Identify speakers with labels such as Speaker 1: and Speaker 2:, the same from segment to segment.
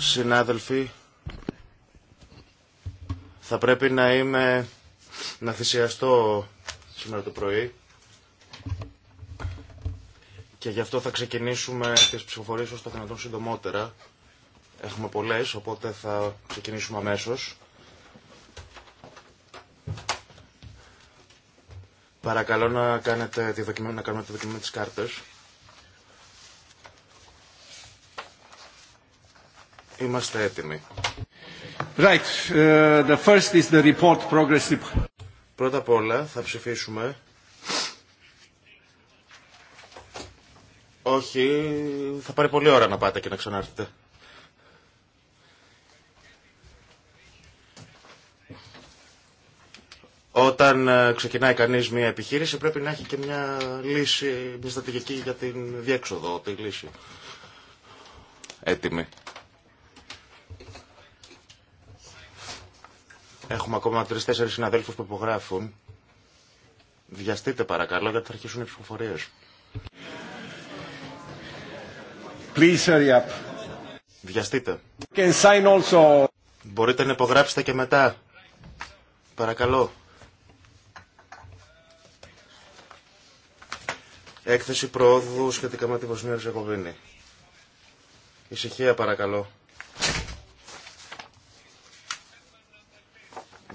Speaker 1: Συνάδελφοι,
Speaker 2: θα πρέπει να είμαι, να θυσιαστώ σήμερα το πρωί και γι' αυτό θα ξεκινήσουμε τις ψηφοφορίες ως το δυνατόν συντομότερα. Έχουμε πολλές, οπότε θα ξεκινήσουμε αμέσως. Παρακαλώ να κάνετε τη δοκιμή, να κάνουμε τη δοκιμή της κάρτες. Είμαστε έτοιμοι. Right. Uh, the first is the report progress. Πρώτα απ' όλα θα ψηφίσουμε. Όχι, θα πάρει πολλή ώρα να πάτε και να ξανάρθετε. Όταν ε, ξεκινάει κανείς μια επιχείρηση πρέπει να έχει και μια λύση, μια στρατηγική για την διέξοδο, τη λύση. Έτοιμη. Έχουμε ακόμα τρει-τέσσερι συναδέλφου που υπογράφουν. Βιαστείτε παρακαλώ γιατί θα αρχίσουν οι ψηφοφορίε. Please hurry up. Βιαστείτε. Can sign also. Μπορείτε να υπογράψετε και μετά. Παρακαλώ. Έκθεση προόδου σχετικά με τη Βοσνία Ριζακοβίνη. Ησυχία παρακαλώ.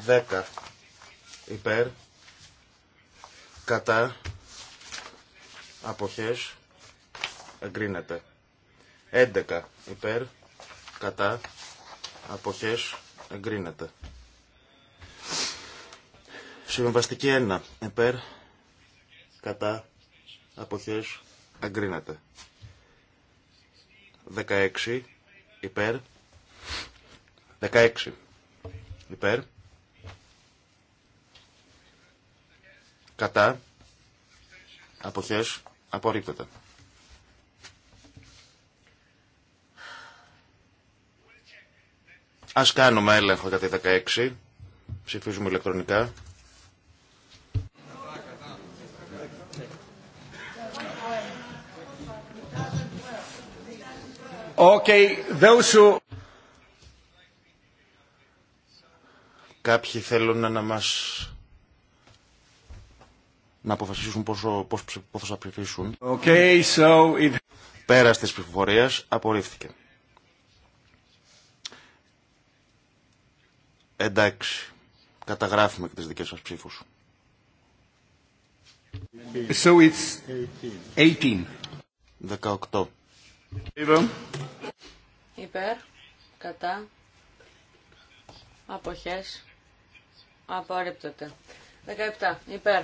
Speaker 2: 10 υπέρ κατά αποχές εγκρίνεται 11 υπέρ κατά αποχές εγκρίνεται Συμβαστική 1 υπέρ κατά αποχές εγκρίνεται 16 υπέρ 16 υπέρ Κατά. Αποχές. Απορρίπτεται. Ας κάνουμε έλεγχο για τη 16. Ψηφίζουμε ηλεκτρονικά.
Speaker 1: Okay, those
Speaker 2: Κάποιοι θέλουν να μας να αποφασίσουν πόσο, πόσο, πόσο θα ψηφίσουν. Okay, so it... Πέρα τη απορρίφθηκε. Εντάξει, καταγράφουμε και τις δικές σας ψήφους. So it's 18. 18.
Speaker 3: Υπέρ, κατά, αποχές, απορρίπτεται. 17. Υπέρ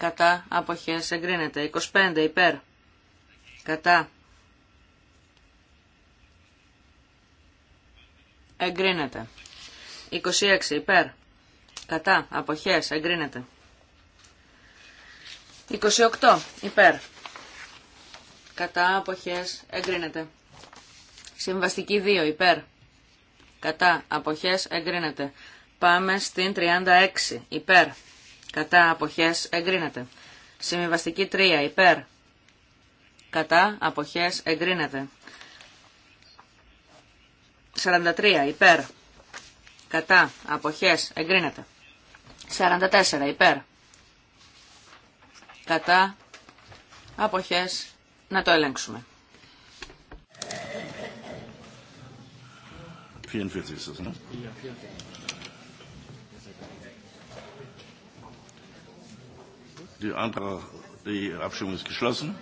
Speaker 3: κατά αποχές εγκρίνεται. 25 υπέρ κατά εγκρίνεται. 26 υπέρ κατά αποχές εγκρίνεται. 28 υπέρ κατά αποχές εγκρίνεται. Συμβαστική 2 υπέρ κατά αποχές εγκρίνεται. Πάμε στην 36 υπέρ κατά αποχές εγκρίνεται. Συμβιβαστική 3 υπέρ κατά αποχές εγκρίνεται. 43 υπέρ κατά αποχές εγκρίνεται. 44 υπέρ κατά αποχές να το ελέγξουμε.
Speaker 4: 44 ist das, ne? Die, Antrag, die Abstimmung ist geschlossen.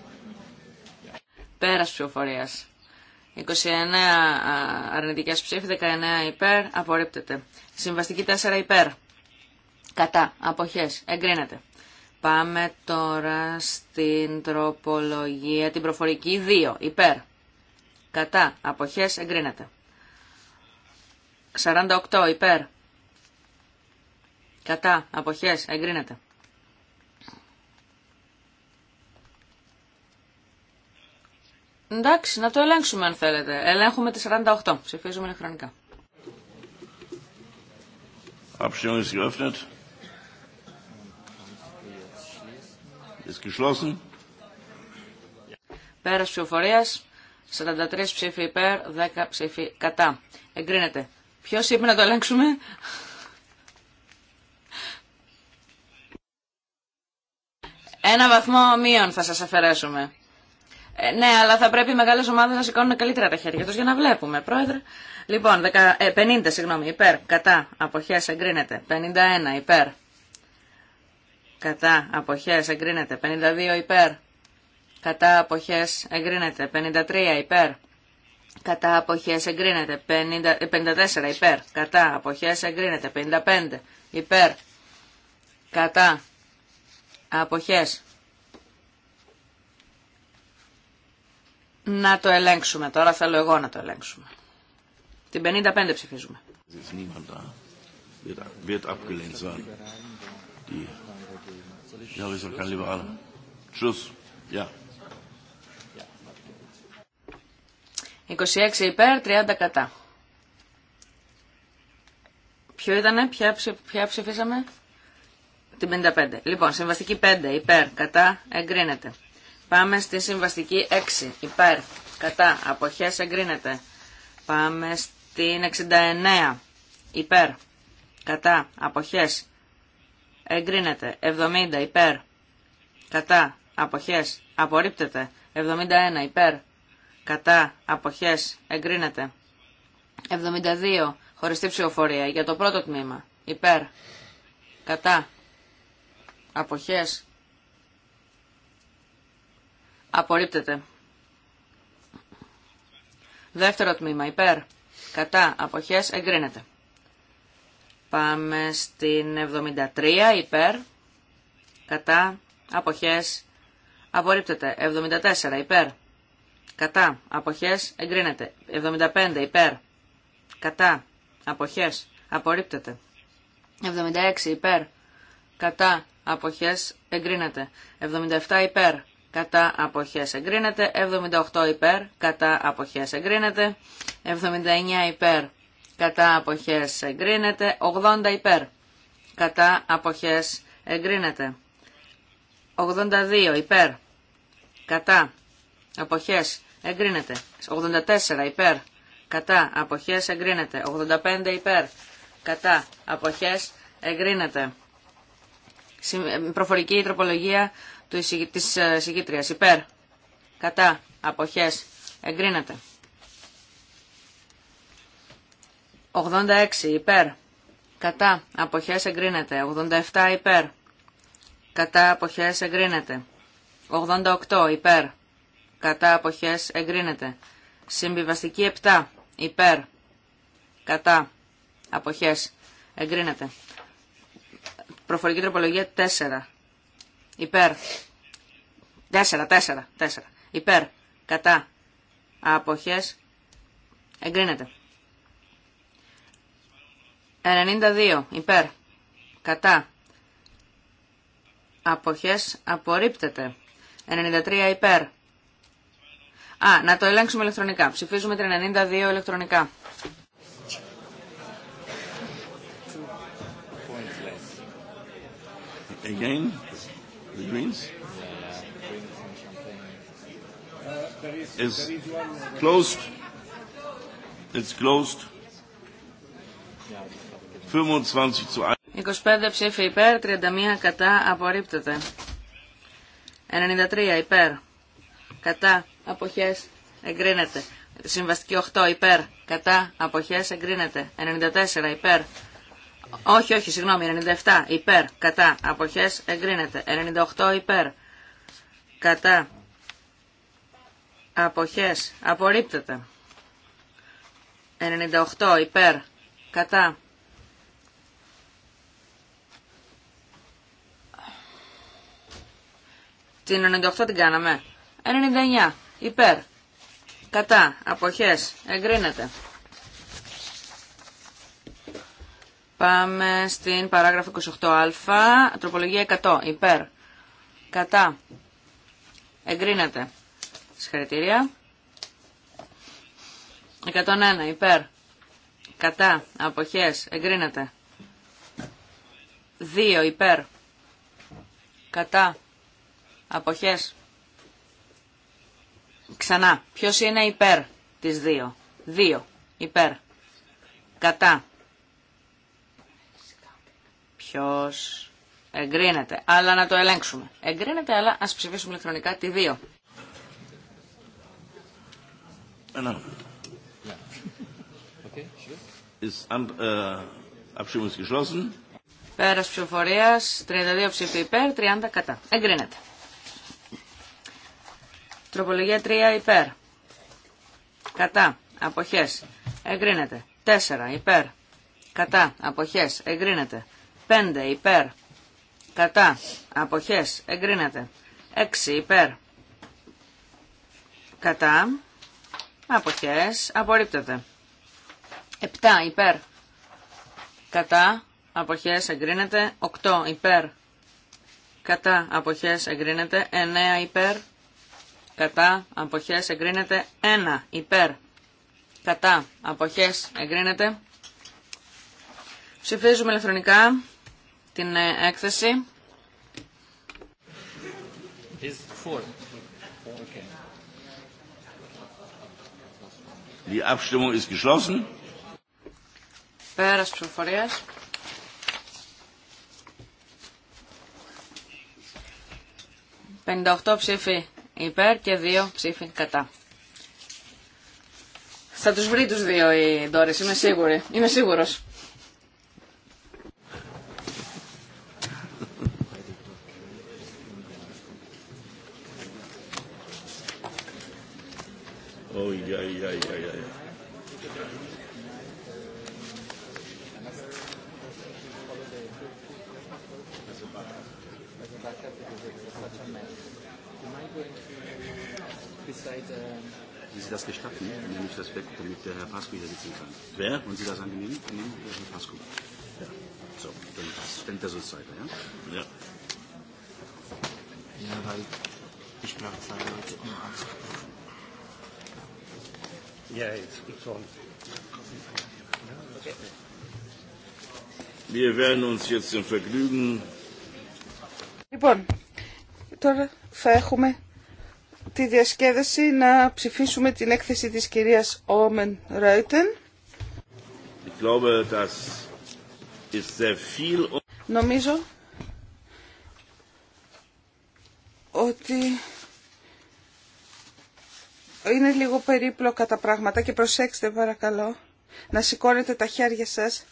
Speaker 3: Πέρας ψηφοφορίας. 29 αρνητικές ψήφοι, 19 υπέρ, απορρίπτεται. Συμβαστική 4 υπέρ. Κατά. Αποχές. Εγκρίνεται. Πάμε τώρα στην τροπολογία, την προφορική 2. Υπέρ. Κατά. Αποχές. Εγκρίνεται. 48. Υπέρ. Κατά. Αποχές. Εγκρίνεται. Εντάξει, να το ελέγξουμε αν θέλετε. Ελέγχουμε τη 48. Ψηφίζουμε ηλεκτρονικά.
Speaker 4: Abstimmung ist geöffnet. Ist
Speaker 3: Πέρας ψηφοφορίας, 43 ψήφοι υπέρ, 10 ψήφοι κατά. Εγκρίνεται. Ποιος είπε να το ελέγξουμε? Ένα βαθμό μείον θα σας αφαιρέσουμε. Ε, ναι, αλλά θα πρέπει οι μεγάλε ομάδε να σηκώνουν καλύτερα τα χέρια του για να βλέπουμε, πρόεδρε. Λοιπόν, 50 ε, συγγνώμη, υπέρ, κατά, αποχέ, εγκρίνεται. 51 υπέρ, κατά, αποχέ, εγκρίνεται. 52 υπέρ, κατά, αποχέ, εγκρίνεται. 53 υπέρ, κατά, αποχέ, εγκρίνεται. 54 υπέρ, κατά, αποχέ, εγκρίνεται. 55 υπέρ, κατά, αποχές Να το ελέγξουμε. Τώρα θέλω εγώ να το ελέγξουμε. Την 55 ψηφίζουμε. Ja. 26 υπέρ, 30 κατά. Ποιο ήτανε, ποια, ποια ψηφίσαμε? Την 55. Λοιπόν, συμβαστική 5 υπέρ, κατά, εγκρίνεται. Πάμε στη συμβαστική 6. Υπέρ. Κατά. Αποχές εγκρίνεται. Πάμε στην 69. Υπέρ. Κατά. Αποχές. Εγκρίνεται. 70. Υπέρ. Κατά. Αποχές. Απορρίπτεται. 71. Υπέρ. Κατά. Αποχές. Εγκρίνεται. 72. Χωριστή ψηφοφορία. Για το πρώτο τμήμα. Υπέρ. Κατά. Αποχές. Απορρίπτεται. Δεύτερο τμήμα. Υπέρ. Κατά. Αποχές. Εγκρίνεται. Πάμε στην 73. Υπέρ. Κατά. Αποχές. Απορρίπτεται. 74. Υπέρ. Κατά. Αποχές. Εγκρίνεται. 75. Υπέρ. Κατά. Αποχές. Απορρίπτεται. 76. Υπέρ. Κατά. Αποχές. Εγκρίνεται. 77. Υπέρ κατά αποχές εγκρίνεται, 78 υπέρ, κατά αποχές εγκρίνεται, 79 υπέρ, κατά αποχές εγκρίνεται, 80 υπέρ, κατά αποχές εγκρίνεται, 82 υπέρ, κατά αποχές εγκρίνεται, 84 υπέρ, κατά αποχές εγκρίνεται, 85 υπέρ, κατά αποχές εγκρίνεται. Προφορική τροπολογία της ε, εισηγήτριας υπέρ κατά αποχές εγκρίνεται 86 υπέρ κατά αποχές εγκρίνεται 87 υπέρ κατά αποχές εγκρίνεται 88 υπέρ κατά αποχές εγκρίνεται συμβιβαστική 7 υπέρ κατά αποχές εγκρίνεται προφορική τροπολογία 4 υπέρ, 4, 4, 4, υπέρ, κατά, αποχές, εγκρίνεται. 92, υπέρ, κατά, αποχές, απορρίπτεται. 93, υπέρ. Α, να το ελέγξουμε ηλεκτρονικά. Ψηφίζουμε την 92 ηλεκτρονικά.
Speaker 4: Again. The Greens? Is closed. It's closed. 25
Speaker 3: ψήφοι υπέρ, 31 κατά, απορρίπτεται. 93 υπέρ, κατά, αποχές, εγκρίνεται. Συμβαστική 8 υπέρ, κατά, αποχές, εγκρίνεται. 94 υπέρ, όχι, όχι, συγγνώμη, 97 υπέρ, κατά, αποχές, εγκρίνεται. 98 υπέρ, κατά, αποχές, απορρίπτεται. 98 υπέρ, κατά. Την 98 την κάναμε. 99 υπέρ, κατά, αποχές, εγκρίνεται. Πάμε στην παράγραφο 28α, τροπολογία 100, υπέρ, κατά, εγκρίνεται, συγχαρητήρια. 101, υπέρ, κατά, αποχές, εγκρίνεται. 2, υπέρ, κατά, αποχές, ξανά. Ποιος είναι υπέρ της 2, 2, υπέρ, κατά, Ποιο εγκρίνεται, αλλά να το ελέγξουμε. Εγκρίνεται, αλλά α ψηφίσουμε ηλεκτρονικά τη 2.
Speaker 4: Ε, ναι. äh,
Speaker 3: Πέρας ψηφοφορία. 32 ψήφοι υπέρ, 30 κατά. Εγκρίνεται. Τροπολογία 3 υπέρ. Κατά. Αποχές. Εγκρίνεται. 4 υπέρ. Κατά. Αποχές. Εγκρίνεται. 5 υπέρ. Κατά. Αποχές. Εγκρίνεται. 6 υπέρ. Κατά. Αποχές. Απορρίπτεται. 7 υπέρ. Κατά. Αποχές. Εγκρίνεται. 8 υπέρ. Κατά. Αποχές. Εγκρίνεται. 9 υπέρ. Κατά. Αποχές. Εγκρίνεται. 1 υπέρ. Κατά. Αποχές. Εγκρίνεται. Ψηφίζουμε ηλεκτρονικά την ε, έκθεση.
Speaker 4: Πέρα Abstimmung
Speaker 1: Πέρας
Speaker 3: ψηφοφορίας. «58 ψήφοι υπέρ και 2 ψήφοι κατά». Θα τους βρει τους δύο οι Ντόρες, είμαι σίγουρη. Είμαι σίγουρος.
Speaker 4: ai, ai, ai, ai.
Speaker 5: Wie
Speaker 6: Sie das gestatten, nehme ich das weg, damit der Herr Pasco hier sitzen kann. Wer? Und Sie das angenehm? Nehmen Sie Herr Pasco. Ja. So, dann stimmt das uns weiter, ja? Ja. Ja, weil ich brauche zwei Leute, um anzurufen.
Speaker 7: Λοιπόν, τώρα θα έχουμε τη διασκέδαση να ψηφίσουμε την έκθεση της κυρίας Όμεν Ράιτεν. Νομίζω ότι είναι λίγο περίπλοκα τα πράγματα και προσέξτε παρακαλώ να σηκώνετε τα χέρια σας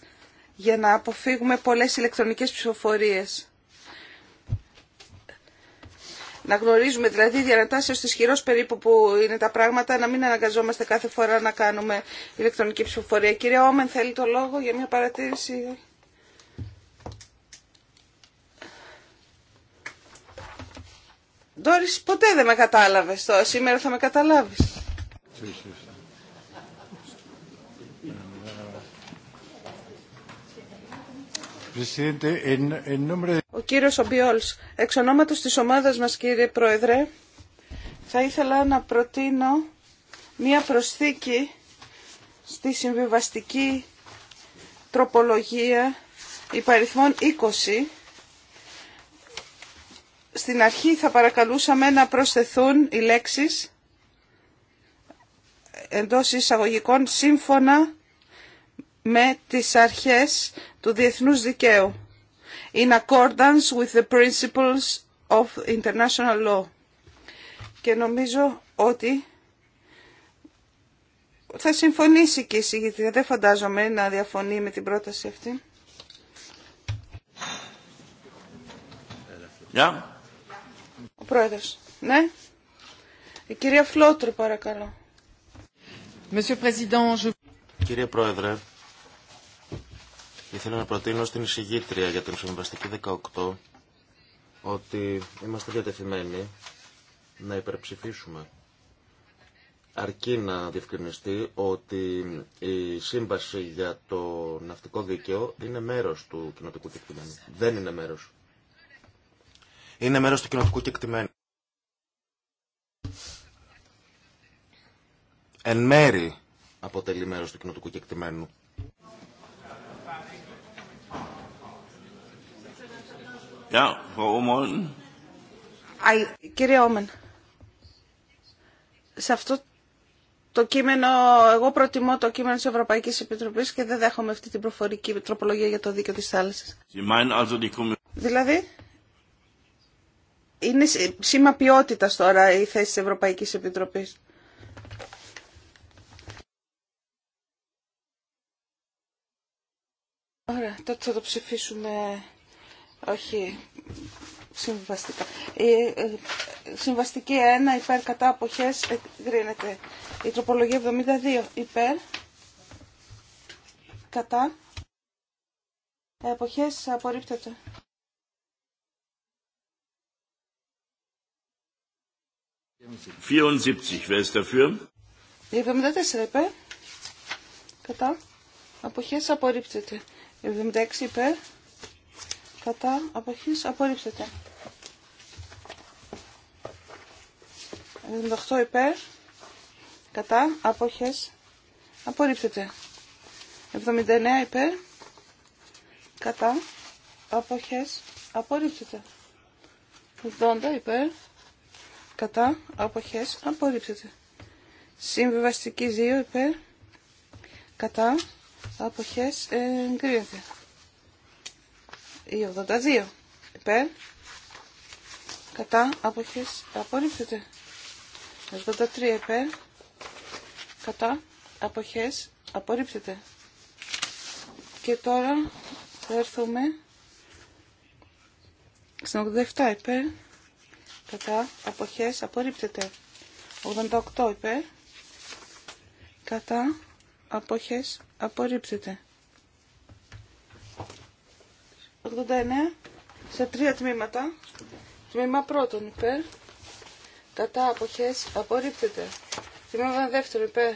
Speaker 7: για να αποφύγουμε πολλές ηλεκτρονικές ψηφοφορίες. Να γνωρίζουμε δηλαδή διανατάσεως της χειρός περίπου που είναι τα πράγματα, να μην αναγκαζόμαστε κάθε φορά να κάνουμε ηλεκτρονική ψηφοφορία. Κύριε Όμεν, θέλει το λόγο για μια παρατήρηση. Ντόρις, ποτέ δεν με κατάλαβες τώρα. Σήμερα θα με καταλάβεις. Ο κύριος Ομπιόλς, εξ ονόματος της ομάδας μας κύριε Πρόεδρε, θα ήθελα να προτείνω μία προσθήκη στη συμβιβαστική τροπολογία υπαριθμών 20 στην αρχή θα παρακαλούσαμε να προσθεθούν οι λέξεις εντός εισαγωγικών σύμφωνα με τις αρχές του διεθνούς δικαίου. In accordance with the principles of international law. Και νομίζω ότι θα συμφωνήσει και η Δεν φαντάζομαι να διαφωνεί με την πρόταση αυτή. Yeah. Ναι. Η κυρία Φλότρου, παρακαλώ.
Speaker 2: Κύριε Πρόεδρε, ήθελα να προτείνω στην εισηγήτρια για την Συμβαστική 18 ότι είμαστε διατεθειμένοι να υπερψηφίσουμε αρκεί να διευκρινιστεί ότι η σύμβαση για το ναυτικό δίκαιο είναι μέρος του κοινοτικού δικτυού. Δεν είναι μέρος είναι μέρος του κοινοτικού κεκτημένου. Εν μέρη αποτελεί μέρος του κοινοτικού κεκτημένου. Yeah,
Speaker 7: Κύριε Όμεν, σε αυτό το κείμενο, εγώ προτιμώ το κείμενο της Ευρωπαϊκής Επιτροπής και δεν δέχομαι αυτή την προφορική τροπολογία για το δίκαιο της θάλασσας. Δηλαδή, είναι σήμα ποιότητα τώρα η θέση της Ευρωπαϊκής Επιτροπής. Ωραία, τότε θα το ψηφίσουμε, όχι συμβαστικά. Ε, συμβαστική 1 υπέρ κατά αποχές εγκρίνεται. Η τροπολογία 72 υπέρ κατά αποχές απορρίπτεται.
Speaker 4: 74, wer ist dafür?
Speaker 7: 74 υπέρ. Κατά. αποχέ, απορρίπτεται. 76 υπέρ. Κατά. Αποχέ απορρίπτεται. 78 υπέρ. Κατά. άποχε, απορρίπτεται. 79 υπέρ. Κατά. άποχε, απορρίπτεται. 80 υπέρ κατά αποχές απορρίπτεται. Συμβιβαστική 2 υπέρ κατά αποχές ε, εγκρίνεται. Η 82 υπέρ κατά αποχές απορρίπτεται. 83 υπέρ κατά αποχές απορρίπτεται. Και τώρα θα έρθουμε στην 87 υπέρ κατά αποχές απορρίπτεται. 88 υπέρ κατά αποχές απορρίπτεται. 89 σε τρία τμήματα. Τμήμα πρώτον υπέρ κατά αποχές απορρίπτεται. Τμήμα δεύτερο υπέρ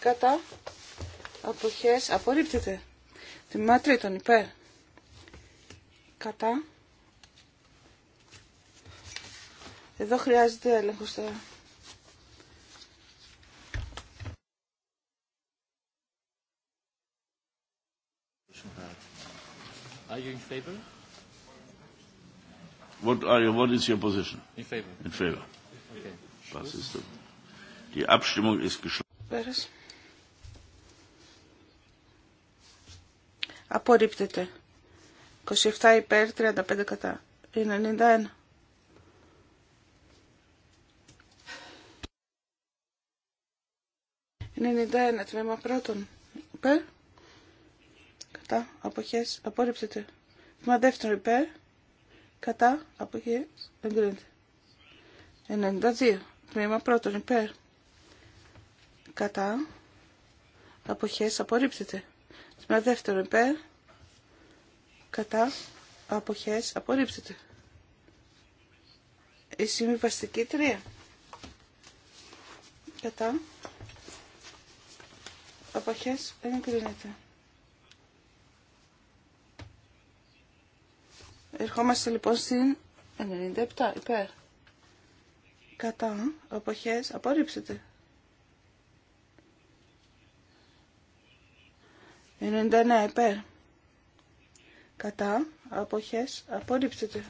Speaker 7: κατά αποχές απορρίπτεται. Τμήμα τρίτον υπέρ κατά Εδώ χρειάζεται έλεγχος τώρα.
Speaker 1: Are you in favor?
Speaker 4: What are you, what is your position? In favor. In favor. Okay. Was ist das? Die Abstimmung ist
Speaker 7: geschlossen. Απορρίπτεται. 27 υπέρ, 35 κατά. 91. 91 τμήμα πρώτον. Υπέρ. Κατά. Αποχές. Απόρριψετε. Τμήμα δεύτερο υπέρ. Κατά. Αποχές. Εγκρίνεται. 92 τμήμα πρώτον υπέρ. Κατά. Αποχές. απορρίψετε. Τμήμα δεύτερο υπέρ. Κατά. Αποχές. απορρίψετε. Η συμβιβαστική 3. Κατά αποχές εγκρίνεται. Ερχόμαστε λοιπόν στην 97 υπέρ. Κατά αποχές απορρίψετε. 99 υπέρ. Κατά αποχές απορρίψετε.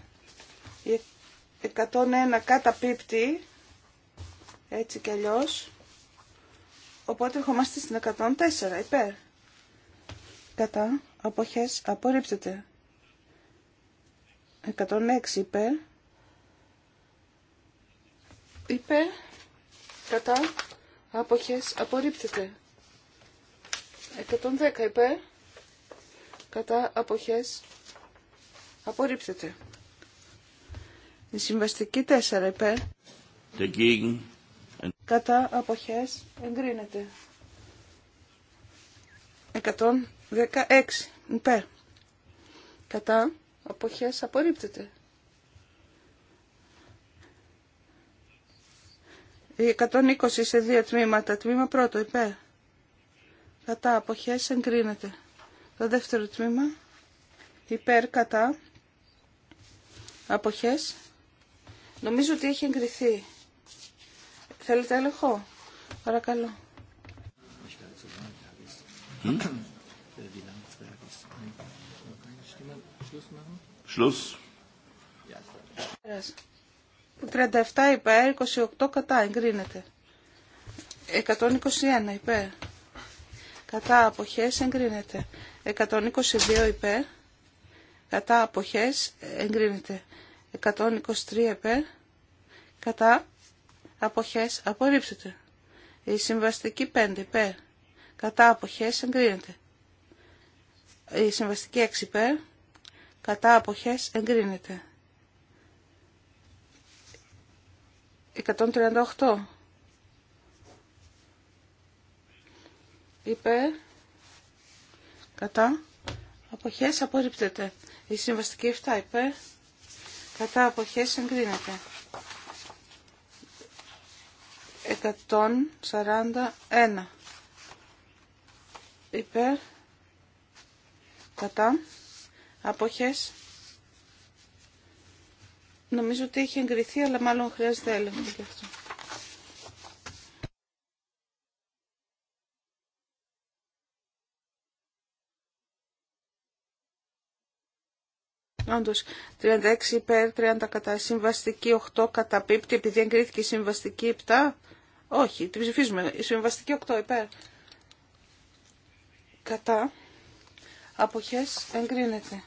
Speaker 7: 101 πίπτη. έτσι κι αλλιώς Οπότε ερχόμαστε στην 104 υπέρ. Κατά αποχές απορρίπτεται. 106 υπέρ. Υπέρ. Κατά αποχές απορρίπτεται. 110 υπέρ. Κατά αποχές απορρίπτεται. Η συμβαστική 4 υπέρ. Dagegen Κατά αποχές εγκρίνεται. 116 υπέρ. Κατά αποχές απορρίπτεται. 120 σε δύο τμήματα. Τμήμα πρώτο υπέρ. Κατά αποχές εγκρίνεται. Το δεύτερο τμήμα υπέρ κατά αποχές. Νομίζω ότι έχει εγκριθεί. Θέλετε έλεγχο. Παρακαλώ. Σλούς. 37 υπέρ, 28 κατά, εγκρίνεται. 121 υπέρ. Κατά αποχές εγκρίνεται. 122 υπέρ. Κατά αποχές εγκρίνεται. 123 υπέρ. Κατά αποχές απορρίψετε. Η συμβαστική 5 υπέρ κατά αποχές εγκρίνεται. Η συμβαστική 6 υπέρ κατά αποχές εγκρίνεται. 138 υπέρ κατά αποχές απορρίπτεται. Η συμβαστική 7 υπέρ κατά αποχές εγκρίνεται. 141 υπέρ κατά αποχές νομίζω ότι έχει εγκριθεί αλλά μάλλον χρειάζεται έλεγχο γι' αυτό Όντως, 36 υπέρ, 30 κατά συμβαστική, 8 κατά πίπτη, επειδή εγκρίθηκε η συμβαστική 7. Όχι, την ψηφίζουμε. Η συμβαστική 8 υπέρ. Κατά. Αποχές εγκρίνεται.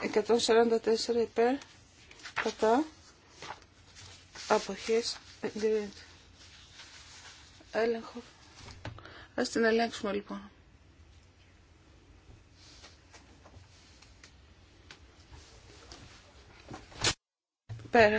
Speaker 7: 144 υπέρ. Κατά. Αποχές εγκρίνεται. Έλεγχο. Ας την ελέγξουμε λοιπόν. Πέρα.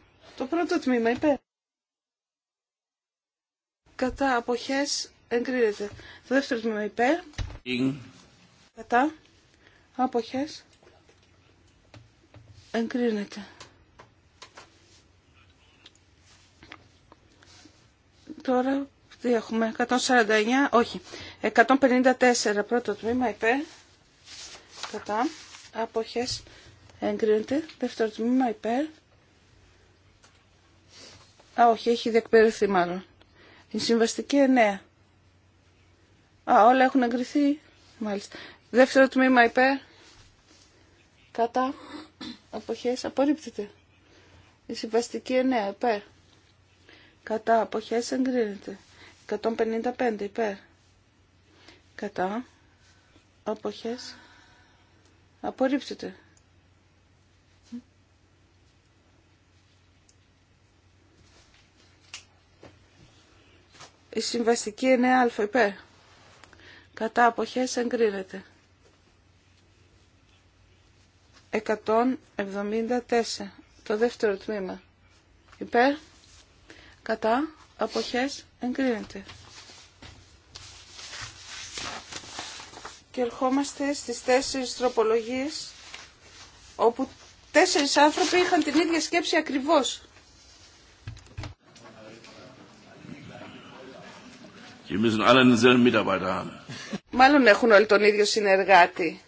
Speaker 7: Το πρώτο τμήμα υπέρ. Κατά αποχές εγκρίνεται. Το δεύτερο τμήμα υπέρ. Κατά αποχές εγκρίνεται. Τώρα τι έχουμε, 149, όχι, 154 πρώτο τμήμα υπέρ, κατά, άποχες εγκρίνεται, δεύτερο τμήμα υπέρ, Α, όχι, έχει διεκπαιρεθεί μάλλον. Η συμβαστική 9. Α, όλα έχουν εγκριθεί. Μάλιστα. Δεύτερο τμήμα υπέρ. Κατά. Αποχές. Απορρίπτεται. Η συμβαστική 9 υπέρ. Κατά. Αποχές εγκρίνεται. 155 υπέρ. Κατά. Αποχές. Απορρίπτεται. Η συμβαστική 9α Κατά αποχές εγκρίνεται. 174. Το δεύτερο τμήμα. Υπέρ. Κατά αποχές εγκρίνεται. Και ερχόμαστε στις τέσσερις τροπολογίες όπου τέσσερις άνθρωποι είχαν την ίδια σκέψη ακριβώς. Μάλλον έχουν όλοι τον ίδιο συνεργάτη.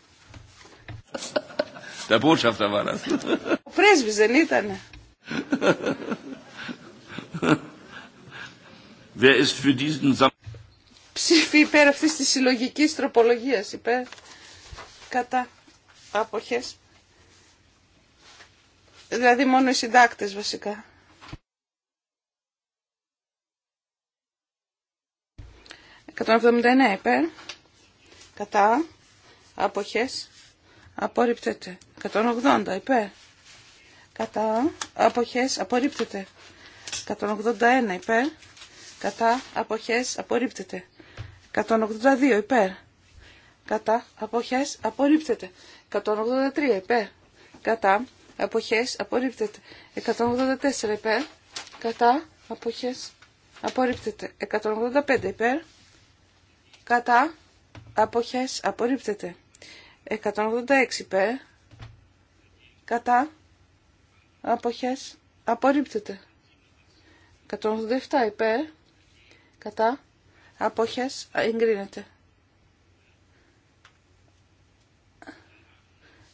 Speaker 7: Ο πρέσβης δεν ήταν. Ψήφι υπέρ αυτής της συλλογικής τροπολογίας, υπέρ κατά άποχες. Δηλαδή μόνο οι συντάκτες βασικά. 179 υπέρ. Κατά. Αποχές. Απορρίπτεται. 180 υπέρ. Κατά. Αποχές. Απορρίπτεται. 181 υπέρ. Κατά. Αποχές. Απορρίπτεται. 182 υπέρ. Κατά. Αποχές. Απορρίπτεται. 183 υπέρ. Κατά. Αποχές. Απορρίπτεται. 184 υπέρ. Κατά. Αποχές. Απορρίπτεται. 185 υπέρ κατά αποχές απορρίπτεται 186 υπέρ κατά αποχές απορρίπτεται 187 υπέρ κατά αποχές εγκρίνεται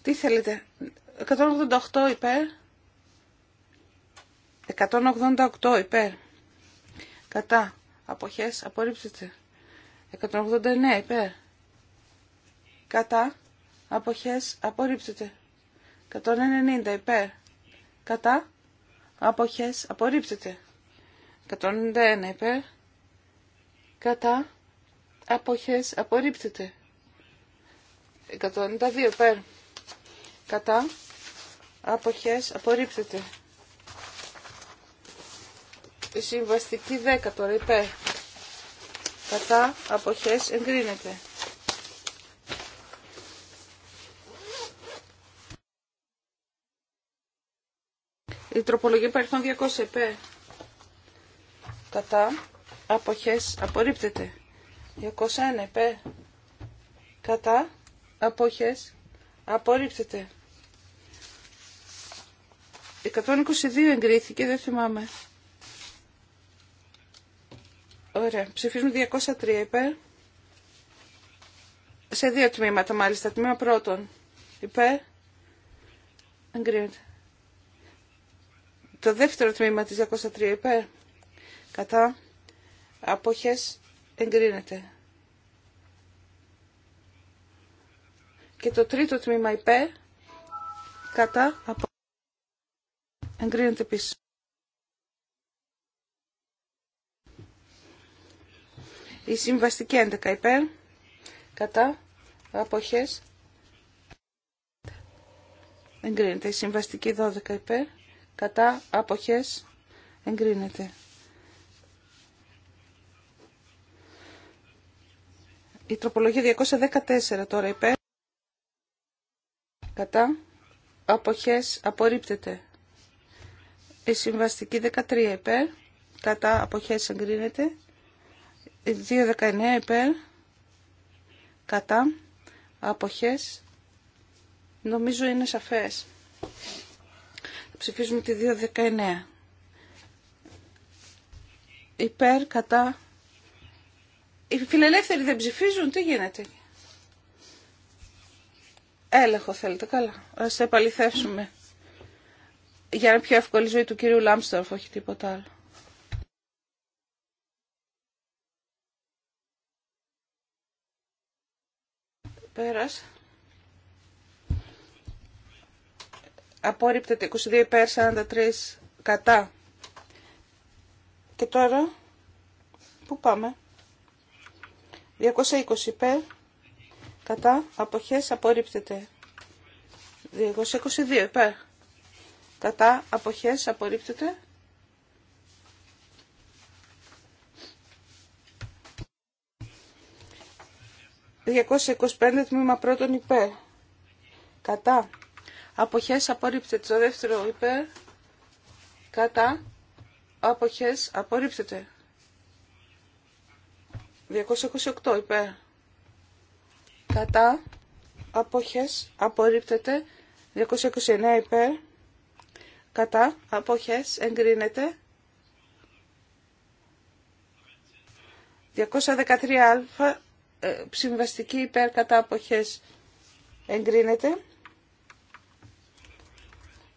Speaker 7: τι θέλετε 188 υπέρ 188 υπέρ κατά αποχές απορρίπτεται 189 υπέρ. Κατά. Αποχές απορρίπτεται. 190 υπέρ. Κατά. Αποχές απορρίπτεται. 191 υπέρ. Κατά. Αποχές απορρίπτεται. 192 υπέρ. Κατά. Αποχές απορρίπτεται. Η συμβαστική 10 τώρα υπέρ κατά αποχές εγκρίνεται. Η τροπολογία παρελθόν 200 επέ. κατά αποχές απορρίπτεται. 201 επέ. κατά αποχές απορρίπτεται. 122 εγκρίθηκε, δεν θυμάμαι. Ωραία. Ψηφίζουμε 203 υπέρ. Σε δύο τμήματα μάλιστα. Τμήμα πρώτον. Υπέρ. Εγκρίνεται. Το δεύτερο τμήμα της 203 υπέρ. Κατά. Απόχες. Εγκρίνεται. Και το τρίτο τμήμα υπέρ. Κατά. Από... Εγκρίνεται πίσω. Η συμβαστική 11 υπέρ, κατά, αποχές, εγκρίνεται. Η συμβαστική 12 υπέρ, κατά, αποχές, εγκρίνεται. Η τροπολογία 214 τώρα υπέρ, κατά, αποχές, απορρίπτεται. Η συμβαστική 13 υπέρ, κατά, αποχές, εγκρίνεται. 2.19 υπέρ κατά αποχές νομίζω είναι σαφές. Θα ψηφίζουμε τη 2.19. Υπέρ κατά... Οι φιλελεύθεροι δεν ψηφίζουν, τι γίνεται. Έλεγχο θέλετε, καλά. Ας επαληθεύσουμε. Για να πιο εύκολη ζωή του κυρίου Λάμστορφ, όχι τίποτα άλλο. Πέρας. Απόρριπτεται 22 υπέρ 43 κατά. Και τώρα, πού πάμε. 220 υπέρ κατά αποχές απορρίπτεται. 222 υπέρ κατά αποχές απορρίπτεται. 225 τμήμα πρώτον υπέρ. Κατά. Αποχές απορρίπτεται. Το δεύτερο υπέρ. Κατά. Αποχές απορρίπτεται. 228 υπέρ. Κατά. Αποχές απορρίπτεται. 229 υπέρ. Κατά. Αποχές εγκρίνεται. 213α ε, συμβαστική υπέρ κατά αποχές εγκρίνεται.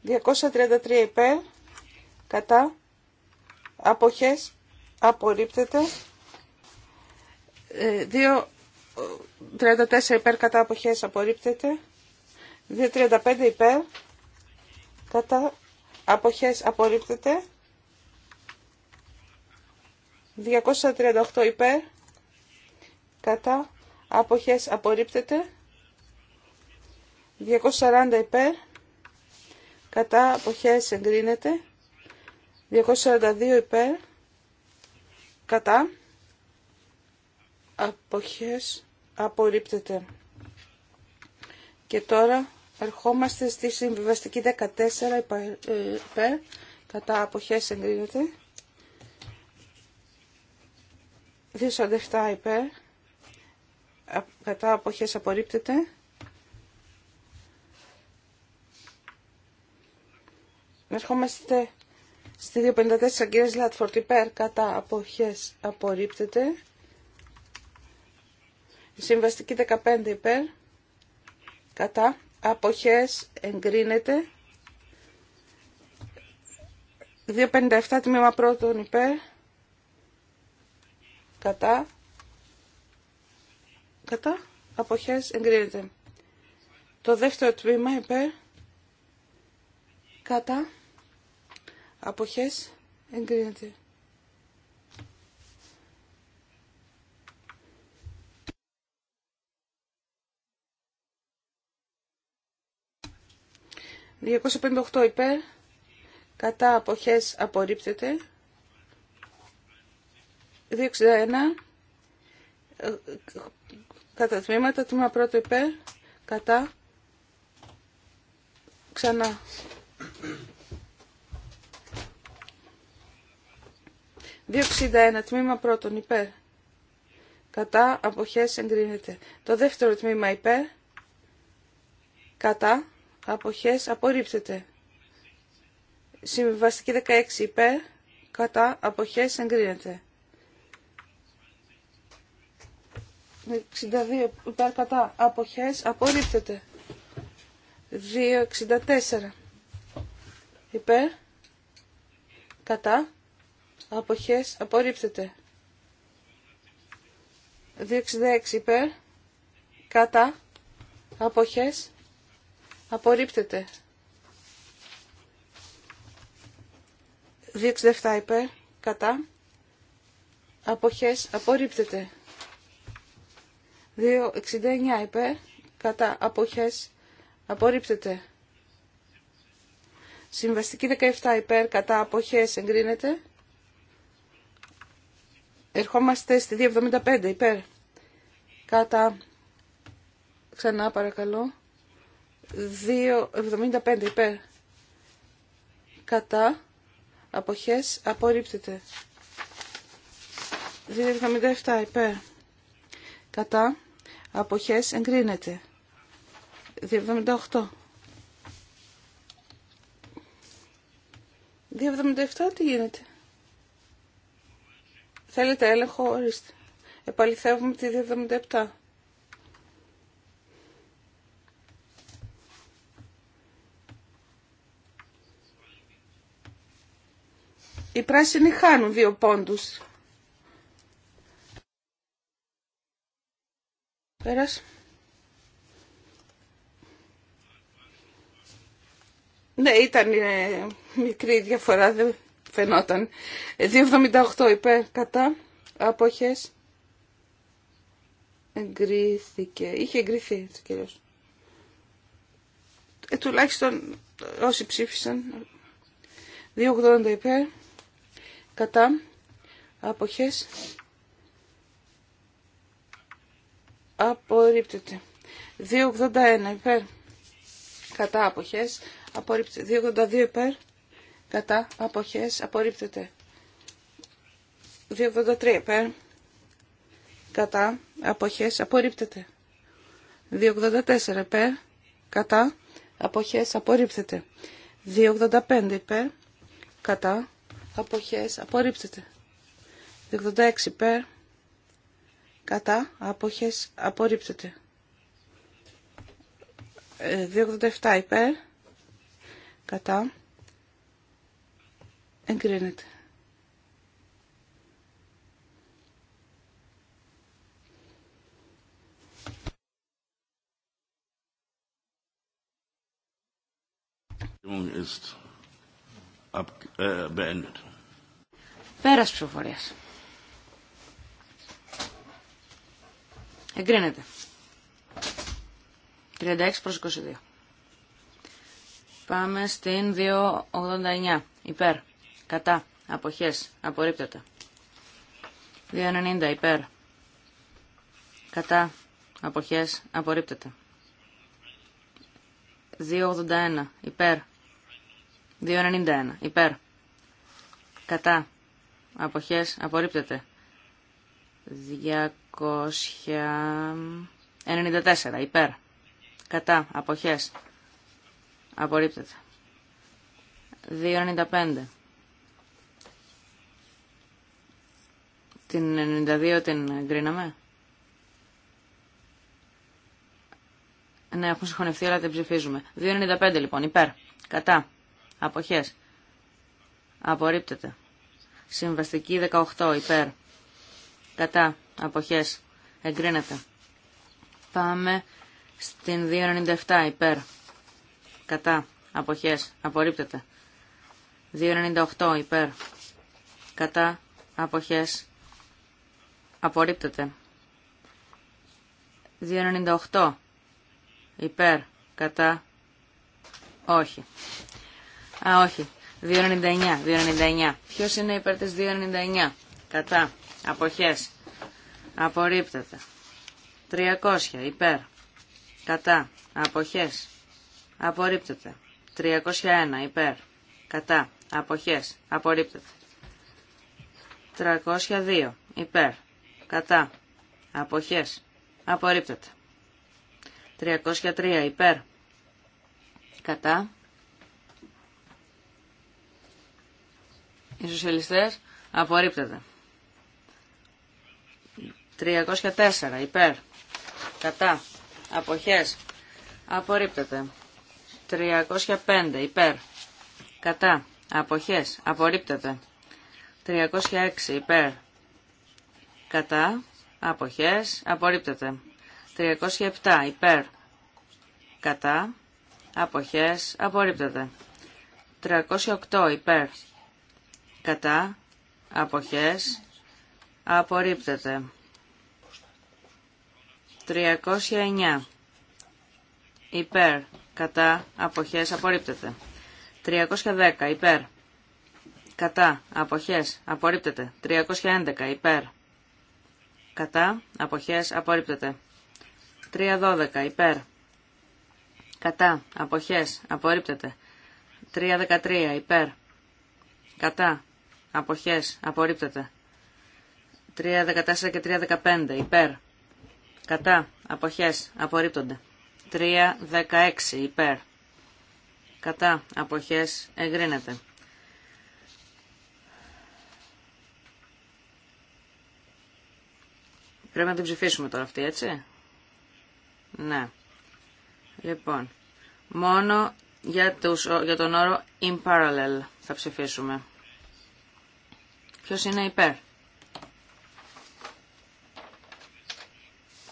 Speaker 7: 233 υπέρ κατά αποχές απορρίπτεται. 234 ε, ε, υπέρ κατά αποχές απορρίπτεται. 235 υπέρ κατά αποχές απορρίπτεται. 238 υπέρ κατά αποχές απορρίπτεται 240 υπέρ κατά αποχές εγκρίνεται 242 υπέρ κατά αποχές απορρίπτεται και τώρα ερχόμαστε στη συμβιβαστική 14 ε, υπέρ κατά αποχές εγκρίνεται 247 υπέρ κατά αποχές απορρίπτεται. Ερχόμαστε στη 254 κύριε Λάτφορτ υπέρ κατά αποχές απορρίπτεται. Η συμβαστική 15 υπέρ κατά αποχές εγκρίνεται. 257 τμήμα πρώτον υπέρ κατά κατά αποχές εγκρίνεται. Το δεύτερο τμήμα υπέρ κατά αποχές εγκρίνεται. ...258 υπέρ, κατά αποχές απορρίπτεται, 261 Κατά τμήματα, τμήμα πρώτο υπέρ, κατά, ξανά. Δύο τμήμα πρώτον υπέρ, κατά, αποχές εγκρίνεται. Το δεύτερο τμήμα υπέρ, κατά, αποχές απορρίπτεται. Συμβιβαστική 16 υπέρ, κατά, αποχές εγκρίνεται. 62 υπέρ κατά αποχές απορρίπτεται. 264 υπέρ κατά αποχές απορρίπτεται. 266 υπέρ κατά αποχές απορρίπτεται. 267 υπέρ κατά αποχές απορρίπτεται. 269 υπέρ κατά αποχές απορρίπτεται. Συμβαστική 17 υπέρ κατά αποχές εγκρίνεται. Ερχόμαστε στη 275 υπέρ κατά ξανά παρακαλώ 275 υπέρ κατά αποχές απορρίπτεται. 277 υπέρ κατά αποχές εγκρίνεται. 278. 277 τι γίνεται. Θέλετε έλεγχο, ορίστε. Επαληθεύουμε τη 277. Οι πράσινοι χάνουν δύο πόντους. Πέρας. Ναι, ήταν ε, μικρή διαφορά, δεν φαινόταν. 2,78 υπέρ κατά αποχές. Εγκρίθηκε. Είχε εγκριθεί το κύριος. Ε, τουλάχιστον όσοι ψήφισαν. 2,80 υπέρ κατά αποχές απορρίπτεται. 281 υπέρ κατά αποχές απορρίπτεται. 282 υπέρ κατά αποχές απορρίπτεται. 283 υπέρ κατά αποχές απορρίπτεται. 284 υπέρ κατά αποχές απορρίπτεται. 285 υπέρ κατά αποχές απορρίπτεται. 286 υπέρ κατά αποχές απορρίπτεται 287 ε, υπέρ κατά εγκρίνεται äh,
Speaker 3: Πέρας ψηφοφορίας. Εγκρίνεται. 36 προς 22. Πάμε στην 289. Υπέρ. Κατά. Αποχές. Απορρίπτεται. 290. Υπέρ. Κατά. Αποχές. Απορρίπτεται. 281. Υπέρ. 291. Υπέρ. Κατά. Αποχές. Απορρίπτεται. 294 υπέρ. Κατά. Αποχές. Απορρίπτεται. 295. Την 92 την εγκρίναμε. Ναι, έχουν συγχωνευτεί, αλλά την ψηφίζουμε. 2,95 λοιπόν, υπέρ. Κατά. Αποχές. Απορρίπτεται. Συμβαστική 18, υπέρ. Κατά αποχές εγκρίνεται. Πάμε στην 297 υπέρ κατά αποχές απορρίπτεται. 298 υπέρ κατά αποχές απορρίπτεται. 298 υπέρ κατά όχι. Α, όχι. 2,99. 2,99. Ποιος είναι υπέρ της 2,99. Κατά. Αποχές. Απορρίπτεται. 300 υπέρ. Κατά. Αποχές. Απορρίπτεται. 301 υπέρ. Κατά. Αποχές. Απορρίπτεται. 302 υπέρ. Κατά. Αποχές. Απορρίπτεται. 303 υπέρ. Κατά. Οι σοσιαλιστές απορρίπτεται. 304 υπέρ κατά αποχές απορρίπτεται 305 υπέρ κατά αποχές απορρίπτεται 306 υπέρ κατά αποχές απορρίπτεται 307 υπέρ κατά αποχές απορρίπτεται 308 υπέρ κατά αποχές απορρίπτεται 309 υπέρ κατά αποχές απορρίπτεται. 310 υπέρ κατά αποχές απορρίπτεται. 311 υπέρ κατά αποχές απορρίπτεται. 312 υπέρ κατά αποχές απορρίπτεται. 313 υπέρ κατά αποχές απορρίπτεται. 314 και 315 υπέρ Κατά. Αποχές. Απορρίπτονται. 3.16 υπέρ. Κατά. Αποχές. Εγκρίνεται. πρέπει να την ψηφίσουμε τώρα αυτή, έτσι. Ναι. Λοιπόν, μόνο για, τους, για τον όρο in parallel θα ψηφίσουμε. Ποιος είναι υπέρ.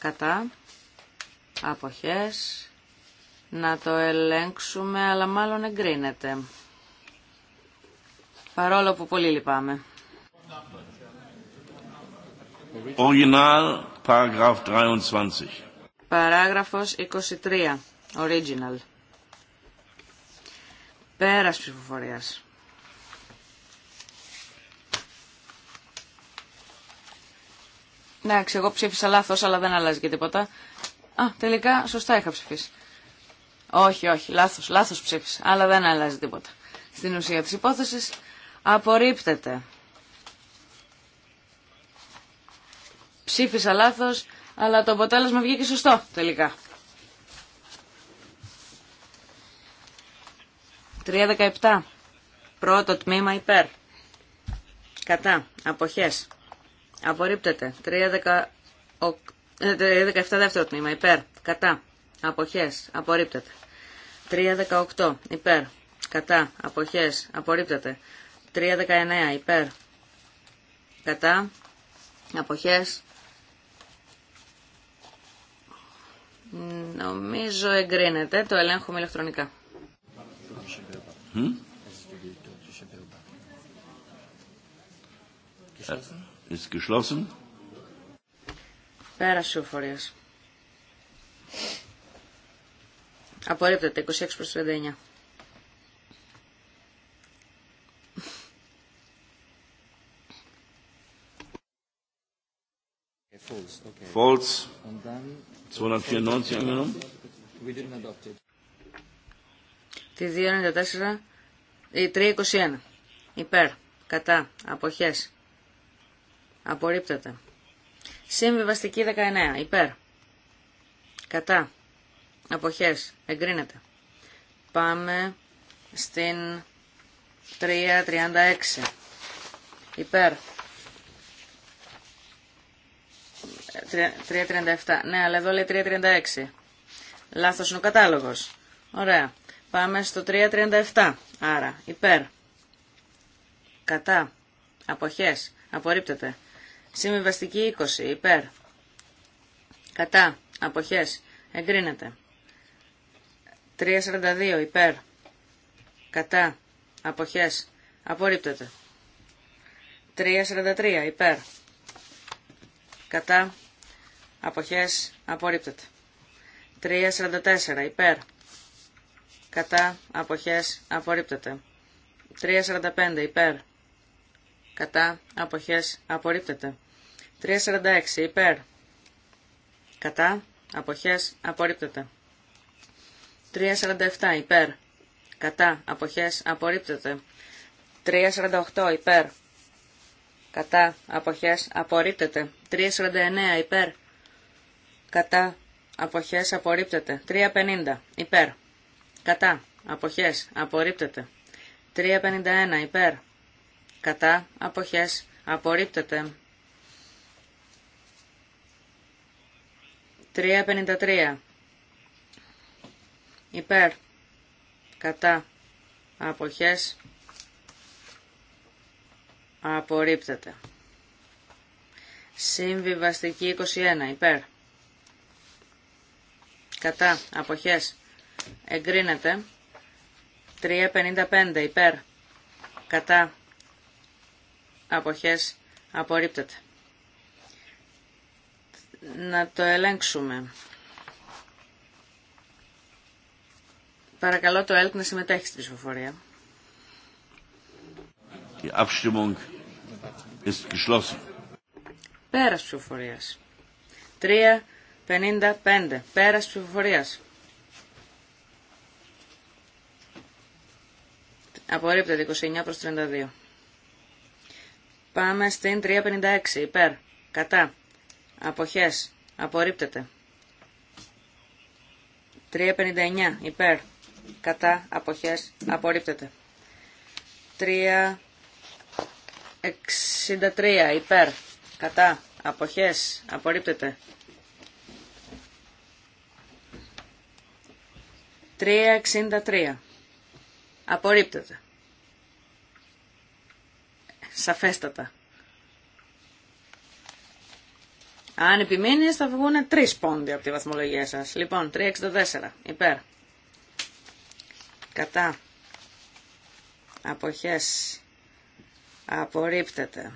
Speaker 3: κατά, αποχές, να το ελέγξουμε, αλλά μάλλον εγκρίνεται. Παρόλο που πολύ λυπάμαι.
Speaker 4: Original, paragraph 23.
Speaker 3: Παράγραφος 23, original. Πέρας ψηφοφορίας. Εντάξει, εγώ ψήφισα λάθος, αλλά δεν αλλάζει και τίποτα. Α, τελικά σωστά είχα ψηφίσει. Όχι, όχι, λάθος, λάθος ψήφισα, αλλά δεν αλλάζει τίποτα. Στην ουσία τη υπόθεση. απορρίπτεται. Ψήφισα λάθος, αλλά το αποτέλεσμα βγήκε σωστό τελικά. 3.17. Πρώτο τμήμα υπέρ. Κατά. Αποχές. Απορρίπτεται. 3, 17 ε, δεύτερο τμήμα. Υπέρ. Κατά. Αποχές. Απορρίπτεται. 3.18. Υπέρ. Κατά. Αποχές. Απορρίπτεται. 3.19. Υπέρ. Κατά. αποχέ. Νομίζω εγκρίνεται. Το ελέγχουμε ηλεκτρονικά.
Speaker 4: Mm? ist geschlossen.
Speaker 3: Πέρασε ο φορέα. Απορρίπτεται 26 προς 39.
Speaker 1: Falls 294 angenommen.
Speaker 3: Τη 294 η 321 υπέρ κατά αποχές Απορρίπτεται. Συμβιβαστική 19. Υπέρ. Κατά. Αποχές. Εγκρίνεται. Πάμε στην 3.36. Υπέρ. 3.37. Ναι, αλλά εδώ λέει 3.36. Λάθος είναι ο κατάλογος. Ωραία. Πάμε στο 3.37. Άρα, υπέρ. Κατά. Αποχές. Απορρίπτεται. Συμβιβαστική 20 υπέρ. Κατά. Αποχές. Εγκρίνεται. 3.42 υπέρ. Κατά. Αποχές. Απορρίπτεται. 3.43 υπέρ. Κατά. Αποχές. Απορρίπτεται. 3.44 υπέρ. Κατά. Αποχές. Απορρίπτεται. 3.45 υπέρ κατά αποχές απορρίπτεται. 346 υπέρ κατά αποχές απορρίπτεται. 347 υπέρ κατά αποχές απορρίπτεται. 348 υπέρ κατά αποχές απορρίπτεται. 349 υπέρ κατά αποχές απορρίπτεται. 350 υπέρ κατά αποχές απορρίπτεται. 351 υπέρ κατά αποχές απορρίπτεται. 353 υπέρ κατά αποχές απορρίπτεται. Συμβιβαστική 21 υπέρ κατά αποχές εγκρίνεται. 355 υπέρ κατά αποχές απορρίπτεται. Να το ελέγξουμε. Παρακαλώ το ΕΛΚ να συμμετέχει στην ψηφοφορία.
Speaker 4: Η Abstimmung ist geschlossen.
Speaker 3: Πέρας ψηφοφορία. 3.55. Πέρας ψηφοφορία. Απορρίπτεται 29 προς 32. Πάμε στην 356 υπέρ. Κατά. Αποχές. Απορρίπτεται. 359 υπέρ. Κατά. Αποχές. Απορρίπτεται. 363 υπέρ. Κατά. Αποχές. Απορρίπτεται. 363. Απορρίπτεται σαφέστατα. Αν επιμείνεις θα βγουν τρεις πόντοι από τη βαθμολογία σας. Λοιπόν, 364, υπέρ. Κατά. Αποχές. Απορρίπτεται.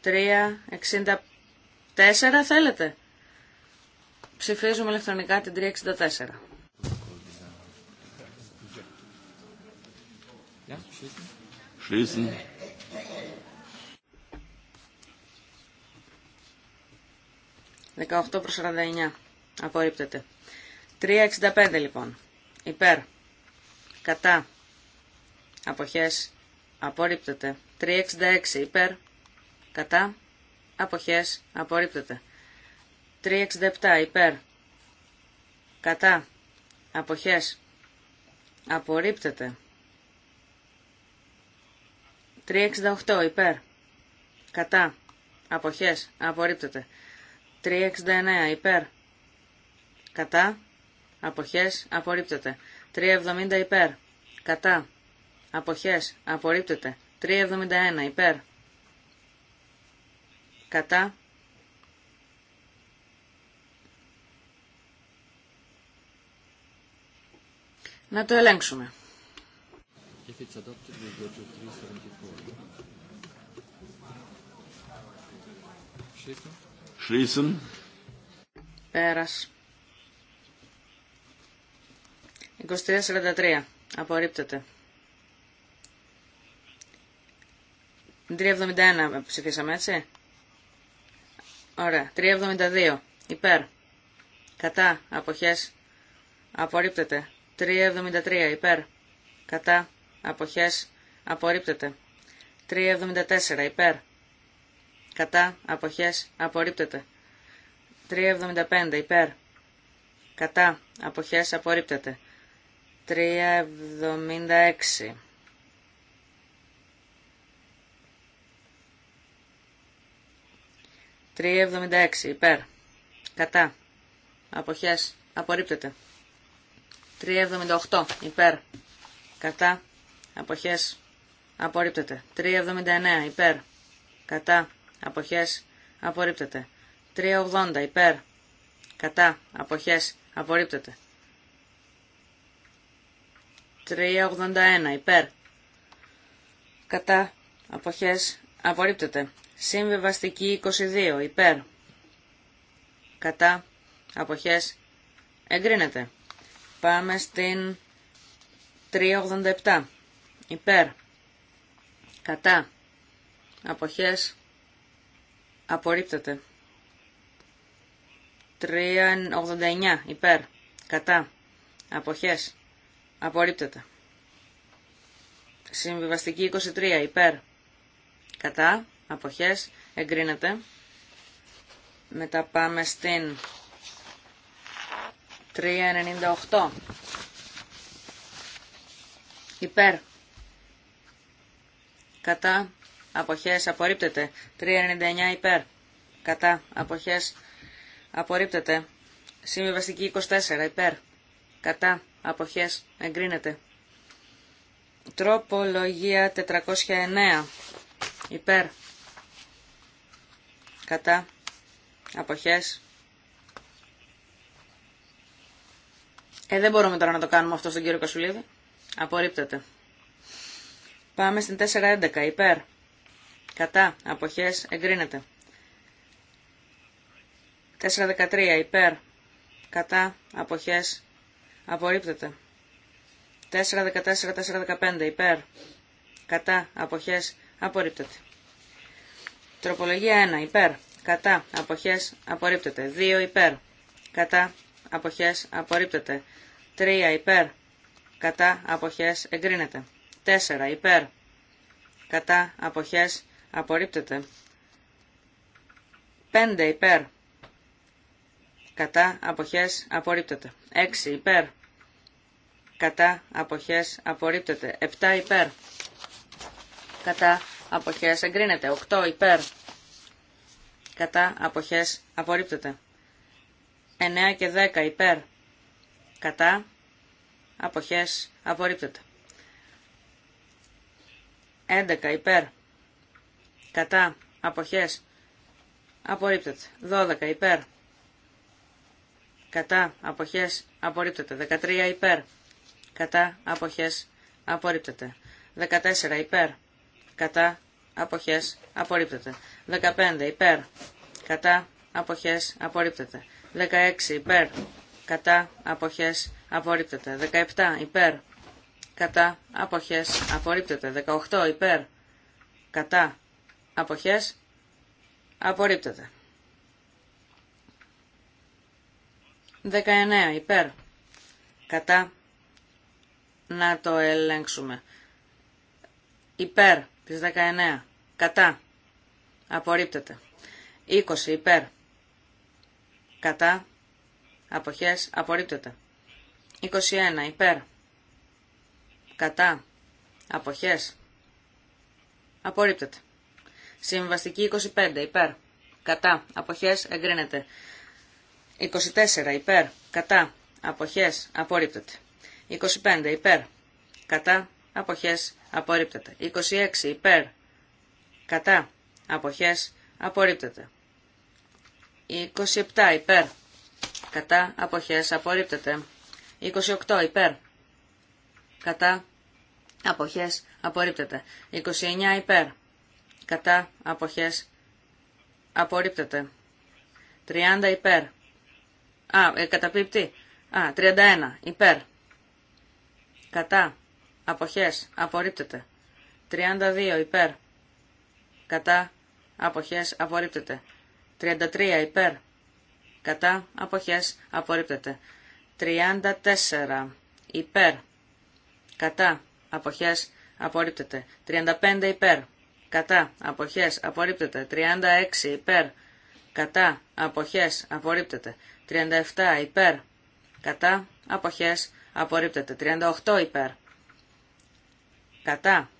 Speaker 3: Τρία, εξήντα θέλετε. Ψηφίζουμε ηλεκτρονικά την 364. 18 προ 49. Απορρίπτεται. 3.65 λοιπόν. Υπέρ. Κατά. Αποχές. Απορρίπτεται. 3.66 υπέρ. Κατά. Αποχές. Απορρίπτεται. 3.67 υπέρ. Κατά. Αποχές. Απορρίπτεται. 368 υπέρ. Κατά. Αποχές. Απορρίπτεται. 369 υπέρ. Κατά. Αποχές. Απορρίπτεται. 370 υπέρ. Κατά. Αποχές. Απορρίπτεται. 371 υπέρ. Κατά. Να το ελέγξουμε. Schließen. Πέρας. 23.43. Απορρίπτεται. 3.71 ψηφίσαμε, έτσι. Ωραία. 3.72. Υπέρ. Κατά. Αποχές. Απορρίπτεται. 3.73. Υπέρ. Κατά. Αποχές. Απορρίπτεται. 3.74. Υπέρ κατά αποχές απορρίπτεται. 3.75 υπέρ κατά αποχές απορρίπτεται. 3.76 3.76 υπέρ κατά αποχές απορρίπτεται. 3.78 υπέρ κατά αποχές απορρίπτεται. 3.79 υπέρ κατά αποχές απορρίπτεται. 380 υπέρ κατά αποχές απορρίπτεται. 381 υπέρ κατά αποχές απορρίπτεται. Συμβεβαστική 22 υπέρ κατά αποχές εγκρίνεται. Πάμε στην 387 υπέρ κατά αποχές Απορρίπτεται. 389 υπέρ. Κατά. Αποχές. Απορρίπτεται. Συμβιβαστική 23 υπέρ. Κατά. Αποχές. Εγκρίνεται. Μετά πάμε στην 398. Υπέρ. Κατά αποχές απορρίπτεται. 399 υπέρ κατά αποχές απορρίπτεται. Συμβιβαστική 24 υπέρ κατά αποχές εγκρίνεται. Τροπολογία 409 υπέρ κατά αποχές Ε, δεν μπορούμε τώρα να το κάνουμε αυτό στον κύριο Κασουλίδη. Απορρίπτεται. Πάμε στην 411. Υπέρ. Κατά. Αποχές. Εγκρίνεται. 4.13. Υπέρ. Κατά. Αποχές. Απορρίπτεται. 4.14-4.15. Υπέρ. Κατά. Αποχές. Απορρίπτεται. Τροπολογία 1. Υπέρ. Κατά. Αποχές. Απορρίπτεται. 2. Υπέρ. Κατά. Αποχές. Απορρίπτεται. 3. Υπέρ. Κατά. Αποχές. Εγκρίνεται. 4. Υπέρ. Κατά. Αποχές. Απορρίπτεται. 5 υπέρ. Κατά αποχές απορρίπτεται. 6 υπέρ. Κατά αποχές απορρίπτεται. 7 υπέρ. Κατά αποχές εγκρίνεται. 8 υπέρ. Κατά αποχές απορρίπτεται. 9 και 10 υπέρ. Κατά αποχές απορρίπτεται. 11 υπέρ κατά, αποχές, απορρίπτεται. 12 υπέρ, κατά, αποχές, απορρίπτεται. 13 υπέρ, κατά, αποχές, απορρίπτεται. 14 υπέρ, κατά, αποχές, απορρίπτεται. 15 υπέρ, κατά, αποχές, απορρίπτεται. 16 υπέρ, κατά, αποχές, απορρίπτεται. 17 υπέρ, κατά, αποχές, απορρίπτεται. 18 υπέρ, κατά, αποχές απορρίπτεται. 19 υπέρ κατά να το ελέγξουμε. Υπέρ της 19 κατά απορρίπτεται. 20 υπέρ κατά αποχές απορρίπτεται. 21 υπέρ κατά αποχές απορρίπτεται. Συμβαστική 25 υπέρ. Κατά. Αποχές εγκρίνεται. 24 υπέρ. Κατά. Αποχές απορρίπτεται. 25 υπέρ. Κατά. Αποχές απορρίπτεται. 26 υπέρ. Κατά. Αποχές απορρίπτεται. 27 υπέρ. Κατά. Αποχές απορρίπτεται. 28 υπέρ. Κατά. Αποχές απορρίπτεται. 29 υπέρ κατά αποχές απορρίπτεται. 30 υπέρ. Α, ε, καταπίπτει. Α, 31 υπέρ. Κατά αποχές απορρίπτεται. 32 υπέρ. Κατά αποχές απορρίπτεται. 33 υπέρ. Κατά αποχές απορρίπτεται. 34 υπέρ. Κατά αποχές απορρίπτεται. 35 υπέρ κατά, αποχές, απορρίπτεται. 36 υπέρ, κατά, αποχές, απορρίπτεται. 37 υπέρ, κατά, αποχές, απορρίπτεται. 38 υπέρ, κατά,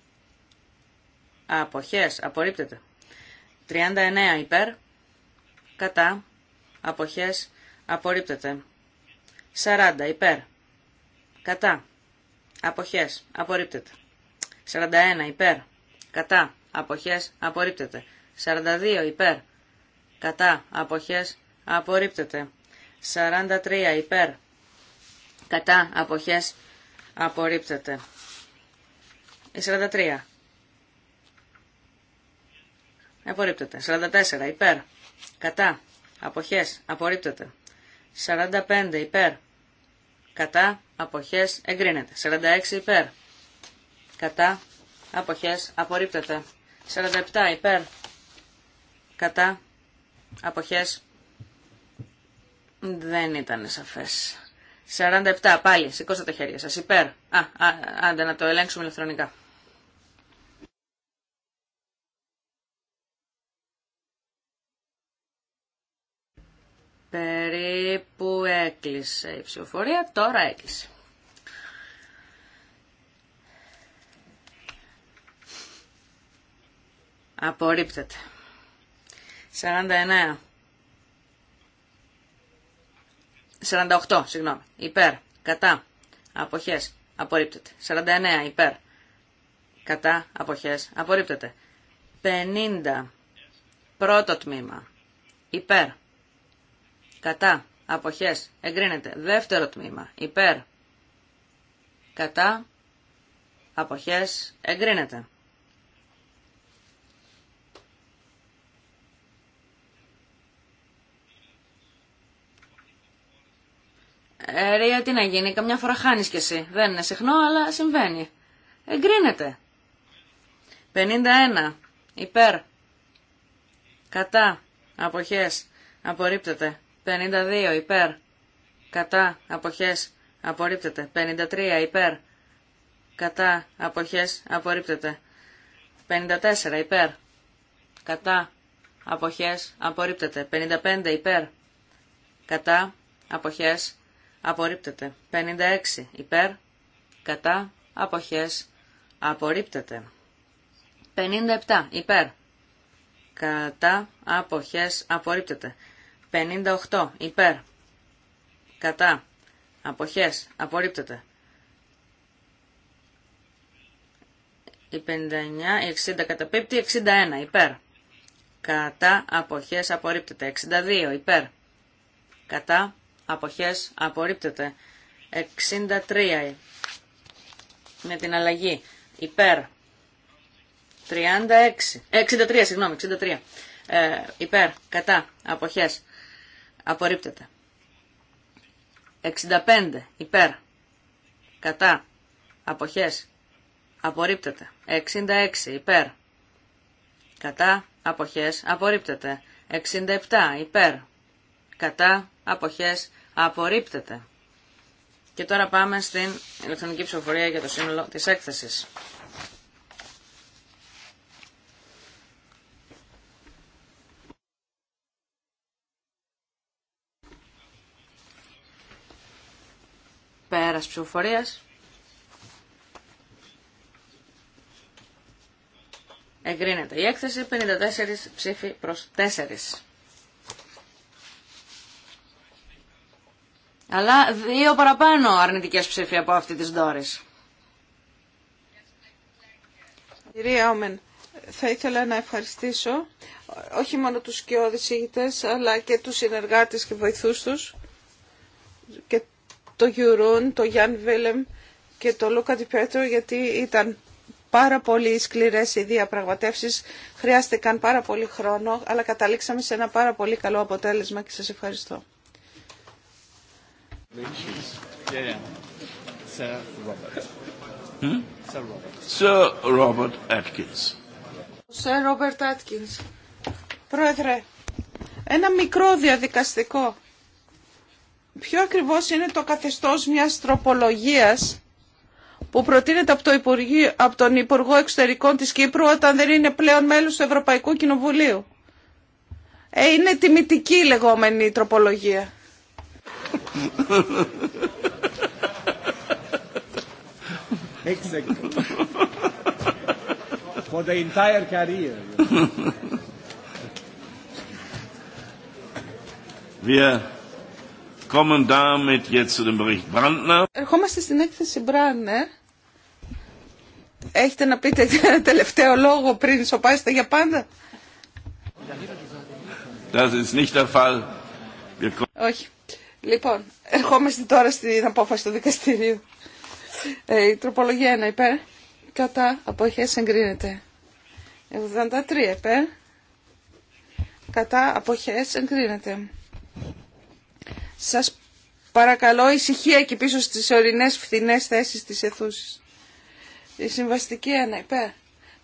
Speaker 3: αποχές, απορρίπτεται. 39 υπέρ, κατά, αποχές, απορρίπτεται. 40 υπέρ, κατά, αποχές, απορρίπτεται. 41 υπέρ, κατά, αποχές, απορρίπτεται. 42 υπέρ, κατά, αποχές, απορρίπτεται. 43 υπέρ, κατά, αποχές, απορρίπτεται. 43. Απορρίπτεται. 44 υπέρ, κατά, αποχές, απορρίπτεται. 45 υπέρ, κατά, αποχές, εγκρίνεται. 46 υπέρ, κατά, αποχές απορρίπτεται. 47 υπέρ κατά αποχές δεν ήταν σαφές. 47 πάλι, σηκώστε τα χέρια σας, υπέρ. Α, α, άντε να το ελέγξουμε ηλεκτρονικά. Περίπου έκλεισε η ψηφοφορία, τώρα έκλεισε. Απορρίπτεται. 49. 48, συγγνώμη. Υπέρ. Κατά. Αποχές. Απορρίπτεται. 49. Υπέρ. Κατά. Αποχές. Απορρίπτεται. 50. Πρώτο τμήμα. Υπέρ. Κατά. Αποχές. Εγκρίνεται. Δεύτερο τμήμα. Υπέρ. Κατά. Αποχές. Εγκρίνεται. Ρία, τι να γίνει, καμιά φορά χάνεις κι εσύ. Δεν είναι συχνό, αλλά συμβαίνει. Εγκρίνεται. 51. Υπέρ. Κατά. Αποχές. Απορρίπτεται. 52. Υπέρ. Κατά. Αποχές. Απορρίπτεται. 53. Υπέρ. Κατά. Αποχές. Απορρίπτεται. 54. Υπέρ. Κατά. Αποχές. Απορρίπτεται. 55. Υπέρ. Κατά. Αποχές απορρίπτεται. 56 υπέρ, κατά, αποχές, απορρίπτεται. 57 υπέρ, κατά, αποχές, απορρίπτεται. 58 υπέρ, κατά, αποχές, απορρίπτεται. Η 59, η 60 καταπίπτει, 61 υπέρ. Κατά αποχές απορρίπτεται. 62 υπέρ. Κατά αποχές απορρίπτεται. 63 με την αλλαγή υπέρ 36, 63 ε, συγγνώμη, 63 ε, υπέρ, κατά, αποχές απορρίπτεται. 65 υπέρ, κατά, αποχές απορρίπτεται. 66 υπέρ, κατά, αποχές απορρίπτεται. 67 υπέρ, κατά, αποχές Απορρίπτεται. Και τώρα πάμε στην ηλεκτρονική ψηφοφορία για το σύνολο της έκθεσης. Πέρας ψηφοφορίας. Εγκρίνεται η έκθεση 54 ψήφι προς 4.
Speaker 7: αλλά δύο παραπάνω αρνητικές ψήφοι από αυτή της Ντόρης. Κυρία Όμεν, θα ήθελα να ευχαριστήσω όχι μόνο τους σκιώδης ηγητές, αλλά και τους συνεργάτες και βοηθούς τους και το Γιουρούν, το Γιάνν Βίλεμ και το Λούκα Τιπέτρο γιατί ήταν πάρα πολύ σκληρές οι διαπραγματεύσεις, χρειάστηκαν πάρα πολύ χρόνο, αλλά καταλήξαμε σε ένα πάρα πολύ καλό αποτέλεσμα και σας ευχαριστώ.
Speaker 5: Hmm? Sir Robert.
Speaker 4: Sir Robert. Atkins.
Speaker 7: Sir Robert Atkins. Πρόεδρε, ένα μικρό διαδικαστικό. Ποιο ακριβώς είναι το καθεστώς μιας τροπολογίας που προτείνεται από, το από τον Υπουργό Εξωτερικών της Κύπρου όταν δεν είναι πλέον μέλος του Ευρωπαϊκού Κοινοβουλίου. Ε, είναι τιμητική λεγόμενη τροπολογία.
Speaker 5: Exactly. For the entire career.
Speaker 4: Wir kommen damit jetzt zu dem Bericht Brandner.
Speaker 7: Ερχόμαστε στην έκθεση Echt Έχετε να πείτε ένα τελευταίο λόγο πριν σοπάσετε για πάντα.
Speaker 4: Das ist nicht der Fall. Wir... Όχι.
Speaker 7: Λοιπόν, ερχόμαστε τώρα στην απόφαση του δικαστηρίου. Ε, η τροπολογία 1 υπέρ, κατά αποχές εγκρίνεται. 73 υπέρ, κατά αποχές εγκρίνεται. Σα παρακαλώ ησυχία εκεί πίσω στι ορεινέ φθηνέ θέσει τη αιθούση. Η συμβαστική 1 υπέρ,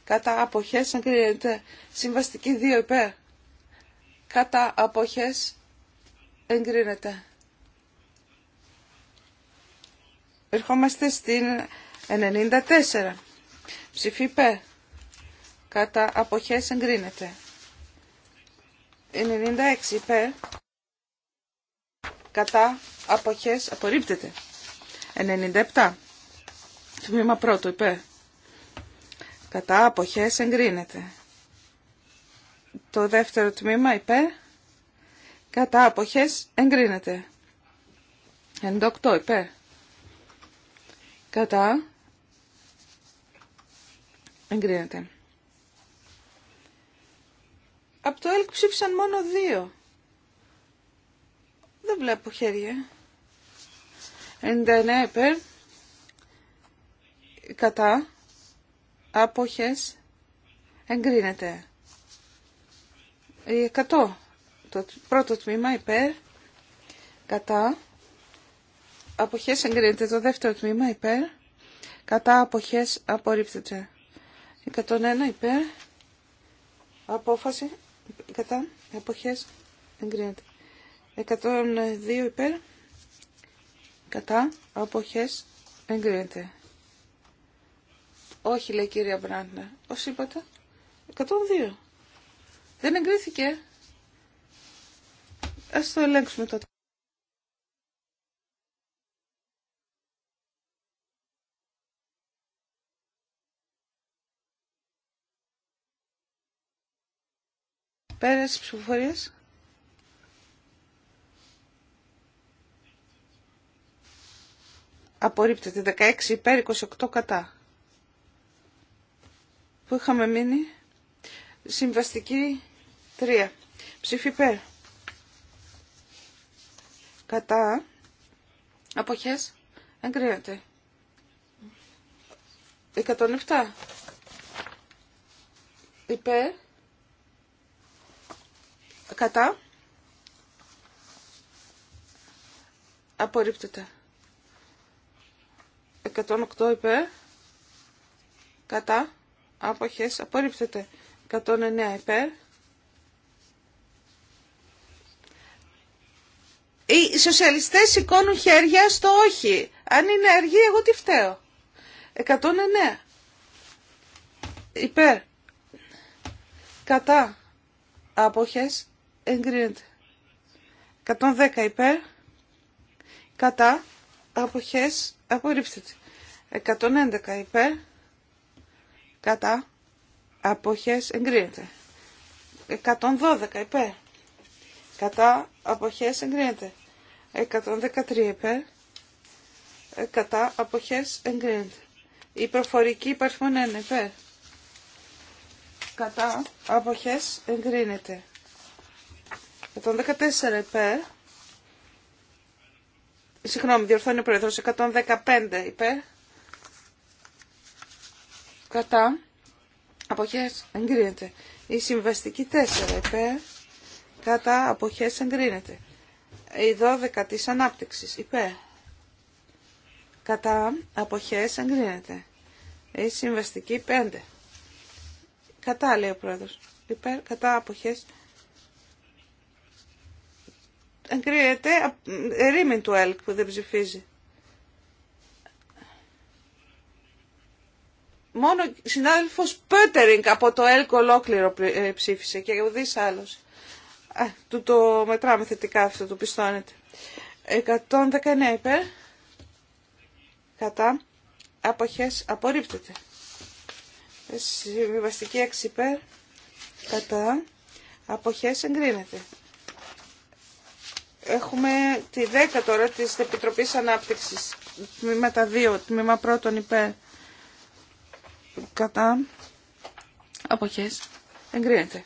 Speaker 7: κατά αποχές εγκρίνεται. Συμβαστική 2 υπέρ, κατά αποχές εγκρίνεται. ερχόμαστε στην 94. Ψηφί Κατά αποχές εγκρίνεται. 96 υπέρ. Κατά αποχές απορρίπτεται. 97. Τμήμα πρώτο υπέ. Κατά αποχές εγκρίνεται. Το δεύτερο τμήμα υπέρ. Κατά αποχές εγκρίνεται. 98 υπέρ. Κατά. Εγκρίνεται. Από το ΕΛΚ ψήφισαν μόνο δύο. Δεν βλέπω χέρια. 99 υπέρ. Κατά. Άποχες. Εγκρίνεται. 100. Το πρώτο τμήμα υπέρ. Κατά αποχές εγκρίνεται. Το δεύτερο τμήμα υπέρ. Κατά αποχές απορρίπτεται. 101 υπέρ. Απόφαση. Κατά αποχές εγκρίνεται. 102 υπέρ. Κατά αποχές εγκρίνεται. Όχι λέει η κυρία Μπράντνα. Ως είπατε. 102. Δεν εγκρίθηκε. Ας το ελέγξουμε τότε. Πέρας ψηφοφορία Απορρίπτεται 16 υπέρ 28 κατά. Πού είχαμε μείνει. Συμβαστική 3. Ψήφι υπέρ. Κατά. Αποχές. Εγκρίνεται. 107. Υπέρ. Κατά. Απορρίπτεται. 108 υπέρ. Κατά. Άποχες. Απορρίπτεται. 109 υπέρ. Οι σοσιαλιστές σηκώνουν χέρια στο όχι. Αν είναι αργή εγώ τι φταίω. 109. Υπέρ. Κατά. Άποχες εγκρίνεται. 110 υπέρ, κατά, αποχές, απορρίψτε 111 υπέρ, κατά, αποχές, εγκρίνεται. 112 υπέρ, κατά, αποχές, εγκρίνεται. 113 υπέρ, κατά, αποχές, εγκρίνεται. Η προφορική υπαρχόν 1 υπέρ, κατά, αποχές, εγκρίνεται. 114 υπέρ. Συγγνώμη, διορθώνει ο Πρόεδρος. 115 υπέρ. Κατά. Αποχές εγκρίνεται. Η συμβαστική 4 υπέρ. Κατά. Αποχές εγκρίνεται. Η 12 της ανάπτυξης υπέρ. Κατά. Αποχές εγκρίνεται. Η συμβαστική 5. Κατά λέει ο Πρόεδρος. Υπέρ. Κατά. Αποχές εγκρίνεται εγκρίνεται ρήμην του ΕΛΚ που δεν ψηφίζει. Μόνο συνάδελφος Πέτερινγκ από το ΕΛΚ ολόκληρο ε, ψήφισε και ουδής άλλος. του το μετράμε θετικά αυτό, του πιστώνεται. 119 υπέρ. Κατά. Αποχές απορρίπτεται. Συμβιβαστική 6 υπέρ. Κατά. Αποχές εγκρίνεται. Έχουμε τη δέκα τώρα της Επιτροπής Ανάπτυξης, με τα 2, τμήμα πρώτον υπέρ κατά αποχές. Εγκρίνεται.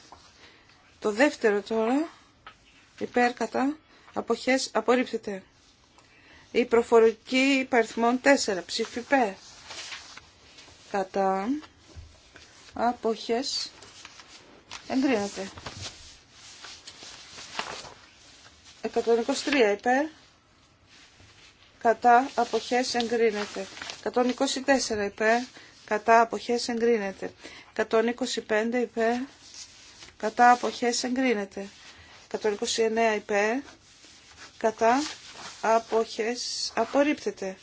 Speaker 7: Το δεύτερο τώρα υπέρ κατά αποχές απορρίπτεται. Η προφορική υπαριθμών 4 ψήφι υπέρ κατά αποχές εγκρίνεται. 123 υπέρ. Κατά αποχές εγκρίνεται. 124 υπέρ. Κατά αποχές εγκρίνεται. 125 υπέρ. Κατά αποχές εγκρίνεται. 129 υπέρ. Κατά αποχές απορρίπτεται.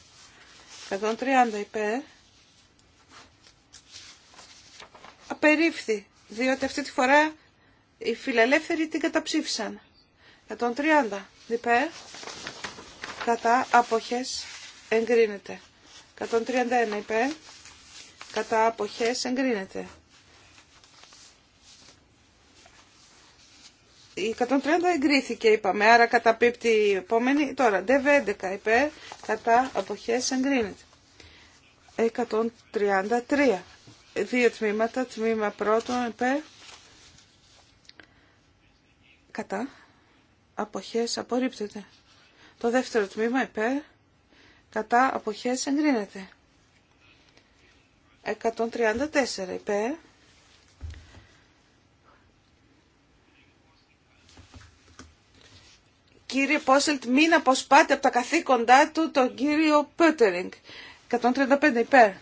Speaker 7: 130 υπέρ. Απερίφθη, διότι αυτή τη φορά οι φιλελεύθεροι την καταψήφισαν. 130 υπέρ κατά αποχές εγκρίνεται. 131 Είπε. κατά αποχές εγκρίνεται. Η 130 εγκρίθηκε είπαμε, άρα καταπίπτει η επόμενη. δε DV11 υπέρ κατά αποχές εγκρίνεται. 133. Δύο τμήματα, τμήμα πρώτο Είπε. κατά αποχές απορρίπτεται. Το δεύτερο τμήμα υπέρ, κατά αποχές εγκρίνεται. 134 υπέρ. Κύριε Πόσελτ, μην αποσπάτε από τα καθήκοντά του τον κύριο Πέτερινγκ. 135 υπέρ.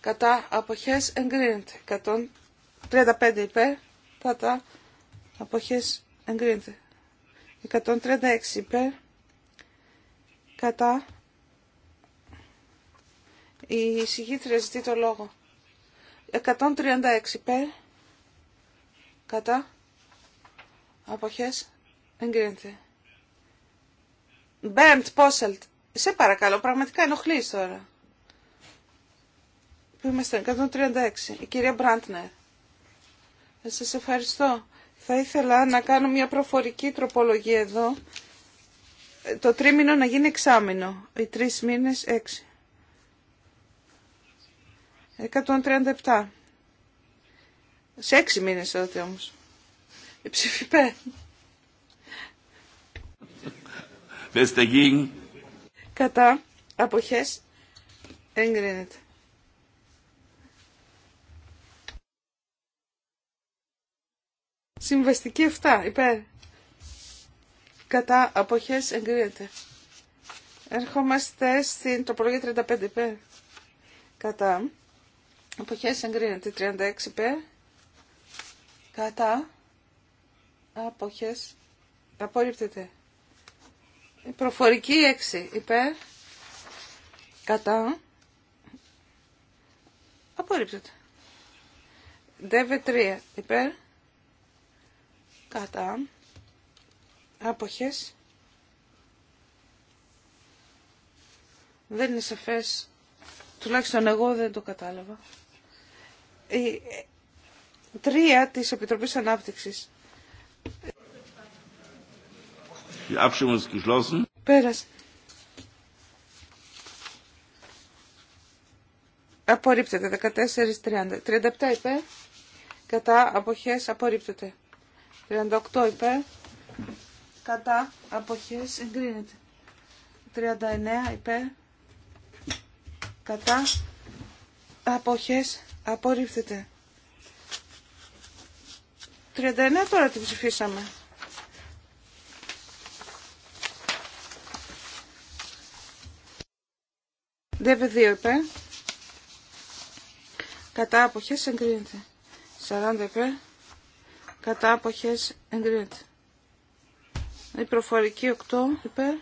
Speaker 7: Κατά αποχές εγκρίνεται. 135 υπέρ. Κατά αποχές εγκρίνεται. 136 υπέρ κατά η συγγήτρια ζητεί το λόγο 136 υπέρ κατά αποχές εγκρίνεται Μπέρντ Πόσελτ σε παρακαλώ πραγματικά ενοχλείς τώρα που είμαστε 136 η κυρία Μπραντνερ ε, σας ευχαριστώ θα ήθελα να κάνω μια προφορική τροπολογία εδώ. Το τρίμηνο να γίνει εξάμηνο. Οι τρεις μήνες έξι. 137. Σε έξι μήνες τότε όμως. Η ψηφιπέ. Κατά αποχές εγκρίνεται. Συμβαστική 7 υπέρ. Κατά αποχές εγκρίνεται. Ερχόμαστε στην τροπολογία 35 υπέρ. Κατά αποχές εγκρίνεται. 36 υπέρ. Κατά αποχές απορρίπτεται. προφορική 6 υπέρ. Κατά απορρίπτεται. ΔΕΒΕ 3 υπέρ κατά άποχες δεν είναι σαφές τουλάχιστον εγώ δεν το κατάλαβα η ε, τρία της Επιτροπής Ανάπτυξης
Speaker 4: Η Abstimmung ist
Speaker 7: Πέρασε. Απορρίπτεται 14.30. 37 είπε, Κατά αποχές απορρίπτεται. 38 υπέρ. Κατά. Αποχές. Εγκρίνεται. 39 υπέρ. Κατά. Αποχές. Απορρίφθεται. 39 τώρα την ψηφίσαμε. ΔΕΒΕ 2 υπέρ. Κατά αποχές εγκρίνεται. 40 υπέρ κατά αποχές εγκρίνεται. Η προφορική 8 υπέρ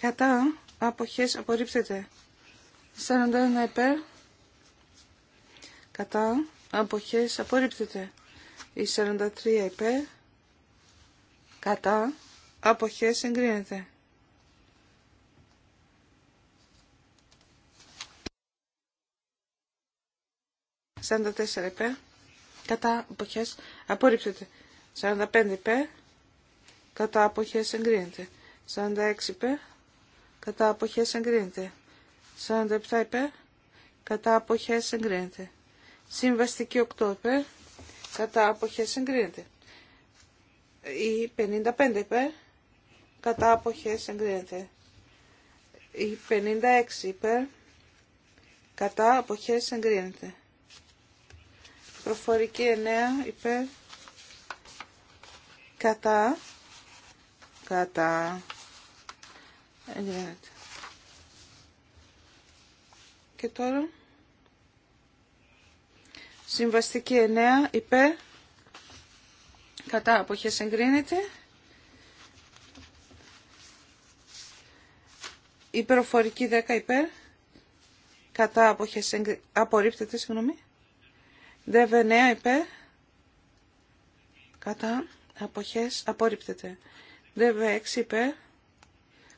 Speaker 7: κατά αποχές απορρίπτεται. 41 υπέρ κατά αποχές απορρίπτεται. Η 43 υπέρ κατά αποχές εγκρίνεται. Σαν τα υπέρ κατά αποχές απορρίπτεται. 45 υπέρ κατά αποχές εγκρίνεται. 46 υπέρ κατά αποχές εγκρίνεται. 47 υπέρ κατά αποχές εγκρίνεται. Συμβαστική 8 υπέρ κατά αποχές εγκρίνεται. Η 55 υπέρ κατά αποχές εγκρίνεται. Η 56 υπέρ κατά αποχές εγκρίνεται. Προφορική 9 υπέρ. Κατά. Κατά. Εγκρίνεται. Και τώρα. Συμβαστική 9 υπέρ. Κατά αποχές εγκρίνεται. Η προφορική 10 υπέρ. Κατά αποχές εγκρίνεται. Απορρίπτεται, συγγνώμη. 9 υπέρ. Κατά αποχές απορρίπτεται. ΔΕΒΕ6 υπέρ.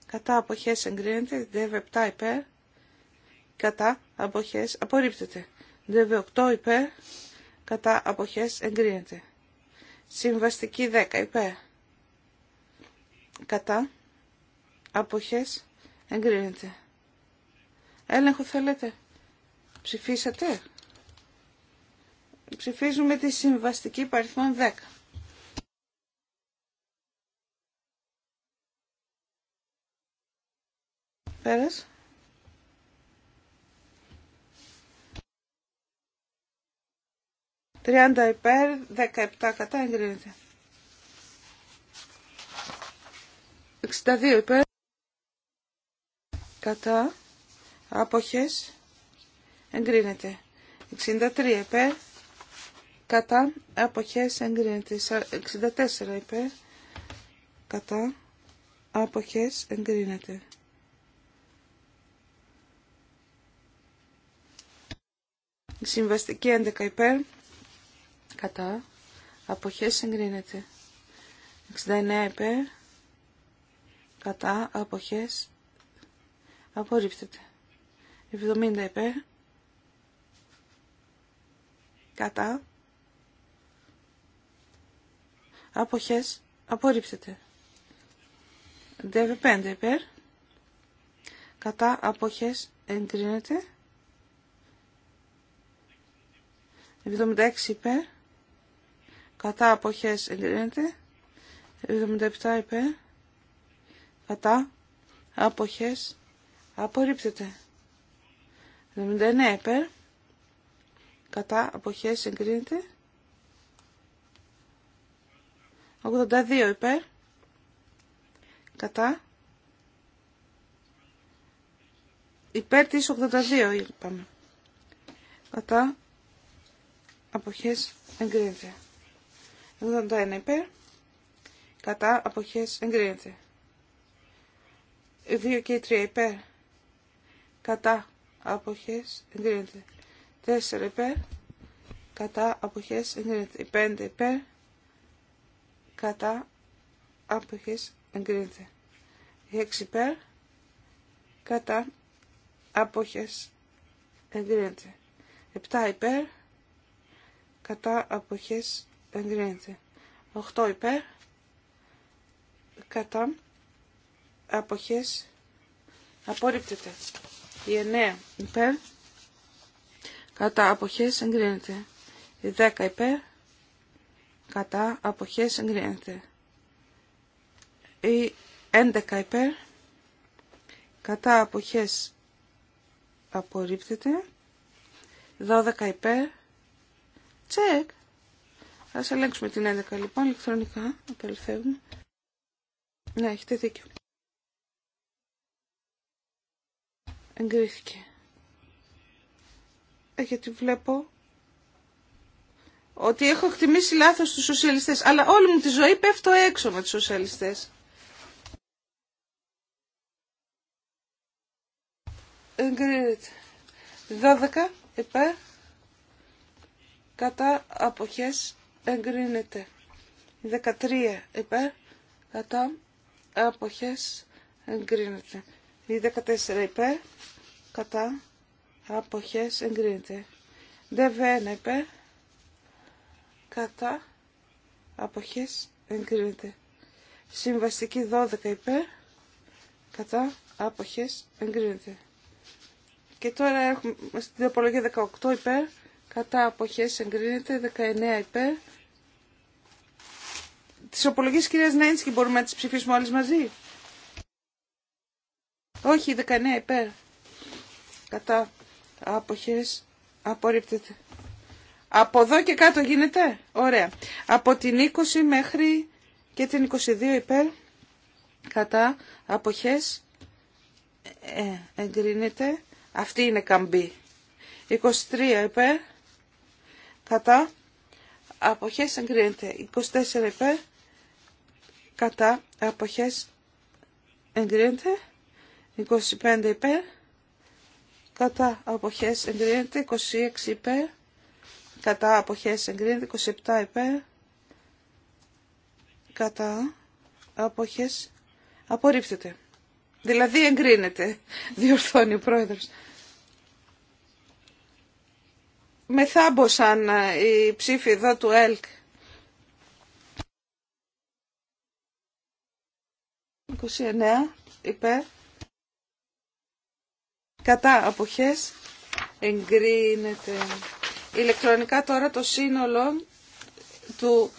Speaker 7: Κατά αποχές εγκρίνεται. ΔΕΒΕ7 υπέρ. Κατά αποχές απορρίπτεται. ΔΕΒΕ8 υπέρ. Κατά αποχές εγκρίνεται. Συμβαστική 10 υπέρ. Κατά αποχές εγκρίνεται. Έλεγχο θέλετε. Ψηφίσατε. Ψηφίζουμε τη συμβαστική παριθμόν 10. Πέρας. 30 υπέρ, 17 κατά εγκρίνεται. 62 υπέρ, κατά, άποχες, εγκρίνεται. 63 υπέρ, κατά αποχές εγκρίνεται 64 ειπε κατά αποχές εγκρίνεται Συμβαστική 11 υπέρ κατά αποχές εγκρίνεται 69 υπέρ κατά αποχές απορρίπτεται 70 υπέρ κατά αποχές Δεύε DV5 υπέρ κατά αποχές εγκρίνεται. 76 υπέρ κατά αποχές εγκρίνεται. 77 υπέρ κατά αποχές απορρίπτεται. 79 υπέρ κατά αποχές εγκρίνεται. 82 υπέρ. Κατά. Υπέρ της 82 είπαμε. Κατά. Αποχές εγκρίνεται. 81 υπέρ. Κατά. Αποχές εγκρίνεται. 2 και 3 υπέρ. Κατά. Αποχές εγκρίνεται. 4 υπέρ. Κατά. Αποχές εγκρίνεται. 5 υπέρ κατά αποχές εγκρίνεται. 6 υπέρ κατά αποχές εγκρίνεται. 7 υπέρ κατά αποχές εγκρίνεται. 8 υπέρ κατά αποχές απορρίπτεται. Η 9 υπέρ κατά αποχές εγκρίνεται. 10 υπέρ κατά αποχές εγκρίνεται. Η 11 υπέρ κατά αποχές απορρίπτεται. 12 υπέρ τσεκ. Ας ελέγξουμε την 11 λοιπόν ηλεκτρονικά. Απελευθεύουμε. Ναι, έχετε δίκιο. Εγκρίθηκε. Ε, γιατί βλέπω ότι έχω εκτιμήσει λάθο του σοσιαλιστές, αλλά όλη μου τη ζωή πέφτω έξω με του σοσιαλιστές. Εγκρίνεται. 12 υπέρ κατά αποχές εγκρίνεται. 13 υπέρ κατά αποχές εγκρίνεται. 14 υπέρ κατά αποχές εγκρίνεται. 19 υπέρ κατά αποχές εγκρίνεται. Συμβαστική 12 υπέρ κατά άποχες εγκρίνεται. Και τώρα έχουμε στην οπολογία 18 υπέρ κατά αποχές εγκρίνεται, 19 υπέρ. Τις απολογίες κυρίας Νέντσκι μπορούμε να τις ψηφίσουμε όλες μαζί. Όχι, 19 υπέρ. Κατά άποχες απορρίπτεται. Από εδώ και κάτω γίνεται. Ωραία. Από την 20 μέχρι και την 22 υπέρ κατά αποχές ε, εγκρίνεται. Αυτή είναι καμπή. 23 υπέρ κατά αποχές εγκρίνεται. 24 υπέρ κατά αποχές εγκρίνεται. 25 υπέρ κατά αποχές εγκρίνεται. 26 υπέρ κατά αποχές εγκρίνεται 27 υπέρ κατά αποχές απορρίπτεται. Δηλαδή εγκρίνεται, διορθώνει ο πρόεδρος. Με θάμποσαν ε, οι ψήφοι εδώ του ΕΛΚ. 29 υπέρ κατά αποχές εγκρίνεται ηλεκτρονικά τώρα το σύνολο του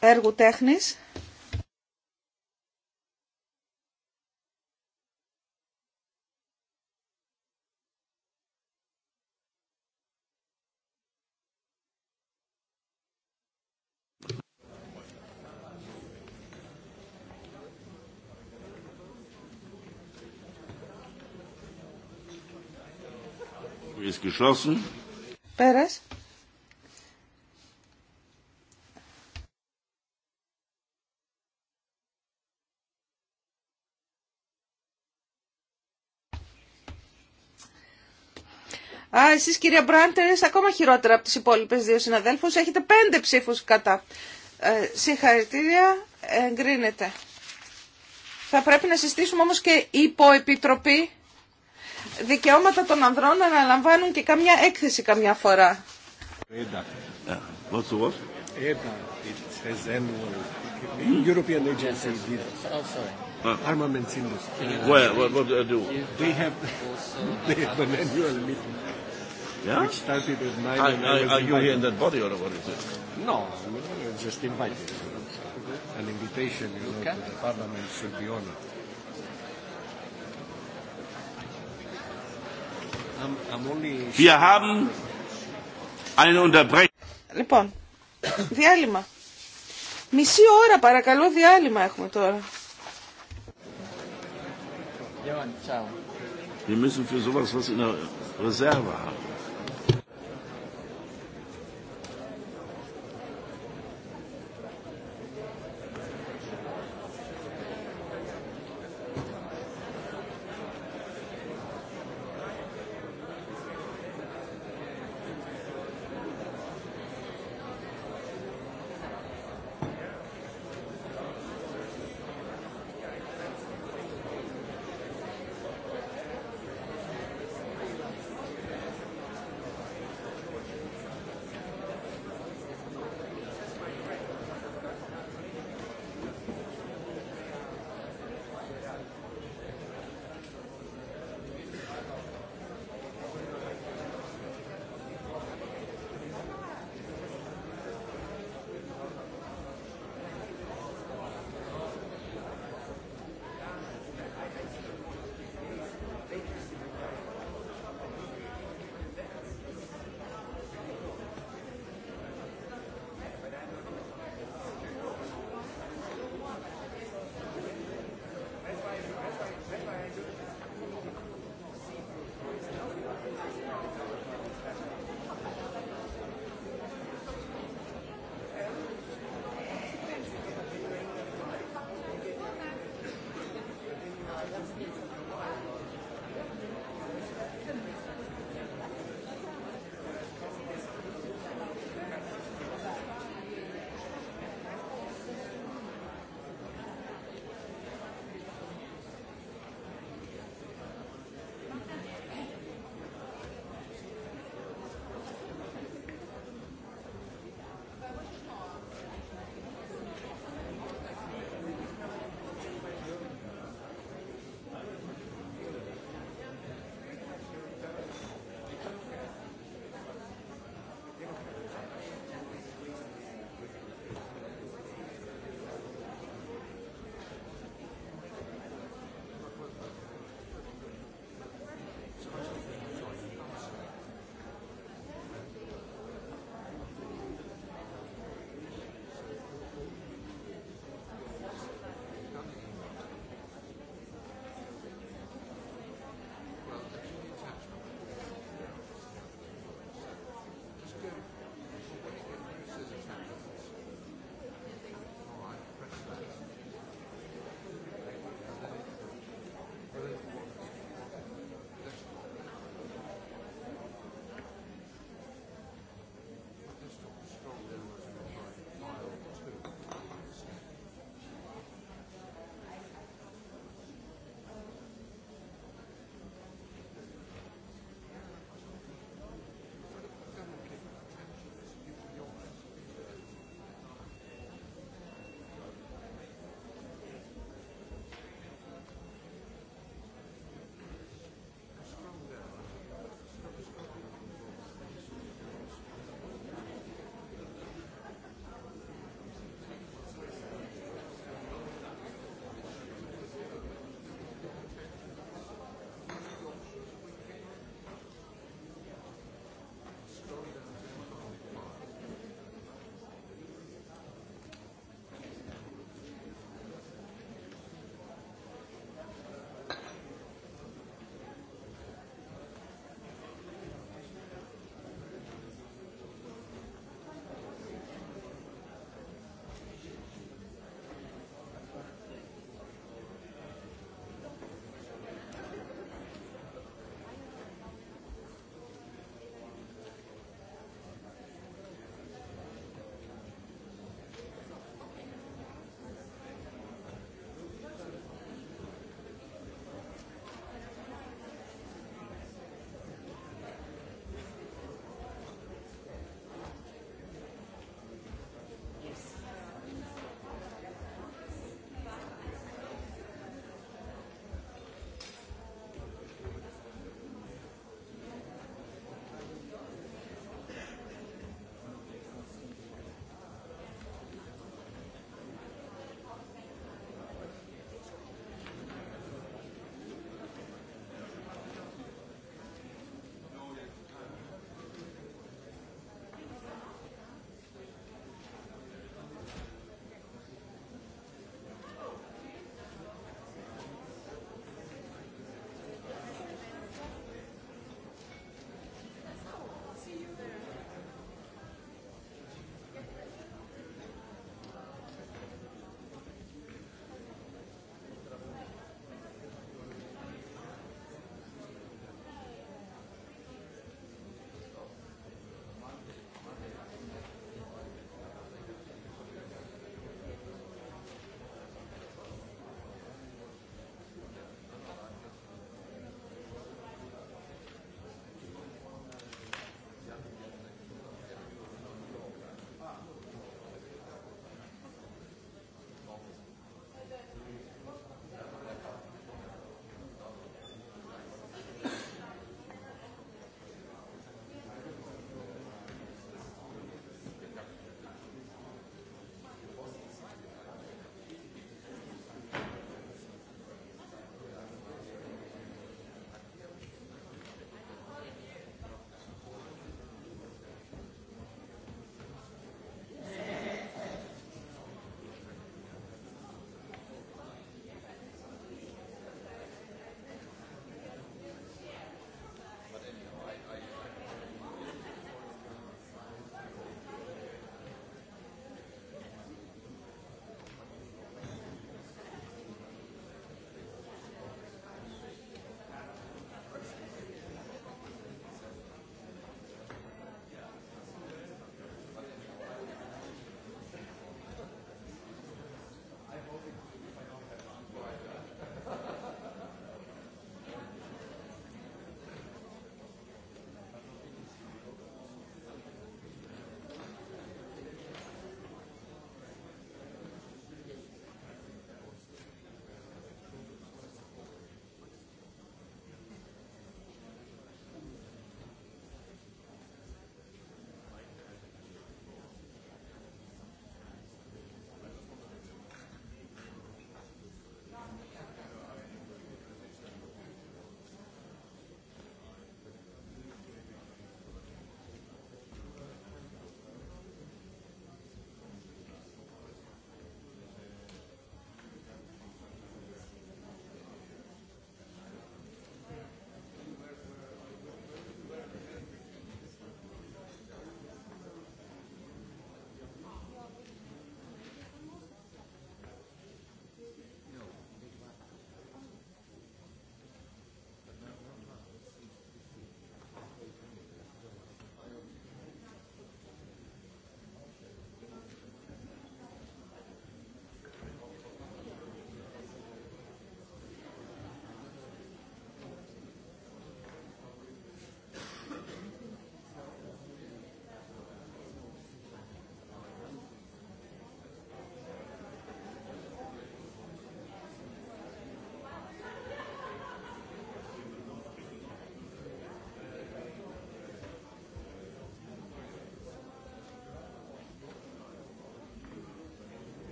Speaker 7: έργου τέχνης. geschlossen. Πέρας. Α, εσείς κυρία Μπράντερ, είστε ακόμα χειρότερα από τις υπόλοιπες δύο συναδέλφους. Έχετε πέντε ψήφους κατά. Ε, συγχαρητήρια, εγκρίνεται. Θα πρέπει να συστήσουμε όμως και υποεπιτροπή δικαιώματα των ανδρών να αναλαμβάνουν και καμιά έκθεση καμιά φορά.
Speaker 4: Ε,
Speaker 5: European oh, ah. Which
Speaker 4: are you here in that
Speaker 1: body or what is it? No, just
Speaker 4: Wir haben eine Unterbrechung.
Speaker 7: Λοιπόν, διάλειμμα. Μισή ώρα παρακαλώ διάλειμμα έχουμε τώρα.
Speaker 4: Wir müssen für sowas was in der Reserve haben.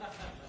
Speaker 4: Thank you.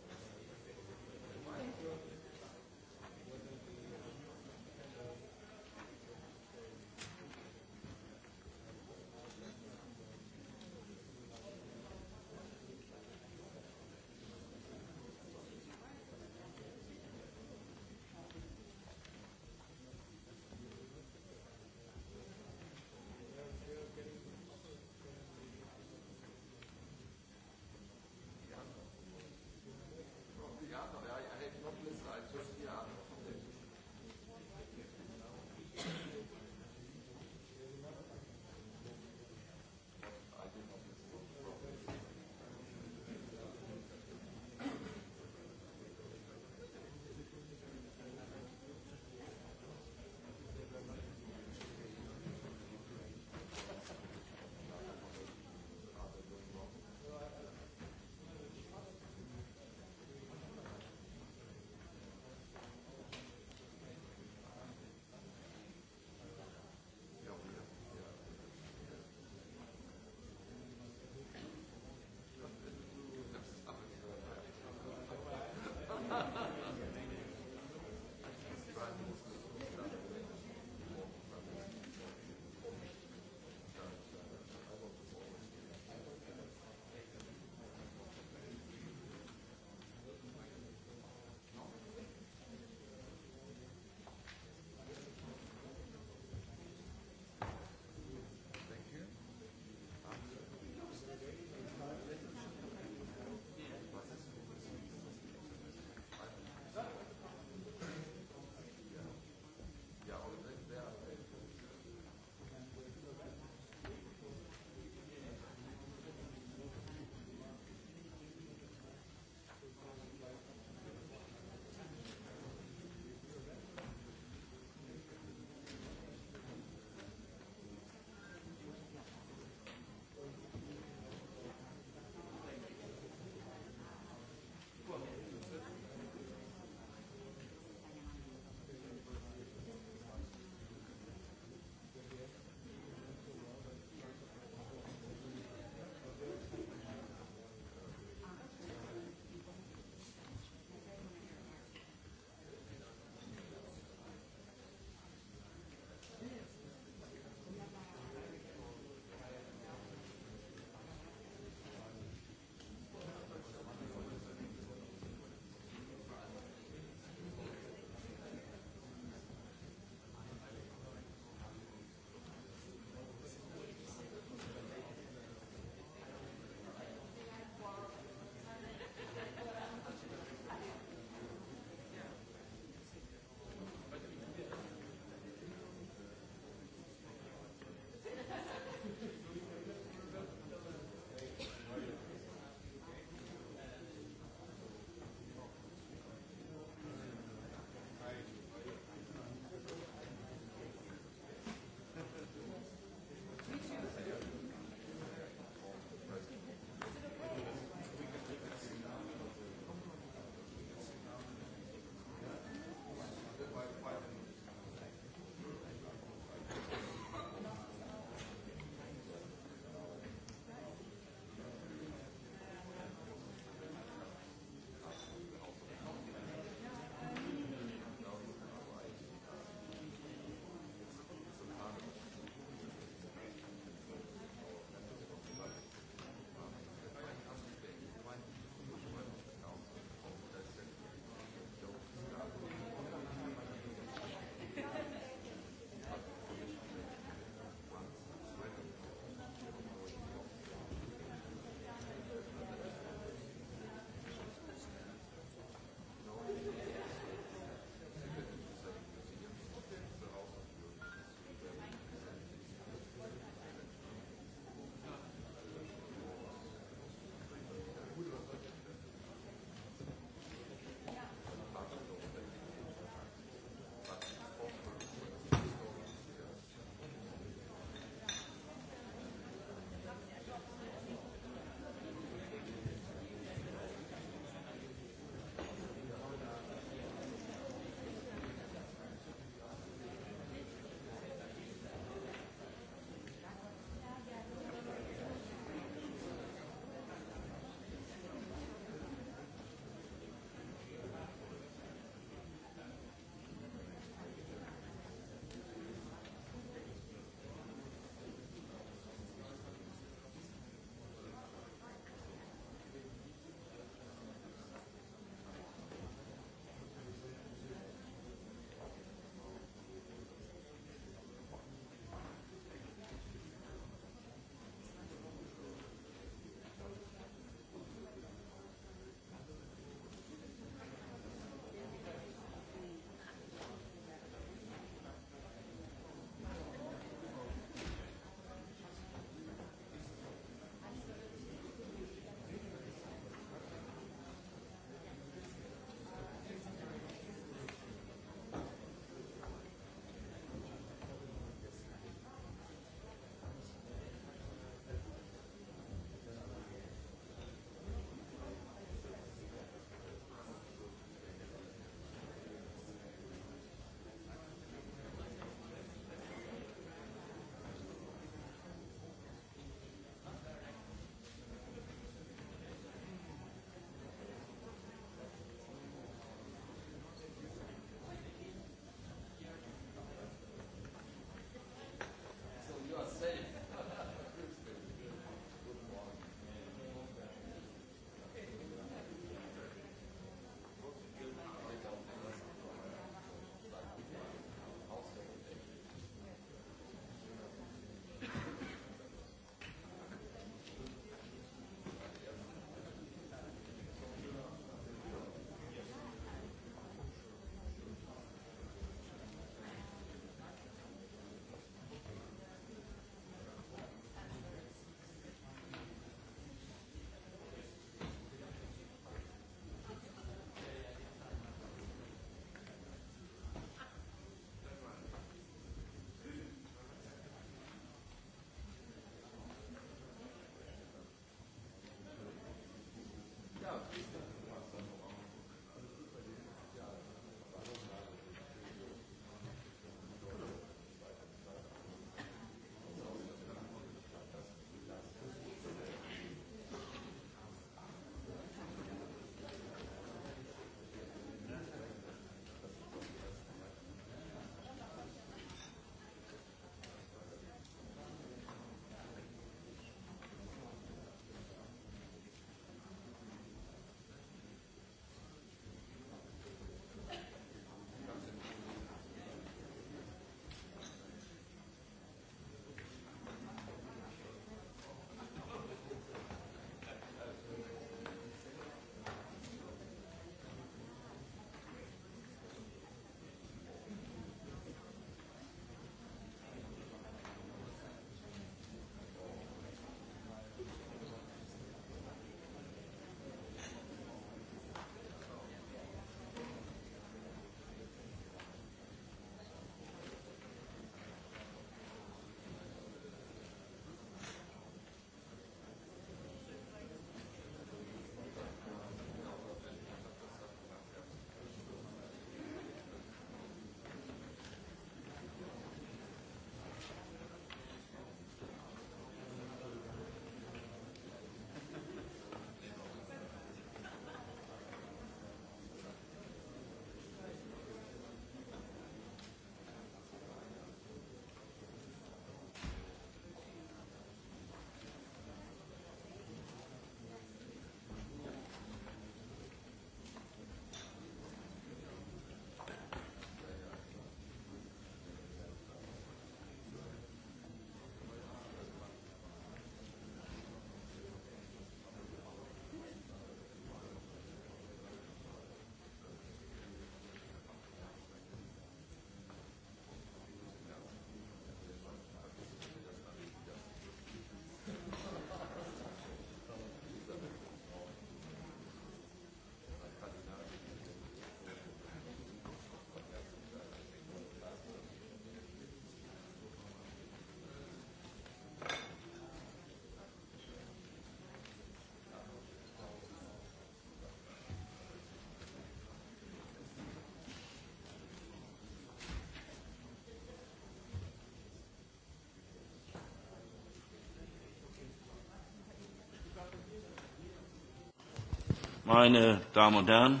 Speaker 4: Meine Damen und Herren,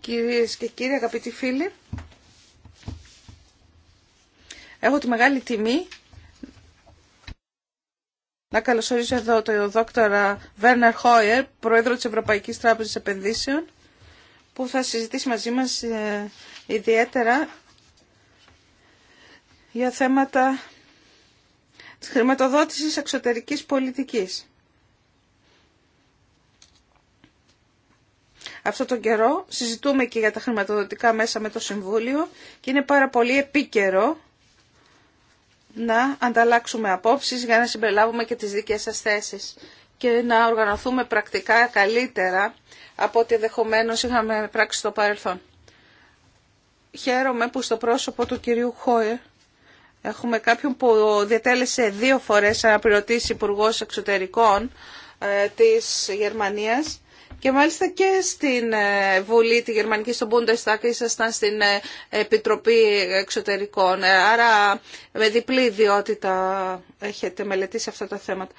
Speaker 7: Κυρίες και κύριοι, αγαπητοί φίλοι, έχω τη μεγάλη τιμή να καλωσορίσω εδώ τον δόκτωρα Βέρνερ Χόιερ, πρόεδρο της Ευρωπαϊκής Τράπεζας Επενδύσεων, που θα συζητήσει μαζί μας ε, ιδιαίτερα για θέματα της χρηματοδότησης εξωτερικής πολιτικής. αυτό τον καιρό. Συζητούμε και για τα χρηματοδοτικά μέσα με το Συμβούλιο και είναι πάρα πολύ επίκαιρο να ανταλλάξουμε απόψεις για να συμπεριλάβουμε και τις δικές σας θέσεις και να οργανωθούμε πρακτικά καλύτερα από ό,τι ενδεχομένω είχαμε πράξει στο παρελθόν. Χαίρομαι που στο πρόσωπο του κυρίου Χόε έχουμε κάποιον που διατέλεσε δύο φορές αναπληρωτής υπουργό Εξωτερικών ε, της Γερμανίας και μάλιστα και στην ε, Βουλή, τη Γερμανική, στον Bundestag, ήσασταν στην ε, Επιτροπή Εξωτερικών. Ε, άρα με διπλή ιδιότητα έχετε μελετήσει αυτά τα θέματα.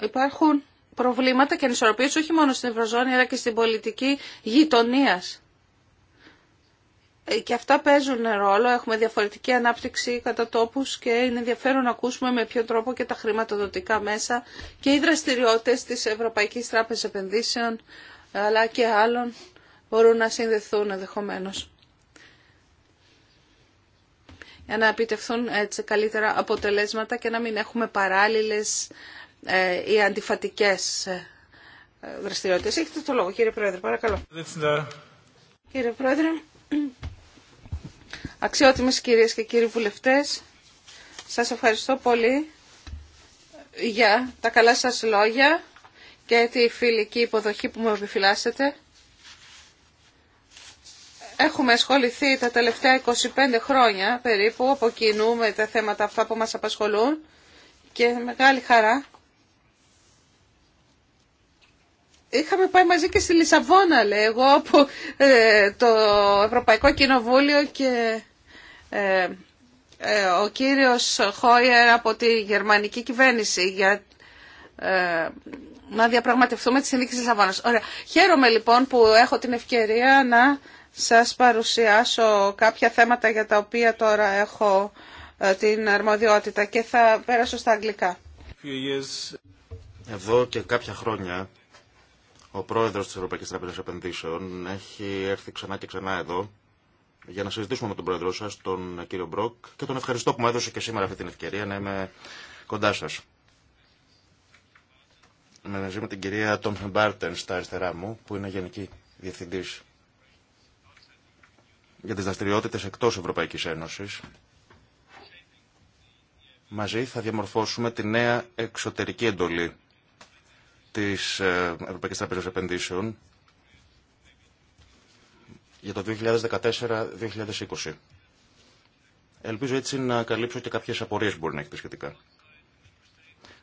Speaker 7: Υπάρχουν προβλήματα και ανισορροπίες όχι μόνο στην Ευρωζώνη αλλά και στην πολιτική γειτονίας και αυτά παίζουν ρόλο. Έχουμε διαφορετική ανάπτυξη κατά τόπους και είναι ενδιαφέρον να ακούσουμε με ποιο τρόπο και τα χρηματοδοτικά μέσα και οι δραστηριότητε τη Ευρωπαϊκή Τράπεζα Επενδύσεων αλλά και άλλων μπορούν να συνδεθούν ενδεχομένω. για να επιτευχθούν έτσι καλύτερα αποτελέσματα και να μην έχουμε παράλληλες ε, ή αντιφατικές ε, δραστηριότητες. Έχετε το λόγο κύριε Πρόεδρε, παρακαλώ. Κύριε Πρόεδρε, Αξιότιμες κυρίες και κύριοι βουλευτές, σας ευχαριστώ πολύ για τα καλά σας λόγια και τη φιλική υποδοχή που με επιφυλάσσετε. Έχουμε ασχοληθεί τα τελευταία 25 χρόνια περίπου από κοινού τα θέματα αυτά που μας απασχολούν και μεγάλη χαρά Είχαμε πάει μαζί και στη Λισαβόνα, λέει εγώ, από ε, το Ευρωπαϊκό Κοινοβούλιο και ε, ε, ο κύριος Χόιερ από τη γερμανική κυβέρνηση για να διαπραγματευτούμε τη συνδίκη της Λισαβόνας. Ωραία. Χαίρομαι λοιπόν που έχω την ευκαιρία να σας παρουσιάσω κάποια θέματα για τα οποία τώρα έχω την αρμοδιότητα και θα πέρασω στα αγγλικά.
Speaker 2: Εδώ και κάποια χρόνια ο πρόεδρο τη Ευρωπαϊκή Τράπεζα Επενδύσεων έχει έρθει ξανά και ξανά εδώ για να συζητήσουμε με τον πρόεδρό σα, τον κύριο Μπροκ, και τον ευχαριστώ που μου έδωσε και σήμερα αυτή την ευκαιρία να είμαι κοντά σας. Μαζί με την κυρία Τόμ Μπάρτεν στα αριστερά μου, που είναι Γενική διευθυντή για τι δραστηριότητε εκτό Ευρωπαϊκή Ένωση. Μαζί θα διαμορφώσουμε τη νέα εξωτερική εντολή της ε, Ευρωπαϊκής Τράπεζα Επενδύσεων για το 2014-2020. Ελπίζω έτσι να καλύψω και κάποιες απορίες που μπορεί να έχετε σχετικά.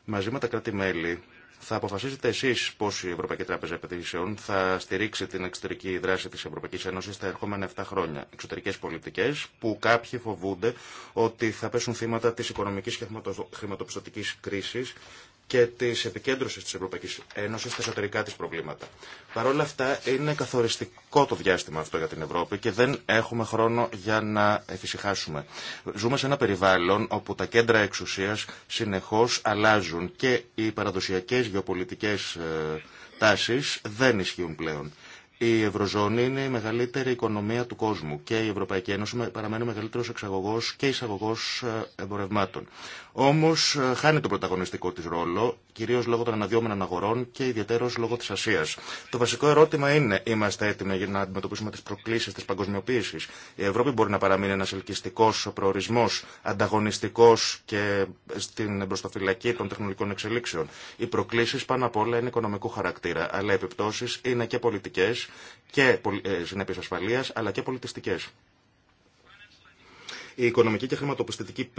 Speaker 2: Μαζί με τα κράτη-μέλη θα αποφασίζετε εσείς πώς η Ευρωπαϊκή Τράπεζα Επενδύσεων θα στηρίξει την εξωτερική δράση της Ευρωπαϊκής Ένωσης στα ερχόμενα 7 χρόνια. Εξωτερικές πολιτικές που κάποιοι φοβούνται ότι θα πέσουν θύματα της οικονομικής και χρηματοπιστωτικής κρίσης και τη επικέντρωση τη Ευρωπαϊκή Ένωση στα εσωτερικά τη προβλήματα. Παρ' όλα αυτά, είναι καθοριστικό το διάστημα αυτό για την Ευρώπη και δεν έχουμε χρόνο για να εφησυχάσουμε. Ζούμε σε ένα περιβάλλον όπου τα κέντρα εξουσία συνεχώ αλλάζουν και οι παραδοσιακέ γεωπολιτικέ ε, τάσει δεν ισχύουν πλέον. Η Ευρωζώνη είναι η μεγαλύτερη οικονομία του κόσμου και η Ευρωπαϊκή Ένωση παραμένει ο μεγαλύτερο εξαγωγό και εισαγωγό ε, εμπορευμάτων. Όμω ε, χάνει το πρωταγωνιστικό τη ρόλο, κυρίω λόγω των αναδυόμενων αγορών και ιδιαίτερω λόγω τη Ασία. Το βασικό ερώτημα είναι, είμαστε έτοιμοι για να αντιμετωπίσουμε τι προκλήσει τη παγκοσμιοποίηση. Η Ευρώπη μπορεί να παραμείνει ένα ελκυστικό προορισμό, ανταγωνιστικό και στην μπροστοφυλακή των τεχνολογικών εξελίξεων. Οι προκλήσει πάνω απ' όλα είναι οικονομικού χαρακτήρα, αλλά οι επιπτώσει είναι και πολιτικέ και ε, συνέπειε ασφαλεία αλλά και πολιτιστικέ. Η οικονομική και χρηματοπιστωτική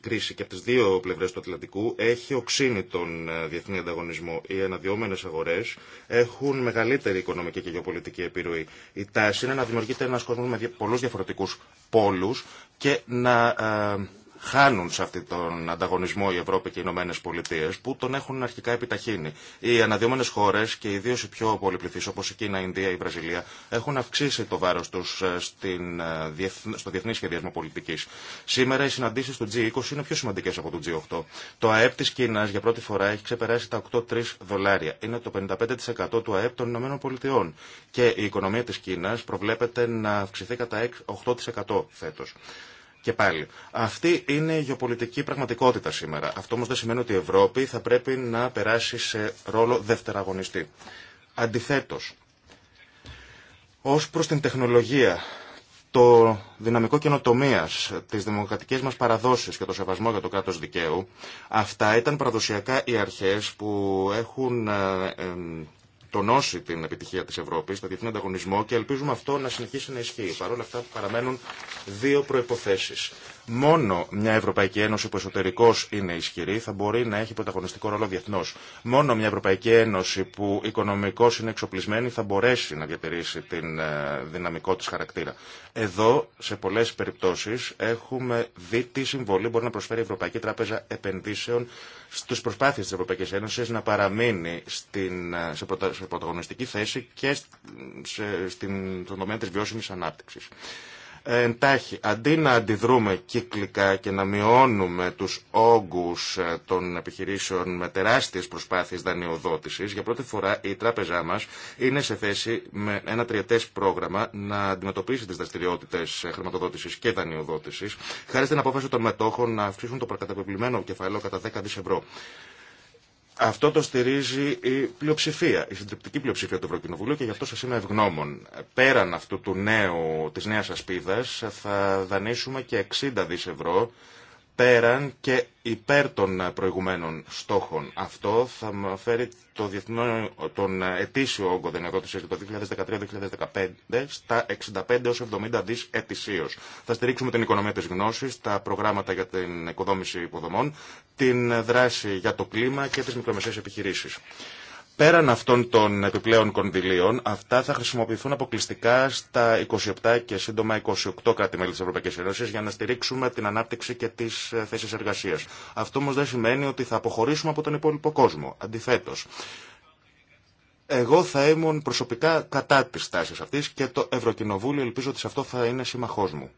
Speaker 2: κρίση και από τι δύο πλευρέ του Ατλαντικού έχει οξύνει τον ε, διεθνή ανταγωνισμό. Οι αναδυόμενε αγορέ έχουν μεγαλύτερη οικονομική και γεωπολιτική επιρροή. Η τάση είναι να δημιουργείται ένα κόσμο με πολλού διαφορετικού πόλου και να ε, χάνουν σε αυτόν τον ανταγωνισμό η Ευρώπη και οι Ηνωμένε Πολιτείε που τον έχουν αρχικά επιταχύνει. Οι αναδυόμενε χώρε και ιδίω οι πιο πολυπληθεί όπω η Κίνα, η Ινδία, η Βραζιλία έχουν αυξήσει το βάρο του ε, ε, στο διεθνή σχεδιασμό πολιτική. Σήμερα οι συναντήσει του G20 είναι πιο σημαντικέ από του G8. Το ΑΕΠ τη Κίνα για πρώτη φορά έχει ξεπεράσει τα 8-3 δολάρια. Είναι το 55% του ΑΕΠ των Ηνωμένων Πολιτειών. Και η οικονομία τη Κίνα προβλέπεται να αυξηθεί κατά 8% φέτο. Και πάλι, αυτή είναι η γεωπολιτική πραγματικότητα σήμερα. Αυτό όμω δεν σημαίνει ότι η Ευρώπη θα πρέπει να περάσει σε ρόλο δευτεραγωνιστή. Αντιθέτω, ω προ την τεχνολογία, το δυναμικό καινοτομία, τι δημοκρατικέ μα παραδόσει και το σεβασμό για το κράτο δικαίου, αυτά ήταν παραδοσιακά οι αρχέ που έχουν ε, ε, τονώσει την επιτυχία τη Ευρώπη, το διεθνή ανταγωνισμό και ελπίζουμε αυτό να συνεχίσει να ισχύει. Παρ' όλα αυτά παραμένουν δύο προποθέσει. Μόνο μια Ευρωπαϊκή Ένωση που εσωτερικώ είναι ισχυρή θα μπορεί να έχει πρωταγωνιστικό ρόλο διεθνώ. Μόνο μια Ευρωπαϊκή Ένωση που οικονομικώ είναι εξοπλισμένη θα μπορέσει να διατηρήσει την ε, δυναμικό τη χαρακτήρα. Εδώ, σε πολλέ περιπτώσει, έχουμε δει τι συμβολή μπορεί να προσφέρει η Ευρωπαϊκή Τράπεζα Επενδύσεων στι προσπάθειε τη Ευρωπαϊκή Ένωση να παραμείνει στην, ε, σε, πρωταγωνιστική θέση και στην, στον τομέα τη βιώσιμη ανάπτυξη εντάχει. Αντί να αντιδρούμε κύκλικα και να μειώνουμε τους όγκους ε, των επιχειρήσεων με τεράστιες προσπάθειες δανειοδότησης, για πρώτη φορά η τράπεζά μας είναι σε θέση με ένα τριετές πρόγραμμα να αντιμετωπίσει τις δραστηριότητες ε, χρηματοδότησης και δανειοδότησης, χάρη στην απόφαση των μετόχων να αυξήσουν το προκαταπευλημένο κεφάλαιο κατά 10 δις ευρώ. Αυτό το στηρίζει η πλειοψηφία, η συντριπτική πλειοψηφία του Ευρωκοινοβουλίου και γι' αυτό σας είμαι ευγνώμων. Πέραν αυτού του νέου, της νέας ασπίδας θα δανείσουμε και 60 δις ευρώ πέραν και υπέρ των προηγουμένων στόχων. Αυτό θα φέρει το διεθνό, τον ετήσιο όγκο για το 2013-2015 στα 65 έως 70 δις ετησίως. Θα στηρίξουμε την οικονομία της γνώσης, τα προγράμματα για την οικοδόμηση υποδομών, την δράση για το κλίμα και τις μικρομεσαίες επιχειρήσεις. Πέραν αυτών των επιπλέον κονδυλίων, αυτά θα χρησιμοποιηθούν αποκλειστικά στα 27 και σύντομα 28 κράτη-μέλη τη Ευρωπαϊκή Ένωση για να στηρίξουμε την ανάπτυξη και τι ε, θέσει εργασία. Αυτό όμω δεν σημαίνει ότι θα αποχωρήσουμε από τον υπόλοιπο κόσμο. Αντιθέτω, εγώ θα ήμουν προσωπικά κατά τη τάση αυτή και το Ευρωκοινοβούλιο ελπίζω ότι σε αυτό θα είναι σύμμαχό μου.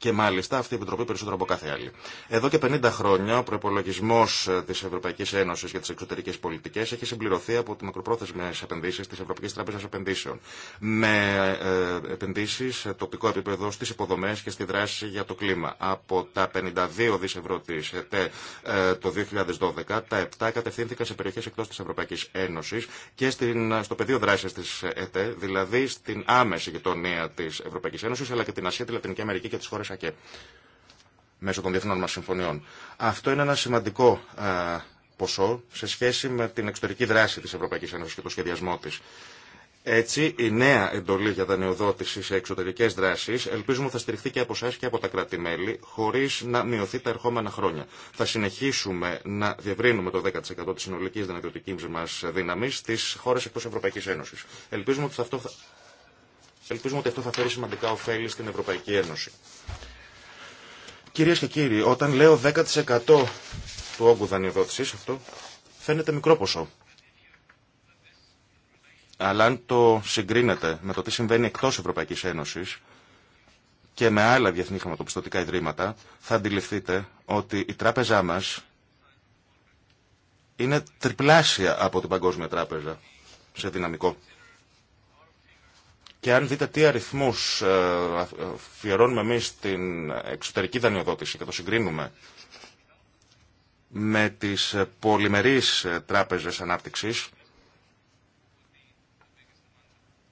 Speaker 2: Και μάλιστα αυτή η Επιτροπή περισσότερο από κάθε άλλη. Εδώ και 50 χρόνια ο προπολογισμό ε, τη Ευρωπαϊκή Ένωση για τι εξωτερικέ πολιτικέ έχει συμπληρωθεί από τι μακροπρόθεσμε επενδύσει τη Ευρωπαϊκή Τράπεζα Επενδύσεων. Με ε, επενδύσει σε τοπικό επίπεδο στι υποδομέ και στη δράση για το κλίμα. Από τα 52 δι ευρώ τη ΕΤΕ ε, το 2012, τα 7 κατευθύνθηκαν σε περιοχέ εκτό τη Ευρωπαϊκή Ένωση και στην, στο πεδίο δράση τη ΕΤΕ, δηλαδή στην άμεση γειτονία τη Ευρωπαϊκή Ένωση, αλλά και την Ασία, τη Λατινική Αμερική και τι χώρε και μέσω των διεθνών μας συμφωνιών. Αυτό είναι ένα σημαντικό ε, ποσό σε σχέση με την εξωτερική δράση της Ευρωπαϊκής Ένωσης και το σχεδιασμό της. Έτσι, η νέα εντολή για δανειοδότηση σε εξωτερικέ δράσει ελπίζουμε θα στηριχθεί και από εσά και από τα κράτη-μέλη, χωρί να μειωθεί τα ερχόμενα χρόνια. Θα συνεχίσουμε να διευρύνουμε το 10% τη συνολική δανειοδοτική μα δύναμη στι χώρε εκτό Ευρωπαϊκή Ένωση. Ελπίζουμε ότι αυτό Ελπίζουμε ότι αυτό θα φέρει σημαντικά ωφέλη στην Ευρωπαϊκή Ένωση. Κυρίε και κύριοι, όταν λέω 10% του όγκου δανειοδότηση, αυτό φαίνεται μικρό ποσό. Αλλά αν το συγκρίνετε με το τι συμβαίνει εκτό Ευρωπαϊκή Ένωση και με άλλα διεθνή χρηματοπιστωτικά ιδρύματα, θα αντιληφθείτε ότι η τράπεζά μα είναι τριπλάσια από την Παγκόσμια Τράπεζα σε δυναμικό. Και αν δείτε τι αριθμούς ε, αφιερώνουμε εμεί στην εξωτερική δανειοδότηση και το συγκρίνουμε με τις ε, πολυμερεί ε, τράπεζες ανάπτυξη.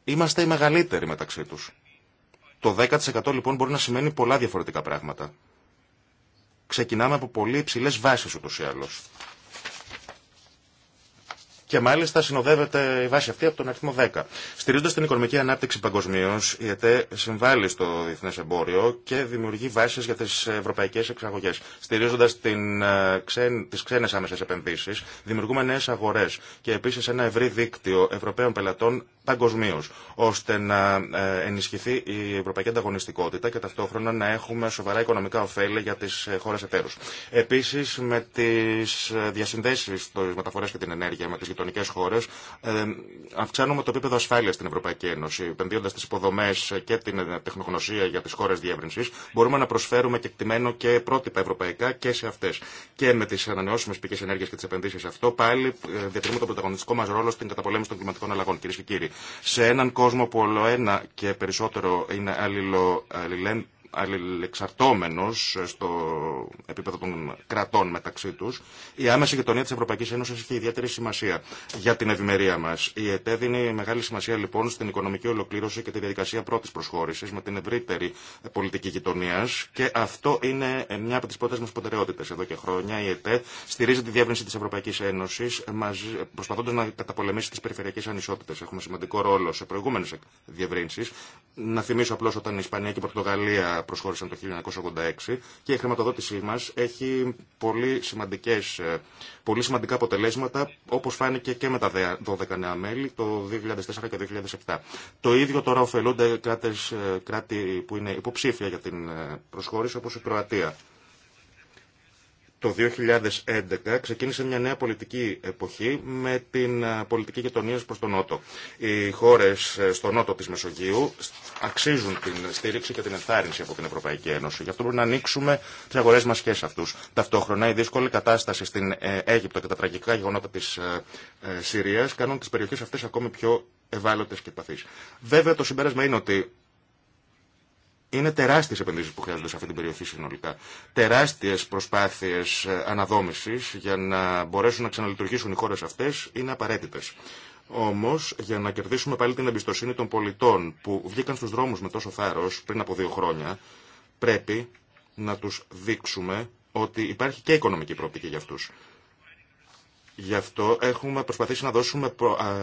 Speaker 2: είμαστε οι μεγαλύτεροι μεταξύ τους. Το 10% λοιπόν μπορεί να σημαίνει πολλά διαφορετικά πράγματα. Ξεκινάμε από πολύ υψηλές βάσεις ούτω ή άλλως και μάλιστα συνοδεύεται η βάση αυτή από τον αριθμό 10. Στηρίζοντα την οικονομική ανάπτυξη παγκοσμίω, η ΕΤΕ συμβάλλει στο διεθνέ εμπόριο και δημιουργεί βάσει για τι ευρωπαϊκέ εξαγωγέ. Στηρίζοντα ε, ξέν, τι ξένε άμεσε επενδύσει, δημιουργούμε νέε αγορέ και επίση ένα ευρύ δίκτυο Ευρωπαίων πελατών παγκοσμίω, ώστε να ε, ενισχυθεί η ευρωπαϊκή ανταγωνιστικότητα και ταυτόχρονα να έχουμε σοβαρά οικονομικά ωφέλη για τι ε, χώρε εταίρου. Επίση, με τι ε, διασυνδέσει των μεταφορέ και την ενέργεια με τι γειτονικέ χώρε, αυξάνουμε το επίπεδο ασφάλεια στην Ευρωπαϊκή Ένωση. Επενδύοντα τι υποδομέ και την τεχνογνωσία για τι χώρε διεύρυνση, μπορούμε να προσφέρουμε και εκτιμένο και πρότυπα ευρωπαϊκά και σε αυτέ. Και με τι ανανεώσιμε πηγέ ενέργεια και τι επενδύσει αυτό, πάλι διατηρούμε τον πρωταγωνιστικό μα ρόλο στην καταπολέμηση των κλιματικών αλλαγών. Κυρίε και σε έναν κόσμο που όλο ένα και περισσότερο είναι αλληλο, αλληλέν, αλληλεξαρτώμενος στο επίπεδο των κρατών μεταξύ τους. Η άμεση γειτονία της Ευρωπαϊκής Ένωσης έχει ιδιαίτερη σημασία για την ευημερία μας. Η ΕΤΕ δίνει μεγάλη σημασία λοιπόν στην οικονομική ολοκλήρωση και τη διαδικασία πρώτης προσχώρησης με την ευρύτερη πολιτική γειτονία και αυτό είναι μια από τις πρώτες μας προτεραιότητες εδώ και χρόνια. Η ΕΤΕ στηρίζει τη διεύρυνση της Ευρωπαϊκής Ένωσης προσπαθώντας να καταπολεμήσει τις περιφερειακές ανισότητες. Έχουμε σημαντικό ρόλο σε προηγούμενες διευρύνσεις. Να θυμίσω απλώς όταν η Ισπανία και η Πορτογαλία προσχώρησαν το 1986 και η χρηματοδότησή μας έχει πολύ, σημαντικές, ε, πολύ σημαντικά αποτελέσματα όπως φάνηκε και με τα 12 νέα μέλη το 2004 και το 2007. Το ίδιο τώρα ωφελούνται κράτες, ε, κράτη που είναι υποψήφια για την ε, προσχώρηση όπως η Κροατία. Το 2011 ξεκίνησε μια νέα πολιτική εποχή με την ε, πολιτική γειτονία προς τον Νότο. Οι χώρες ε, στο Νότο της Μεσογείου αξίζουν την στήριξη και την ενθάρρυνση από την Ευρωπαϊκή Ένωση. Γι' αυτό πρέπει να ανοίξουμε τις αγορές μας και σε αυτούς. Ταυτόχρονα η δύσκολη κατάσταση στην ε, Αίγυπτο και τα τραγικά γεγονότα της Συρίας κάνουν τις περιοχές αυτές ακόμη πιο ευάλωτε και παθεί. Βέβαια το συμπέρασμα είναι ότι είναι τεράστιες επενδύσεις που χρειάζονται σε αυτή την περιοχή συνολικά. Τεράστιες προσπάθειες ε, αναδόμησης για να μπορέσουν να ξαναλειτουργήσουν οι χώρες αυτές είναι απαραίτητες. Όμω, για να κερδίσουμε πάλι την εμπιστοσύνη των πολιτών που βγήκαν στου δρόμου με τόσο θάρρο πριν από δύο χρόνια, πρέπει να του δείξουμε ότι υπάρχει και οικονομική προοπτική για αυτούς. Γι' αυτό έχουμε προσπαθήσει να δώσουμε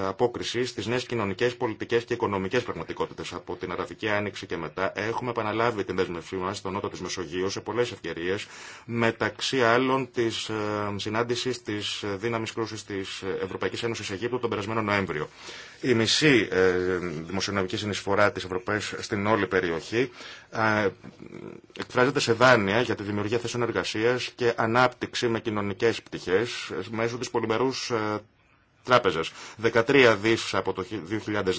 Speaker 2: απόκριση στι νέε κοινωνικέ, πολιτικέ και οικονομικέ πραγματικότητε. Από την Αραβική Άνοιξη και μετά έχουμε επαναλάβει την δέσμευσή μα στο νότο τη Μεσογείου σε πολλέ ευκαιρίε, μεταξύ άλλων τη ε, συνάντηση τη ε, δύναμη κρούση τη ε, Ευρωπαϊκή Ένωση Αιγύπτου τον περασμένο Νοέμβριο η μισή ε, δημοσιονομική συνεισφορά της Ευρωπαϊκής στην όλη περιοχή ε, εκφράζεται σε δάνεια για τη δημιουργία θέσεων εργασίας και ανάπτυξη με κοινωνικές πτυχές ε, μέσω της πολυμερούς τράπεζας. 13 δις από το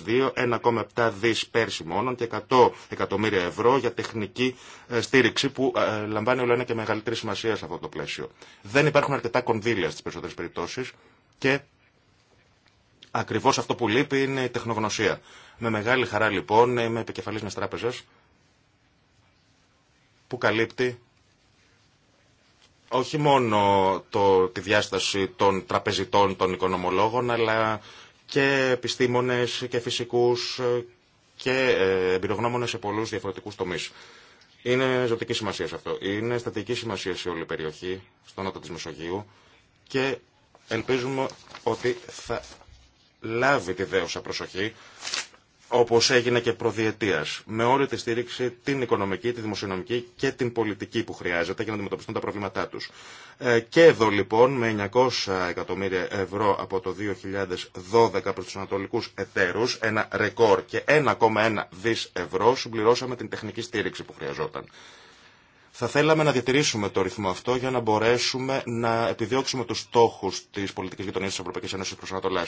Speaker 2: 2002, 1,7 δις πέρσι μόνο και 100 εκατομμύρια ευρώ για τεχνική στήριξη που λαμβάνει όλο ένα και μεγαλύτερη σημασία σε αυτό το πλαίσιο. Δεν υπάρχουν αρκετά κονδύλια στις περισσότερες περιπτώσεις και Ακριβώ αυτό που λείπει είναι η τεχνογνωσία. Με μεγάλη χαρά λοιπόν είμαι επικεφαλή μια τράπεζα που καλύπτει όχι μόνο το, τη διάσταση των τραπεζιτών, των οικονομολόγων, αλλά και επιστήμονες και φυσικούς και ε, εμπειρογνώμονες σε πολλούς διαφορετικούς τομείς. Είναι ζωτική σημασία αυτό. Είναι στατική σημασία σε όλη η περιοχή, στον νότο της Μεσογείου και ελπίζουμε ότι θα λάβει τη δέωσα προσοχή, όπως έγινε και προδιετίας, με όλη τη στήριξη την οικονομική, τη δημοσιονομική και την πολιτική που χρειάζεται για να αντιμετωπιστούν τα προβλήματά τους. Ε, και εδώ λοιπόν με 900 εκατομμύρια ευρώ από το 2012 προς τους ανατολικούς εταίρους, ένα ρεκόρ και 1,1 δις ευρώ συμπληρώσαμε την τεχνική στήριξη που χρειαζόταν. Θα θέλαμε να διατηρήσουμε το ρυθμό αυτό για να μπορέσουμε να επιδιώξουμε του στόχου τη πολιτική γειτονία τη Ευρωπαϊκή Ένωση προ Ανατολά.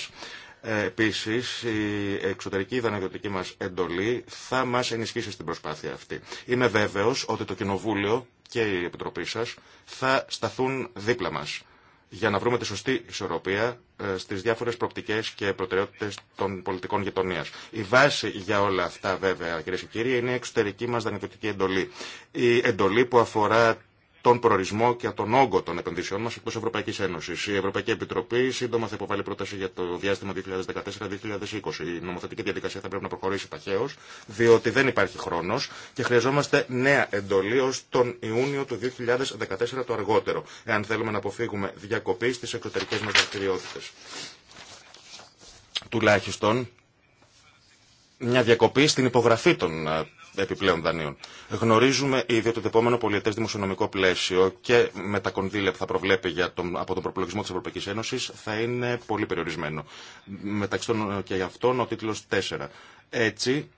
Speaker 2: Ε, Επίση, η εξωτερική δανειοδοτική μα εντολή θα μα ενισχύσει στην προσπάθεια αυτή. Είμαι βέβαιο ότι το Κοινοβούλιο και η Επιτροπή σα θα σταθούν δίπλα μας για να βρούμε τη σωστή ισορροπία ε, στι διάφορε προπτικέ και προτεραιότητε των πολιτικών γειτονία. Η βάση για όλα αυτά, βέβαια, κυρίε και κύριοι, είναι η εξωτερική μα δανειοδοτική εντολή. Η εντολή που αφορά τον προορισμό και τον όγκο των επενδύσεων μα εκτό Ευρωπαϊκή Ένωση. Η Ευρωπαϊκή Επιτροπή σύντομα θα υποβάλει πρόταση για το διάστημα 2014-2020. Η νομοθετική διαδικασία θα πρέπει να προχωρήσει ταχαίω, διότι δεν υπάρχει χρόνο και χρειαζόμαστε νέα εντολή ω τον Ιούνιο του 2014 το αργότερο, εάν θέλουμε να αποφύγουμε διακοπή στι εξωτερικέ μα δραστηριότητε. Τουλάχιστον μια διακοπή στην υπογραφή των ε, επιπλέον δανείων. Γνωρίζουμε ήδη ότι το επόμενο πολιετέ δημοσιονομικό πλαίσιο και με τα κονδύλια που θα προβλέπει για τον, από τον προπολογισμό τη Ευρωπαϊκή Ένωση θα είναι πολύ περιορισμένο. Μεταξύ των και αυτών ο τίτλο 4. Έτσι,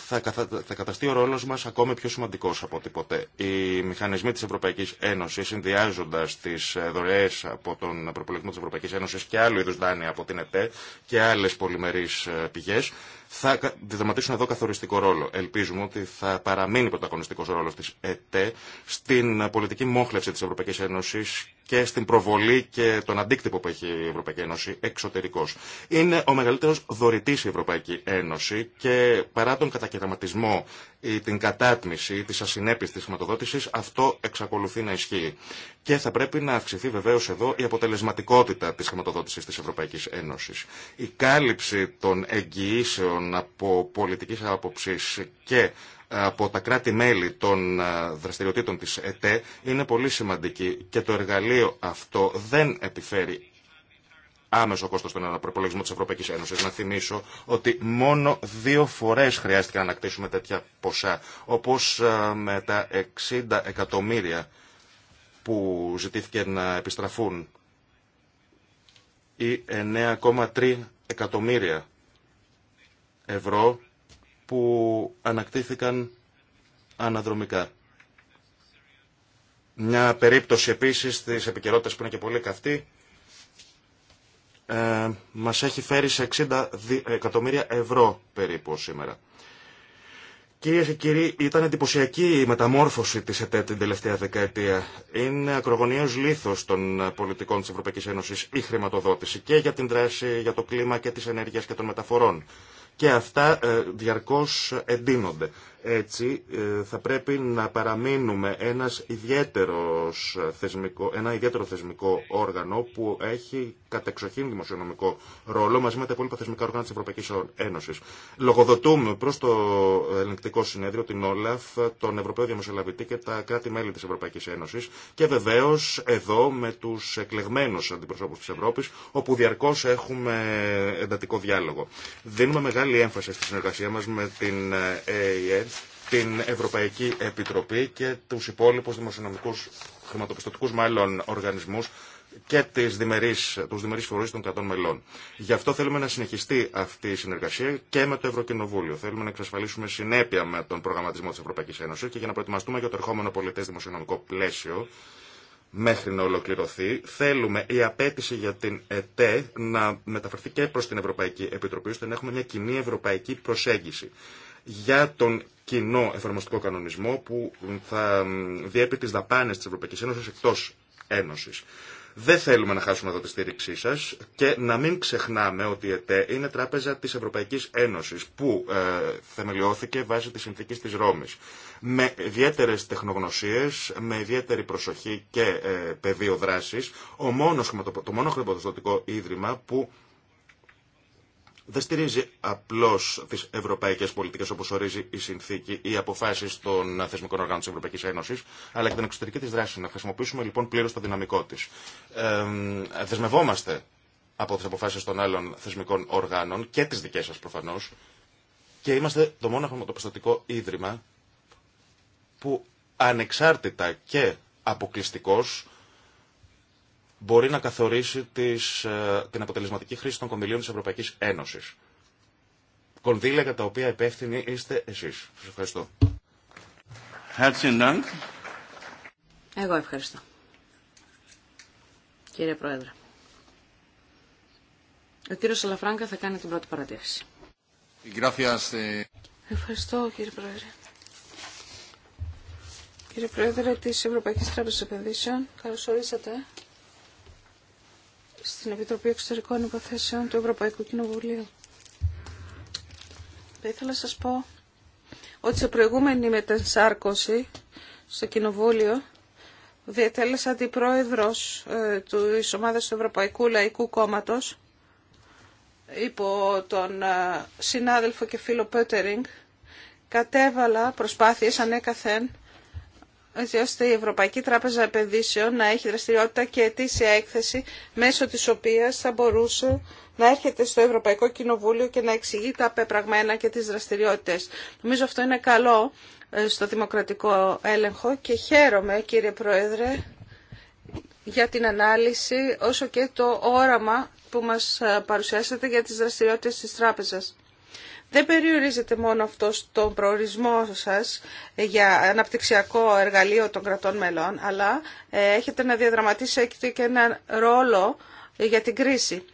Speaker 2: θα, θα καταστεί ο ρόλο μα ακόμη πιο σημαντικό από ό,τι ποτέ. Οι μηχανισμοί τη Ευρωπαϊκή Ένωση, συνδυάζοντα τι δωρεέ από τον προπολογισμό τη Ευρωπαϊκή Ένωση και άλλου είδου δάνεια από την ΕΤΕ και άλλε πολυμερεί ε, πηγέ, θα διδραματίσουν εδώ καθοριστικό ρόλο. Ελπίζουμε ότι θα παραμείνει πρωταγωνιστικό ρόλο τη ΕΤΕ στην πολιτική μόχλευση τη Ευρωπαϊκή Ένωση και στην προβολή και τον αντίκτυπο που έχει η Ευρωπαϊκή Ένωση εξωτερικώ. Είναι ο μεγαλύτερο δωρητή η Ευρωπαϊκή Ένωση και παρά τον κατακαιρματισμό ή την κατάτμιση τη ασυνέπεια τη χρηματοδότηση, αυτό εξακολουθεί να ισχύει. Και θα πρέπει να αυξηθεί βεβαίω εδώ η αποτελεσματικότητα τη χρηματοδότηση τη Ευρωπαϊκή Ένωση. Η κάλυψη των εγγυήσεων Λοιπόν από πολιτικής άποψης και ε, από τα κράτη-μέλη των ε, δραστηριοτήτων της ΕΤΕ είναι πολύ σημαντική και το εργαλείο αυτό δεν επιφέρει άμεσο κόστος στον αναπροπολογισμό της Ευρωπαϊκής Ένωσης Να θυμίσω ότι μόνο δύο φορές χρειάστηκε να ανακτήσουμε τέτοια ποσά. όπως ε, με τα 60 εκατομμύρια που ζητήθηκε να επιστραφούν ή 9,3 εκατομμύρια ευρώ που ανακτήθηκαν αναδρομικά. Μια περίπτωση επίσης της επικαιρότητα που είναι και πολύ καυτή ε, μας έχει φέρει σε 60 εκατομμύρια ευρώ περίπου σήμερα. Κυρίε και κύριοι, ήταν εντυπωσιακή η μεταμόρφωση τη ΕΤΕ την τελευταία δεκαετία. Είναι ακρογωνίω λήθο των πολιτικών τη Ευρωπαϊκή Ένωση η χρηματοδότηση και για την δράση, για το κλίμα και τι ενέργειε και των μεταφορών και αυτά ε, διαρκώς εντείνονται. Έτσι ε, θα πρέπει να παραμείνουμε ένας ιδιαίτερος θεσμικό, ένα ιδιαίτερο θεσμικό όργανο που έχει κατεξοχήν δημοσιονομικό ρόλο μαζί με τα υπόλοιπα θεσμικά όργανα της Ευρωπαϊκής Ένωσης. Λογοδοτούμε προς το ελεγκτικό συνέδριο, την Όλαφ, τον Ευρωπαίο Διαμεσολαβητή και τα κράτη-μέλη της Ευρωπαϊκής Ένωσης και βεβαίως εδώ με τους εκλεγμένους αντιπροσώπους της Ευρώπης όπου διαρκώς έχουμε εντατικό διάλογο. Δίνουμε μεγάλη έμφαση στη συνεργασία μας με την ΕΕ την Ευρωπαϊκή Επιτροπή και τους υπόλοιπους δημοσιονομικούς χρηματοπιστωτικούς μάλλον οργανισμούς και του διμερείς, τους των κρατών μελών. Γι' αυτό θέλουμε να συνεχιστεί αυτή η συνεργασία και με το Ευρωκοινοβούλιο. Θέλουμε να εξασφαλίσουμε συνέπεια με τον προγραμματισμό της Ευρωπαϊκής Ένωσης και για να προετοιμαστούμε για το ερχόμενο πολιτές δημοσιονομικό πλαίσιο μέχρι να ολοκληρωθεί. Θέλουμε η απέτηση για την ΕΤΕ να μεταφερθεί και προ την Ευρωπαϊκή Επιτροπή, ώστε να έχουμε μια κοινή ευρωπαϊκή προσέγγιση για τον κοινό εφαρμοστικό κανονισμό που θα διέπει τις δαπάνες της Ευρωπαϊκής Ένωσης εκτός Ένωσης. Δεν θέλουμε να χάσουμε εδώ τη στήριξή σα και να μην ξεχνάμε ότι η ΕΤΕ είναι τράπεζα τη Ευρωπαϊκή Ένωση που ε, θεμελιώθηκε βάσει τη συνθήκη τη Ρώμη. Με ιδιαίτερε τεχνογνωσίε, με ιδιαίτερη προσοχή και ε, πεδίο δράση, το μόνο χρηματοδοτικό ίδρυμα που δεν στηρίζει απλώ τι ευρωπαϊκέ πολιτικέ όπω ορίζει η συνθήκη ή οι αποφάσει των θεσμικών οργάνων τη Ευρωπαϊκή Ένωση, αλλά και την εξωτερική τη δράση. Να χρησιμοποιήσουμε λοιπόν πλήρω το δυναμικό τη. Ε, δεσμευόμαστε από τι αποφάσει των άλλων θεσμικών οργάνων και τι δικέ σα προφανώ και είμαστε το μόνο χρηματοπιστωτικό ίδρυμα που ανεξάρτητα και αποκλειστικώς μπορεί να καθορίσει τις, ε, την αποτελεσματική χρήση των κονδυλίων της Ευρωπαϊκής Ένωσης. Κονδύλια για τα οποία υπεύθυνοι είστε εσείς. Σας ευχαριστώ.
Speaker 3: Εγώ ευχαριστώ. Κύριε Πρόεδρε. Ο
Speaker 7: κύριος Σαλαφράγκα θα κάνει την πρώτη παρατήρηση. Ε. Ευχαριστώ κύριε Πρόεδρε. Κύριε Πρόεδρε της Ευρωπαϊκής Τράπεζας Επενδύσεων, καλώς ορίσατε στην Επιτροπή Εξωτερικών Υποθέσεων του Ευρωπαϊκού Κοινοβουλίου. Θα ήθελα να σας πω ότι σε προηγούμενη μετασάρκωση στο Κοινοβούλιο διατέλεσα αντιπρόεδρος ε, του, της ομάδας του Ευρωπαϊκού Λαϊκού Κόμματος υπό τον ε, συνάδελφο και φίλο Πέτερινγκ κατέβαλα προσπάθειες ανέκαθεν έτσι ώστε η Ευρωπαϊκή Τράπεζα Επενδύσεων να έχει δραστηριότητα και αιτήσια έκθεση μέσω της οποίας θα μπορούσε να έρχεται στο Ευρωπαϊκό Κοινοβούλιο και να εξηγεί τα πεπραγμένα και τις δραστηριότητες. Νομίζω αυτό είναι καλό ε, στο δημοκρατικό έλεγχο και χαίρομαι κύριε Πρόεδρε για την ανάλυση όσο και το όραμα που μας ε, παρουσιάσατε για τις δραστηριότητες της τράπεζας. Δεν περιορίζεται μόνο αυτό στον προορισμό σας για αναπτυξιακό εργαλείο των κρατών μελών, αλλά ε, έχετε να διαδραματίσετε και ένα ρόλο για την κρίση.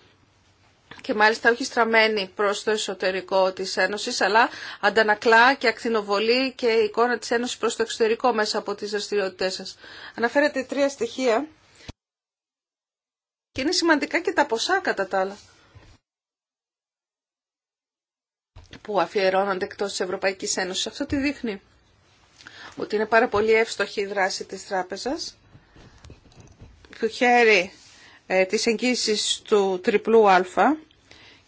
Speaker 7: Και μάλιστα όχι στραμμένη προς το εσωτερικό της Ένωσης, αλλά αντανακλά και ακτινοβολεί και η εικόνα της Ένωσης προς το εξωτερικό μέσα από τις δραστηριότητές σα Αναφέρετε τρία στοιχεία και είναι σημαντικά και τα ποσά κατά τα άλλα. που αφιερώνονται εκτός της Ευρωπαϊκής Ένωσης. Αυτό τι δείχνει ότι είναι πάρα πολύ εύστοχη η δράση της τράπεζας του χέρι ε, της του τριπλού α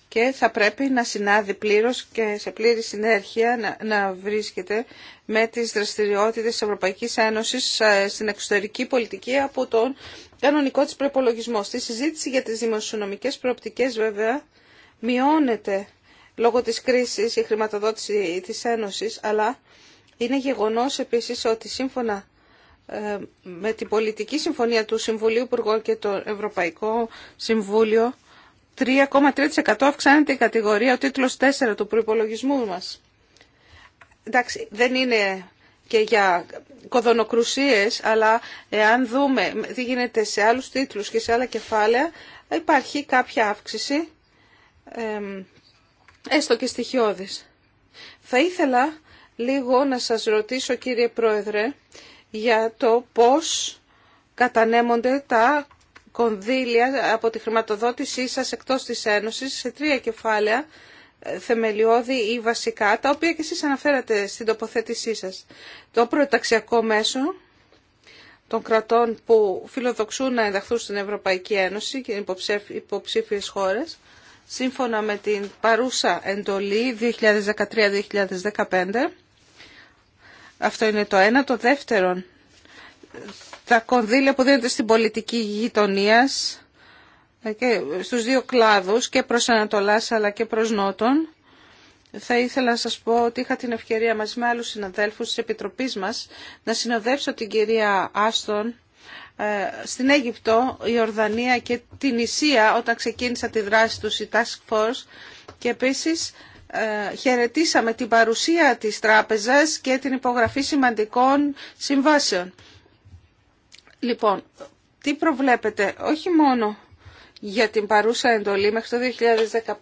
Speaker 7: και θα πρέπει να συνάδει πλήρως και σε πλήρη συνέχεια να, να βρίσκεται με τις δραστηριότητες της Ευρωπαϊκής Ένωσης ε, στην εξωτερική πολιτική από τον κανονικό της προπολογισμό. Στη συζήτηση για τις δημοσιονομικές προοπτικές βέβαια μειώνεται λόγω της κρίσης η χρηματοδότηση της Ένωσης, αλλά είναι γεγονός επίσης ότι σύμφωνα ε, με την πολιτική συμφωνία του Συμβουλίου Υπουργών και το Ευρωπαϊκό Συμβούλιο 3,3% αυξάνεται η κατηγορία, ο τίτλος 4 του προϋπολογισμού μας. Εντάξει, δεν είναι και για κοδονοκρουσίες, αλλά εάν δούμε τι γίνεται σε άλλους τίτλους και σε άλλα κεφάλαια, υπάρχει κάποια αύξηση ε, έστω και στοιχειώδης. Θα ήθελα λίγο να σας ρωτήσω κύριε Πρόεδρε για το πώς κατανέμονται τα κονδύλια από τη χρηματοδότησή σας εκτός της Ένωσης σε τρία κεφάλαια ε, θεμελιώδη ή βασικά, τα οποία και εσείς αναφέρατε στην τοποθέτησή σας. Το προεταξιακό μέσο των κρατών που φιλοδοξούν να ενταχθούν στην Ευρωπαϊκή Ένωση και υποψήφιες χώρες σύμφωνα με την παρούσα εντολή 2013-2015. Αυτό είναι το ένα. Το δεύτερον, τα κονδύλια που δίνονται στην πολιτική γειτονία και στους δύο κλάδους και προς Ανατολάς αλλά και προς Νότον. Θα ήθελα να σας πω ότι είχα την ευκαιρία μαζί με άλλους συναδέλφους της Επιτροπής μας να συνοδεύσω την κυρία Άστον ε, στην Αίγυπτο, η Ορδανία και την Ισία όταν ξεκίνησα τη δράση τους η Task Force και επίσης ε, χαιρετήσαμε την παρουσία της τράπεζας και την υπογραφή σημαντικών συμβάσεων. Λοιπόν, τι προβλέπετε όχι μόνο για την παρούσα εντολή μέχρι το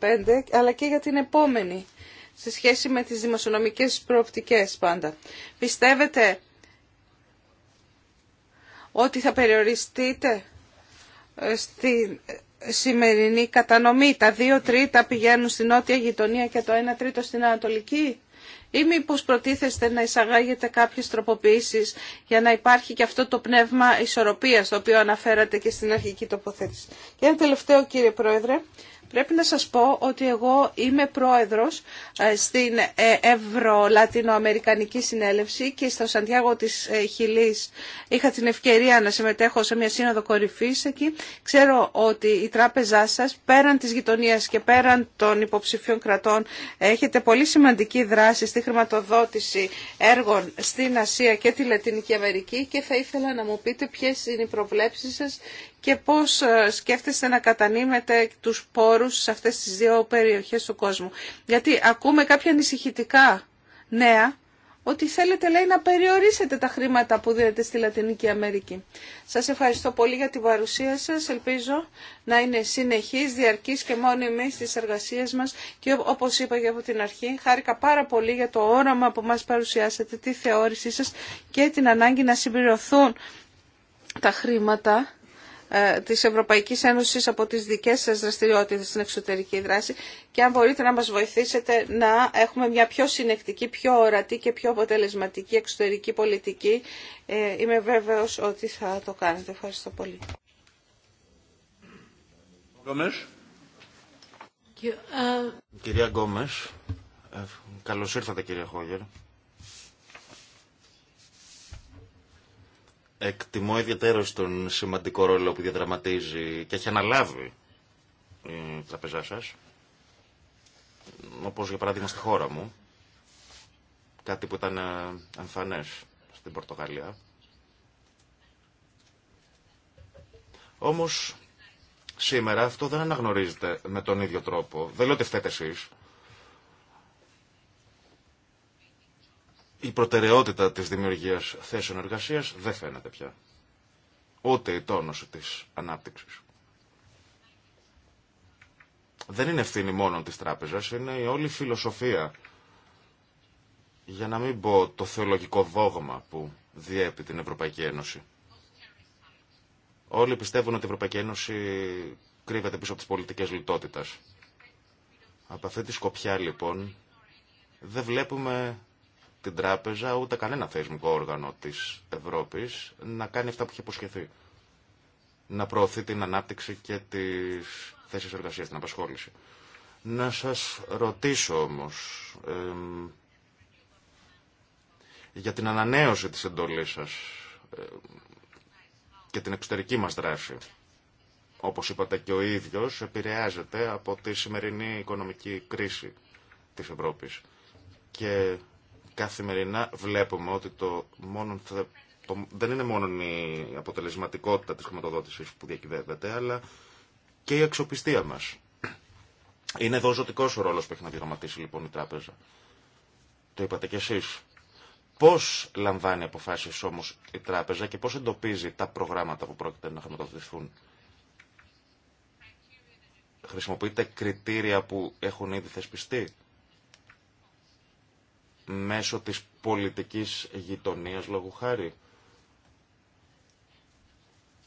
Speaker 7: 2015 αλλά και για την επόμενη σε σχέση με τις δημοσιονομικές προοπτικές πάντα. Πιστεύετε ότι θα περιοριστείτε ε, στη σημερινή κατανομή. Τα δύο τρίτα πηγαίνουν στην νότια γειτονία και το ένα τρίτο στην ανατολική. Ή μήπω προτίθεστε να εισαγάγετε κάποιες τροποποιήσεις για να υπάρχει και αυτό το πνεύμα ισορροπίας το οποίο αναφέρατε και στην αρχική τοποθέτηση. Και ένα τελευταίο κύριε Πρόεδρε, Πρέπει να σας πω ότι εγώ είμαι πρόεδρος ε, στην ε, Ευρωλατινοαμερικανική Συνέλευση και στο Σαντιάγο της ε, Χιλής είχα την ευκαιρία να συμμετέχω σε μια σύνοδο κορυφής εκεί. Ξέρω ότι η τράπεζά σας πέραν της γειτονίας και πέραν των υποψηφίων κρατών έχετε πολύ σημαντική δράση στη χρηματοδότηση έργων στην Ασία και τη Λατινική Αμερική και θα ήθελα να μου πείτε ποιες είναι οι προβλέψεις σας και πώς ε, σκέφτεστε να κατανείμετε τους πόρους σε αυτές τις δύο περιοχές του κόσμου. Γιατί ακούμε κάποια ανησυχητικά νέα ότι θέλετε λέει να περιορίσετε τα χρήματα που δίνετε στη Λατινική Αμερική. Σας ευχαριστώ πολύ για την παρουσία σας. Ελπίζω να είναι συνεχής, διαρκής και μόνιμη στις εργασίες μας και όπως είπα και από την αρχή, χάρηκα πάρα πολύ για το όραμα που μας παρουσιάσατε, τη θεώρησή σας και την ανάγκη να συμπληρωθούν τα χρήματα ε, της Ευρωπαϊκής Ένωσης από τις δικές σας δραστηριότητες στην εξωτερική δράση και αν μπορείτε να μας βοηθήσετε να έχουμε μια πιο συνεκτική, πιο ορατή και πιο αποτελεσματική εξωτερική πολιτική. Ε, είμαι βέβαιος ότι θα το κάνετε. Ευχαριστώ πολύ.
Speaker 2: Κυρία Γκόμες, ε, καλώς ήρθατε κυρία Χόγερ. Εκτιμώ ιδιαίτερο τον σημαντικό ρόλο που διαδραματίζει και έχει αναλάβει η τραπεζά σα. όπως για παράδειγμα στη χώρα μου, κάτι που ήταν ε, εμφανέ στην Πορτογαλία. Όμως σήμερα αυτό δεν αναγνωρίζεται με τον ίδιο τρόπο. Δεν λέω ότι φταίτε εσεί. η προτεραιότητα της δημιουργίας θέσεων εργασίας δεν φαίνεται πια. Ούτε η τόνωση της ανάπτυξης. Δεν είναι ευθύνη μόνο της τράπεζας, είναι η όλη φιλοσοφία. Για να μην πω το θεολογικό δόγμα που διέπει την Ευρωπαϊκή Ένωση. Όλοι πιστεύουν ότι η Ευρωπαϊκή Ένωση κρύβεται πίσω από τις πολιτικές λιτότητας. Από αυτή τη σκοπιά λοιπόν δεν βλέπουμε την τράπεζα ούτε κανένα θεσμικό όργανο της Ευρώπης να κάνει αυτά που είχε υποσχεθεί. Να προωθεί την ανάπτυξη και τις θέσεις εργασίας, την απασχόληση. Να σας ρωτήσω όμως για την ανανέωση της εντολής σας και την εξωτερική μας δράση. Όπως είπατε και ο ίδιος, επηρεάζεται από τη σημερινή οικονομική κρίση της Ευρώπης. Και καθημερινά βλέπουμε ότι το μόνο δεν είναι μόνο η αποτελεσματικότητα της χρηματοδότησης που διακυβεύεται, αλλά και η αξιοπιστία μας. Είναι εδώ ο ρόλος που έχει να διαγραμματίσει λοιπόν η τράπεζα. Το είπατε κι εσείς. Πώς λαμβάνει αποφάσεις όμως η τράπεζα και πώς εντοπίζει τα προγράμματα που πρόκειται να χρηματοδοτηθούν. Χρησιμοποιείτε κριτήρια που έχουν ήδη θεσπιστεί μέσω της πολιτικής γειτονίας λόγου χάρη.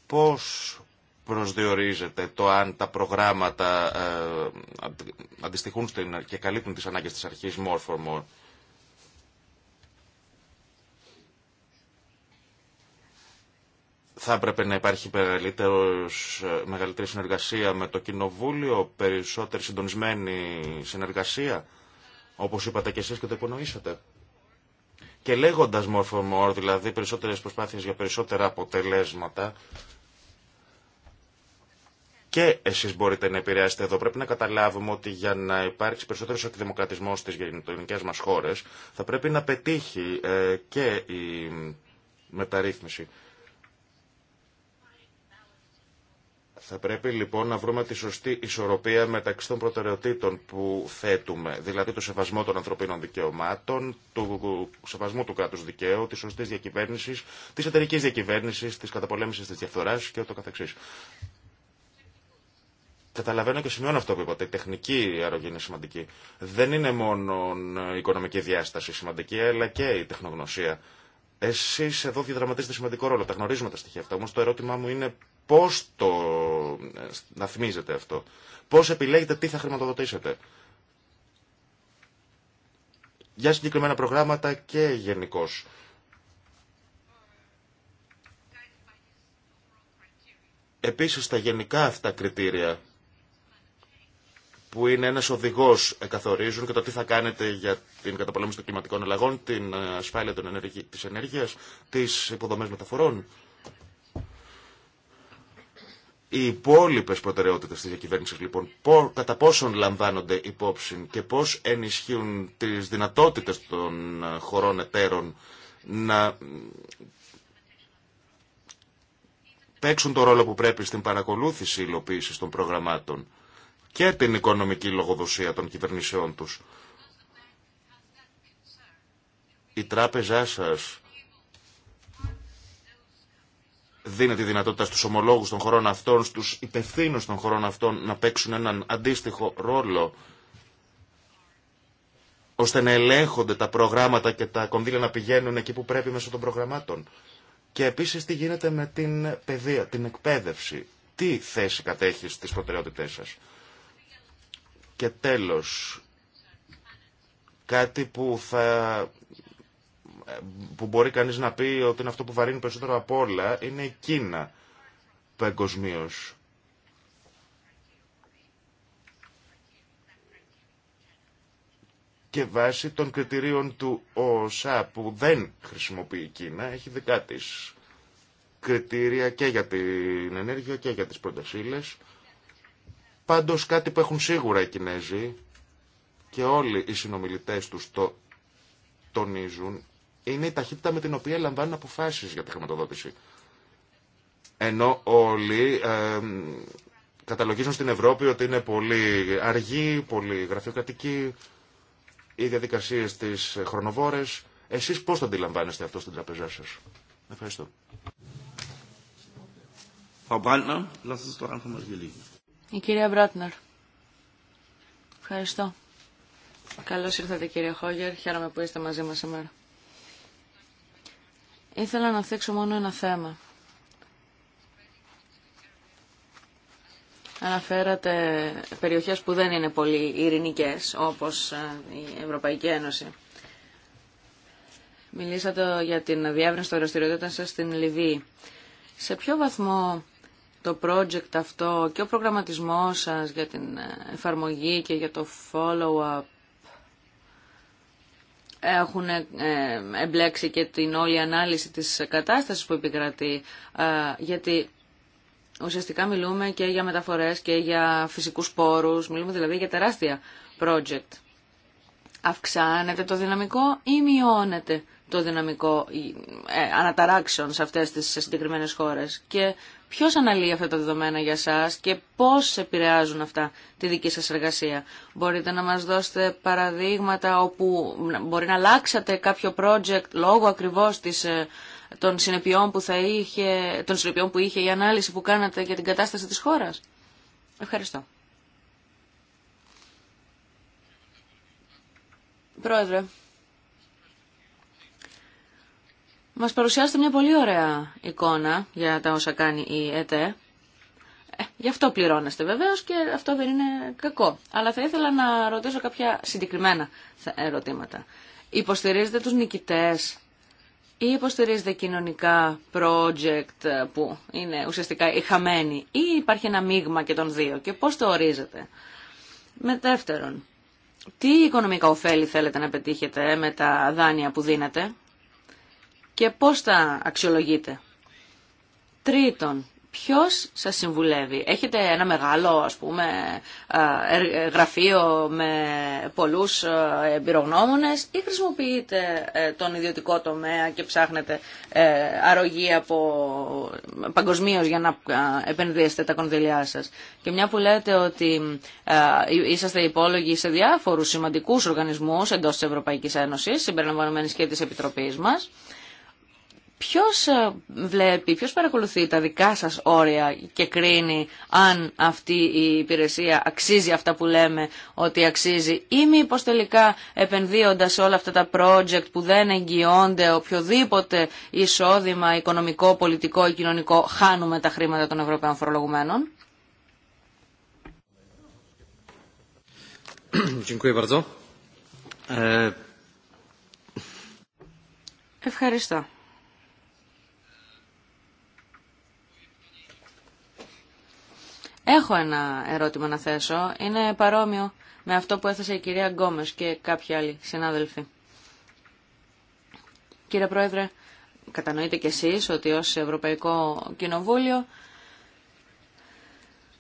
Speaker 2: Πώς προσδιορίζεται το αν τα προγράμματα ε, αντιστοιχούν και καλύπτουν τις ανάγκες της αρχής more for more. Θα έπρεπε να υπάρχει ε, μεγαλύτερη συνεργασία με το Κοινοβούλιο, περισσότερη συντονισμένη συνεργασία όπως είπατε και εσείς και το υπονοήσατε. Και λέγοντας more for more, δηλαδή περισσότερες προσπάθειες για περισσότερα αποτελέσματα, και εσεί μπορείτε να επηρεάσετε εδώ. Πρέπει να καταλάβουμε ότι για να υπάρξει περισσότερο εκδημοκρατισμό στι γενικέ μα χώρε θα πρέπει να πετύχει ε, και η μεταρρύθμιση. Θα πρέπει λοιπόν να βρούμε τη σωστή ισορροπία μεταξύ των προτεραιοτήτων που θέτουμε, δηλαδή το σεβασμό των ανθρωπίνων δικαιωμάτων, του σεβασμού του κράτου δικαίου, τη σωστή διακυβέρνηση, τη εταιρική διακυβέρνηση, τη καταπολέμηση τη διαφθορά και ούτω καθεξής. Καταλαβαίνω και σημειώνω αυτό που είπατε. Η τεχνική αρρωγή είναι σημαντική. Δεν είναι μόνο η οικονομική διάσταση σημαντική, αλλά και η τεχνογνωσία. Εσεί εδώ διαδραματίζετε σημαντικό ρόλο. Τα γνωρίζουμε τα στοιχεία αυτά. Όμω το ερώτημά μου είναι πώ το. Ε, να θυμίζετε αυτό. Πώ επιλέγετε τι θα χρηματοδοτήσετε. Για συγκεκριμένα προγράμματα και γενικώ. Επίσης τα γενικά αυτά κριτήρια που είναι ένας οδηγός καθορίζουν και το τι θα κάνετε για την καταπολέμηση των κλιματικών αλλαγών, την ε, ασφάλεια των ενέργεια, της ενέργειας, τις υποδομές μεταφορών. Οι υπόλοιπε προτεραιότητε τη διακυβέρνηση, λοιπόν, κατά πόσον λαμβάνονται υπόψη και πώ ενισχύουν τι δυνατότητε των ε, χωρών εταίρων να παίξουν το ρόλο που πρέπει στην παρακολούθηση υλοποίηση των προγραμμάτων και την οικονομική λογοδοσία των κυβερνήσεών τους. Η τράπεζά σας δίνει τη δυνατότητα στους ομολόγους των χωρών αυτών, στους υπευθύνους των χωρών αυτών να παίξουν έναν αντίστοιχο ρόλο ώστε να ελέγχονται τα προγράμματα και τα κονδύλια να πηγαίνουν εκεί που πρέπει μέσω των προγραμμάτων. Και επίσης τι γίνεται με την παιδεία, την εκπαίδευση. Τι θέση κατέχει στις προτεραιότητές σας. Και τέλος, κάτι που θα που μπορεί κανείς να πει ότι είναι αυτό που βαρύνει περισσότερο από όλα, είναι η Κίνα παγκοσμίω. Και βάσει των κριτηρίων του ΟΣΑ που δεν χρησιμοποιεί η Κίνα, έχει δικά της κριτήρια και για την ενέργεια και για τις πρωτασύλλες. Πάντως κάτι που έχουν σίγουρα οι Κινέζοι και όλοι οι συνομιλητές τους το τονίζουν είναι η ταχύτητα με την οποία λαμβάνουν αποφάσεις για τη χρηματοδότηση. Ενώ όλοι καταλογίζουν στην Ευρώπη ότι είναι πολύ αργή, πολύ γραφειοκρατική, οι διαδικασίε της χρονοβόρες. Εσείς πώς το αντιλαμβάνεστε αυτό στην τραπεζά σας. Ευχαριστώ. lass doch einfach
Speaker 3: η κυρία Μπράτνερ. Ευχαριστώ. Καλώ ήρθατε κύριε Χόγερ. Χαίρομαι που είστε μαζί μας σήμερα. Ήθελα να θέξω μόνο ένα θέμα. Αναφέρατε περιοχές που δεν είναι πολύ ειρηνικές, όπως ε, η Ευρωπαϊκή Ένωση. Μιλήσατε για την διεύρυνση των δραστηριοτήτων σας στην Λιβύη. Σε ποιο βαθμό το project αυτό και ο προγραμματισμός σας για την εφαρμογή και για το follow-up έχουν ε, εμπλέξει και την όλη ανάλυση της κατάστασης που επικρατεί, ε, γιατί ουσιαστικά μιλούμε και για μεταφορές και για φυσικούς πόρους, μιλούμε δηλαδή για τεράστια project. Αυξάνεται το δυναμικό ή μειώνεται το δυναμικό ε, αναταράξεων σε αυτές τις συγκεκριμένες χώρες και Ποιο αναλύει αυτά τα δεδομένα για σας και πώς επηρεάζουν αυτά τη δική σας εργασία. Μπορείτε να μας δώσετε παραδείγματα όπου μπορεί να αλλάξατε κάποιο project λόγω ακριβώς ε, των, συνεπειών που θα είχε, των συνεπειών που είχε η ανάλυση που κάνατε για την κατάσταση της χώρας. Ευχαριστώ. Πρόεδρε, Μας παρουσιάσετε μια πολύ ωραία εικόνα για τα όσα κάνει η ΕΤΕ. Ε, γι' αυτό πληρώνεστε βεβαίως και αυτό δεν είναι κακό. Αλλά θα ήθελα να ρωτήσω κάποια συγκεκριμένα ερωτήματα. Υποστηρίζετε τους νικητές ή υποστηρίζετε κοινωνικά project που είναι ουσιαστικά οι χαμένοι ή υπάρχει ένα μείγμα και των δύο και πώς το ορίζετε. Με δεύτερον, τι οικονομικά ωφέλη θέλετε να πετύχετε με τα δάνεια που δίνετε και πώς τα αξιολογείτε. Τρίτον, ποιος σας συμβουλεύει. Έχετε ένα μεγάλο ας πούμε ε, ε, γραφείο με πολλούς ε, εμπειρογνώμονες ή χρησιμοποιείτε τον ιδιωτικό τομέα και ψάχνετε αρρωγή από παγκοσμίως για να επενδύσετε τα κονδυλιά σας. Και μια που λέτε ότι είσαστε υπόλογοι σε διάφορους σημαντικούς οργανισμούς εντός της Ευρωπαϊκής Ένωσης, συμπεριλαμβανομένης και της Επιτροπής μας, Ποιος ε, βλέπει, ποιος παρακολουθεί τα δικά σας όρια και κρίνει αν αυτή η υπηρεσία αξίζει αυτά που λέμε ότι αξίζει ή μήπω τελικά επενδύοντας σε όλα αυτά τα project που δεν εγγυώνται οποιοδήποτε εισόδημα οικονομικό, πολιτικό ή κοινωνικό χάνουμε τα χρήματα των Ευρωπαίων φορολογουμένων. Ε, Ευχαριστώ. Έχω ένα ερώτημα να θέσω. Είναι παρόμοιο με αυτό που έθεσε η κυρία Γκόμες και κάποιοι άλλοι συνάδελφοι. Κύριε Πρόεδρε, κατανοείτε κι εσείς ότι ως Ευρωπαϊκό Κοινοβούλιο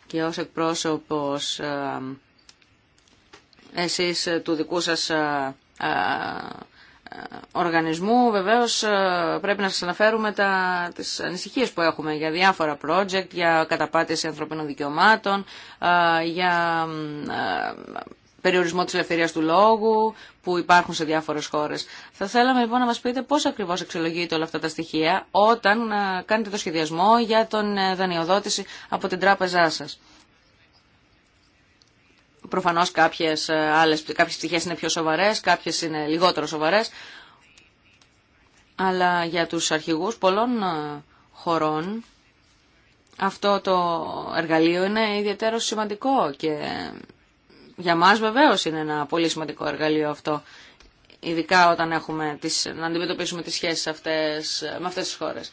Speaker 3: και ως εκπρόσωπος ε, εσείς ε, του δικού σας ε, οργανισμού βεβαίως ε, πρέπει να σας αναφέρουμε τα, τις ανησυχίες που έχουμε για διάφορα project, για καταπάτηση ανθρωπίνων δικαιωμάτων, ε, για ε, περιορισμό της ελευθερίας του λόγου που υπάρχουν σε διάφορες χώρες. Θα θέλαμε λοιπόν να μας πείτε πώς ακριβώς αξιολογείτε όλα αυτά τα στοιχεία όταν κάνετε το σχεδιασμό για τον δανειοδότηση από την τράπεζά σας. Προφανώς κάποιες, ε, άλλες, κάποιες πτυχές είναι πιο σοβαρές, κάποιες είναι λιγότερο σοβαρές. Αλλά για τους αρχηγούς πολλών ε, χωρών αυτό το εργαλείο είναι ιδιαίτερο σημαντικό και για μας βεβαίως είναι ένα πολύ σημαντικό εργαλείο αυτό ειδικά όταν έχουμε τις, να αντιμετωπίσουμε τις σχέσεις αυτές ε, με αυτές τις χώρες.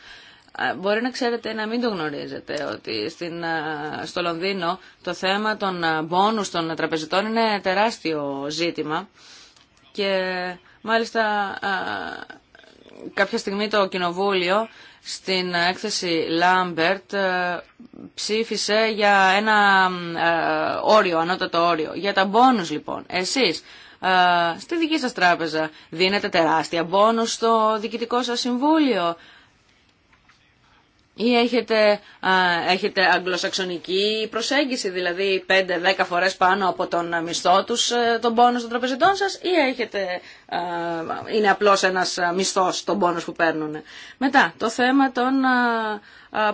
Speaker 3: Μπορεί να ξέρετε να μην το γνωρίζετε ότι στην, στο Λονδίνο το θέμα των μπόνους των τραπεζιτών είναι τεράστιο ζήτημα και μάλιστα κάποια στιγμή το Κοινοβούλιο στην έκθεση Λάμπερτ ψήφισε για ένα όριο, ανώτατο όριο. Για τα μπόνους λοιπόν, εσείς στη δική σας τράπεζα δίνετε τεράστια μπόνους στο διοικητικό σας συμβούλιο ή έχετε, έχετε αγγλοσαξονική προσέγγιση, δηλαδή 5-10 φορές πάνω από τον μισθό τους ε, τον πόνους των τραπεζιτών σας ή έχετε, είναι απλώς ένας μισθός τον πόνους που παίρνουν. Μετά, το θέμα των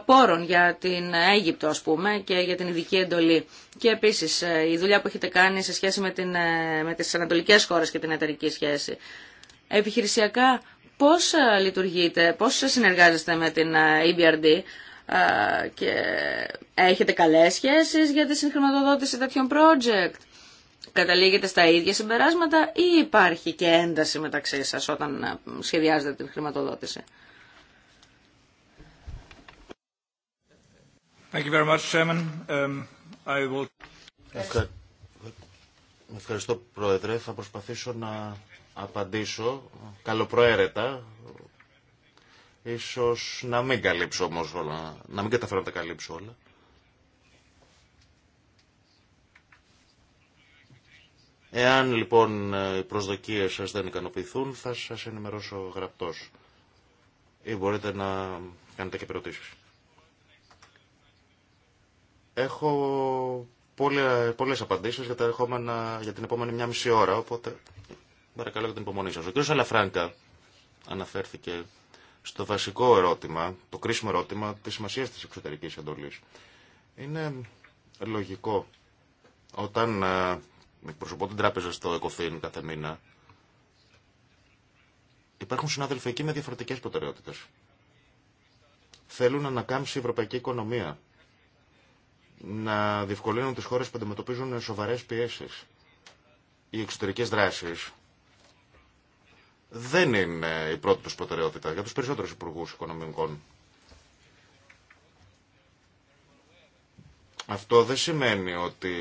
Speaker 3: πόρων για την Αίγυπτο ας πούμε και για την ειδική εντολή. Και επίσης ε, η δουλειά που έχετε κάνει σε σχέση με, την, ε, με τις ανατολικές χώρες και την εταιρική σχέση. Επιχειρησιακά Πώς ε, λειτουργείτε, πώς συνεργάζεστε με την ε, EBRD ε, και έχετε καλές σχέσεις για τη συγχρηματοδότηση τέτοιων project. Καταλήγετε στα ίδια συμπεράσματα ή υπάρχει και ένταση μεταξύ σας όταν σχεδιάζετε την χρηματοδότηση.
Speaker 5: Um,
Speaker 2: ευχαριστώ, Πρόεδρε. Θα προσπαθήσω να απαντήσω καλοπροαίρετα. Ίσως να μην καλύψω όμως όλα, να μην καταφέρω να τα καλύψω όλα. Εάν λοιπόν οι προσδοκίες σας δεν ικανοποιηθούν, θα σας ενημερώσω γραπτός. Ή μπορείτε να κάνετε και ερωτήσεις. Έχω πολλές απαντήσεις για, τα για την επόμενη μια μισή ώρα, οπότε Παρακαλώ για την υπομονή σα. Ο κ. Αλαφράγκα αναφέρθηκε στο βασικό ερώτημα, το κρίσιμο ερώτημα τη σημασία τη εξωτερική εντολή Είναι λογικό όταν ε, εκπροσωπώ την τράπεζα στο ΕΚΟΦΗΝ κάθε μήνα, υπάρχουν συνάδελφοι εκεί με διαφορετικέ προτεραιότητε. Θέλουν να ανακάμψει η ευρωπαϊκή οικονομία, να διευκολύνουν τι χώρε που αντιμετωπίζουν σοβαρέ πιέσει, Οι εξωτερικέ δράσει δεν είναι η πρώτη τους προτεραιότητα για τους περισσότερους υπουργούς οικονομικών. Αυτό δεν σημαίνει ότι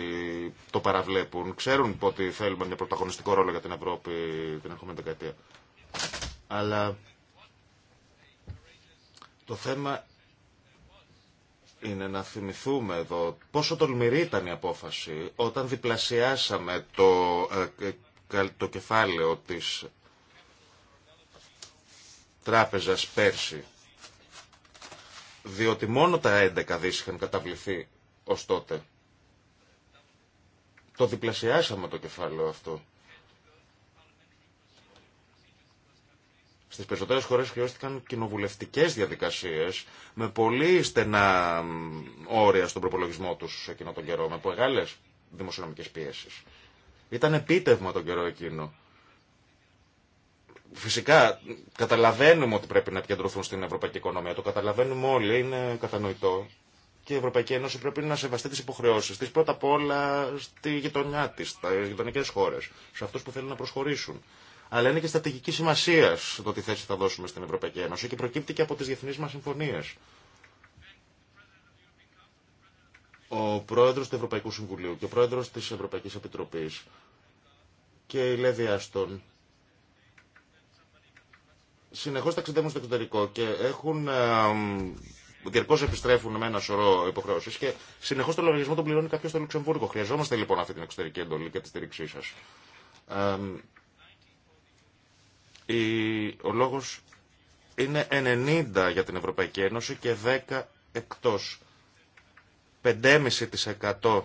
Speaker 2: το παραβλέπουν. Ξέρουν ότι θέλουμε μια πρωταγωνιστικό ρόλο για την Ευρώπη την ερχόμενη δεκαετία. Αλλά το θέμα είναι να θυμηθούμε εδώ πόσο τολμηρή ήταν η απόφαση όταν διπλασιάσαμε το, ε, ε, το κεφάλαιο της τράπεζας πέρσι, διότι μόνο τα 11 δις είχαν καταβληθεί ως τότε. Το διπλασιάσαμε το κεφάλαιο αυτό. Στις περισσότερες χώρες χρειάστηκαν κοινοβουλευτικές διαδικασίες με πολύ στενά όρια στον προπολογισμό τους εκείνο τον καιρό, με μεγάλες δημοσιονομικές πιέσεις. Ήταν επίτευγμα τον καιρό εκείνο. Φυσικά καταλαβαίνουμε ότι πρέπει να επικεντρωθούν στην ευρωπαϊκή οικονομία. Το καταλαβαίνουμε όλοι, είναι κατανοητό. Και η Ευρωπαϊκή Ένωση πρέπει να σεβαστεί τι υποχρεώσει τη πρώτα απ' όλα στη γειτονιά τη, στι γειτονικέ χώρε, σε αυτού που θέλουν να προσχωρήσουν. Αλλά είναι και στρατηγική σημασία το τι θέση θα δώσουμε στην Ευρωπαϊκή Ένωση και προκύπτει και από τι διεθνεί μα συμφωνίε. Ο πρόεδρο του Ευρωπαϊκού Συμβουλίου και ο πρόεδρο τη Ευρωπαϊκή Επιτροπή και η Λέδη Άστον συνεχώς ταξιδεύουν στο εξωτερικό και έχουν ε, διαρκώ επιστρέφουν με ένα σωρό υποχρεώσει και συνεχώ το λογαριασμό τον πληρώνει κάποιο στο Λουξεμβούργο. Χρειαζόμαστε λοιπόν αυτή την εξωτερική εντολή και τη στήριξή σα. ο λόγο είναι 90 για την Ευρωπαϊκή Ένωση και 10 εκτό. 5,5%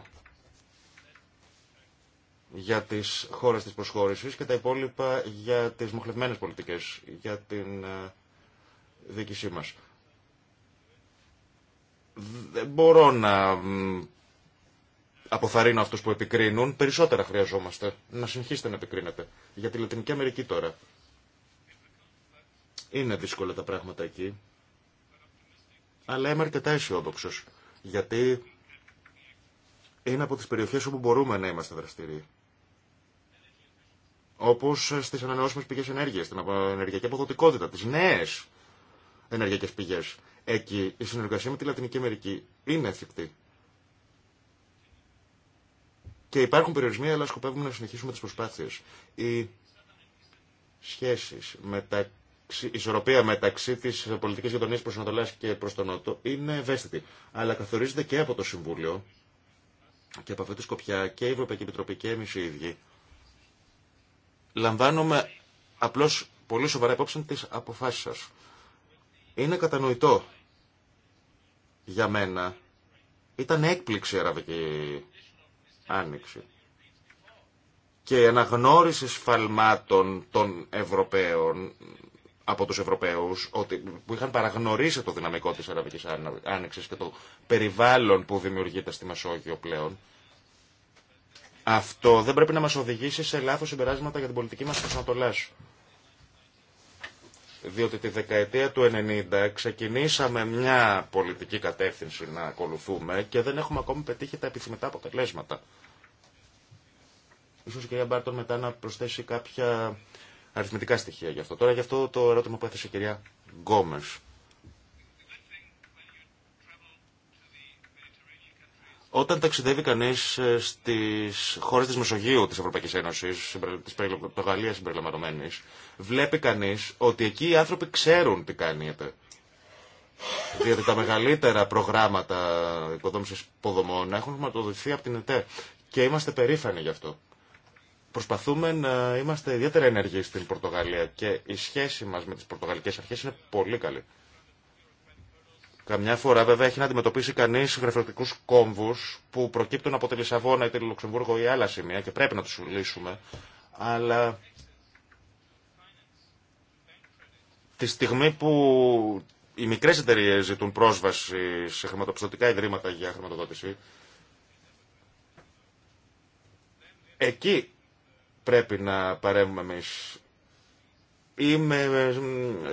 Speaker 2: για τις χώρες της προσχώρησης και τα υπόλοιπα για τις μοχλευμένες πολιτικές, για την ε, διοίκησή μας. Δεν μπορώ να αποθαρρύνω αυτούς που επικρίνουν. Περισσότερα χρειαζόμαστε. Να συνεχίσετε να επικρίνετε. Για τη Λατινική Αμερική τώρα. Είναι δύσκολα τα πράγματα εκεί. Αλλά είμαι αρκετά αισιόδοξο. Γιατί είναι από τις περιοχές όπου μπορούμε να είμαστε δραστηριοί. Όπω στι ανανεώσιμε πηγέ ενέργεια, την ενεργειακή αποδοτικότητα, τι νέε ενεργειακέ πηγέ. Εκεί η συνεργασία με τη Λατινική Αμερική είναι εφικτή. Και υπάρχουν περιορισμοί, αλλά σκοπεύουμε να συνεχίσουμε τι προσπάθειε. Οι σχέσει μεταξύ η ισορροπία μεταξύ τη πολιτική γειτονία προ Ανατολά και προ τον Νότο είναι ευαίσθητη. Αλλά καθορίζεται και από το Συμβούλιο και από αυτή τη σκοπιά και η Ευρωπαϊκή Επιτροπή και εμεί οι ίδιοι Λαμβάνομαι απλώς πολύ σοβαρά υπόψη τις αποφάσεις σας. Είναι κατανοητό για μένα. Ήταν έκπληξη η Αραβική Άνοιξη. Και η αναγνώριση σφαλμάτων των Ευρωπαίων από τους Ευρωπαίους ότι, που είχαν παραγνωρίσει το δυναμικό της Αραβικής Άνοιξης και το περιβάλλον που δημιουργείται στη Μεσόγειο πλέον αυτό δεν πρέπει να μας οδηγήσει σε λάθος συμπεράσματα για την πολιτική μας προσανατολές. Διότι τη δεκαετία του 90 ξεκινήσαμε μια πολιτική κατεύθυνση να ακολουθούμε και δεν έχουμε ακόμη πετύχει τα επιθυμητά αποτελέσματα. Ίσως η κυρία Μπάρτον μετά να προσθέσει κάποια αριθμητικά στοιχεία γι' αυτό. Τώρα γι' αυτό το ερώτημα που έθεσε η κυρία Γκόμες. Όταν ταξιδεύει κανεί ε, στι χώρε τη Μεσογείου τη Ευρωπαϊκή Ένωση, τη Πορτογαλία συμπεριλαμβανομένη, βλέπει κανεί ότι εκεί οι άνθρωποι ξέρουν τι κάνετε. Διότι τα μεγαλύτερα προγράμματα οικοδόμηση υποδομών έχουν χρηματοδοτηθεί από την ΕΤΕ και είμαστε περήφανοι γι' αυτό. Προσπαθούμε να είμαστε ιδιαίτερα ενεργοί στην Πορτογαλία και η σχέση μα με τι πορτογαλικέ αρχέ είναι πολύ καλή. Καμιά φορά βέβαια έχει να αντιμετωπίσει κανεί γραφειοκρατικού κόμβου που προκύπτουν από τη Λισαβόνα ή τη Λουξεμβούργο ή άλλα σημεία και πρέπει να του λύσουμε. Αλλά τη στιγμή που οι μικρέ εταιρείε ζητούν πρόσβαση σε χρηματοπιστωτικά ιδρύματα για χρηματοδότηση, εκεί πρέπει να παρέμβουμε εμεί. Ή με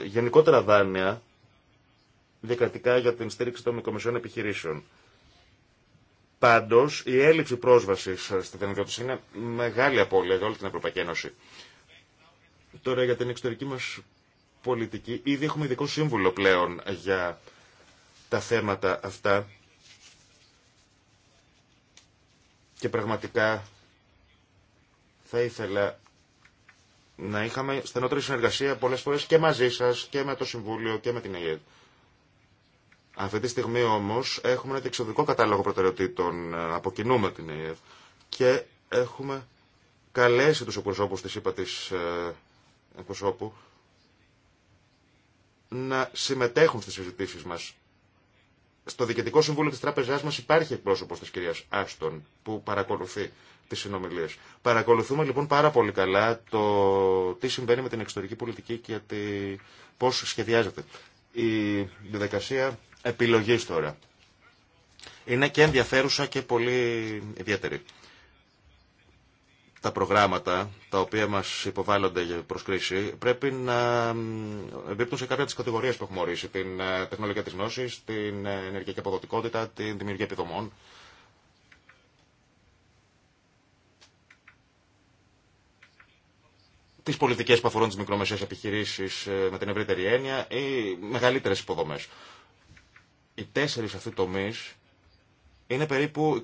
Speaker 2: γενικότερα δάνεια διακρατικά για την στήριξη των μικρομεσαίων επιχειρήσεων. Πάντω, η έλλειψη πρόσβαση στη δανειοδότηση είναι μεγάλη απώλεια για όλη την Ευρωπαϊκή Ένωση. Τώρα για την εξωτερική μα πολιτική, ήδη έχουμε ειδικό σύμβουλο πλέον για τα θέματα αυτά. Και πραγματικά θα ήθελα να είχαμε στενότερη συνεργασία πολλές φορές και μαζί σας και με το Συμβούλιο και με την ΑΕΔ. Αυτή τη στιγμή όμως έχουμε ένα διεξοδικό κατάλογο προτεραιοτήτων ε, από κοινού με την ΕΕ και έχουμε καλέσει τους εκπροσώπους της ΥΠΑ της ε, εκπροσώπου να συμμετέχουν στις συζητήσεις μας. Στο Διοικητικό Συμβούλιο της Τράπεζάς μας υπάρχει εκπρόσωπος της κυρίας Άστον που παρακολουθεί τις συνομιλίες. Παρακολουθούμε λοιπόν πάρα πολύ καλά το τι συμβαίνει με την εξωτερική πολιτική και τη... πώς σχεδιάζεται. Η διαδικασία Επιλογή τώρα. Είναι και ενδιαφέρουσα και πολύ ιδιαίτερη. Τα προγράμματα τα οποία μας υποβάλλονται για κρίση πρέπει να εμπίπτουν σε κάποια τις κατηγορίες που έχουμε ορίσει. Την ε, τεχνολογία της γνώσης, την ε, ενεργειακή αποδοτικότητα, την δημιουργία επιδομών. τι πολιτικέ που αφορούν τι μικρομεσαίε επιχειρήσει ε, με την ευρύτερη έννοια ή μεγαλύτερε υποδομέ. Οι τέσσερις αυτοί τομείς είναι περίπου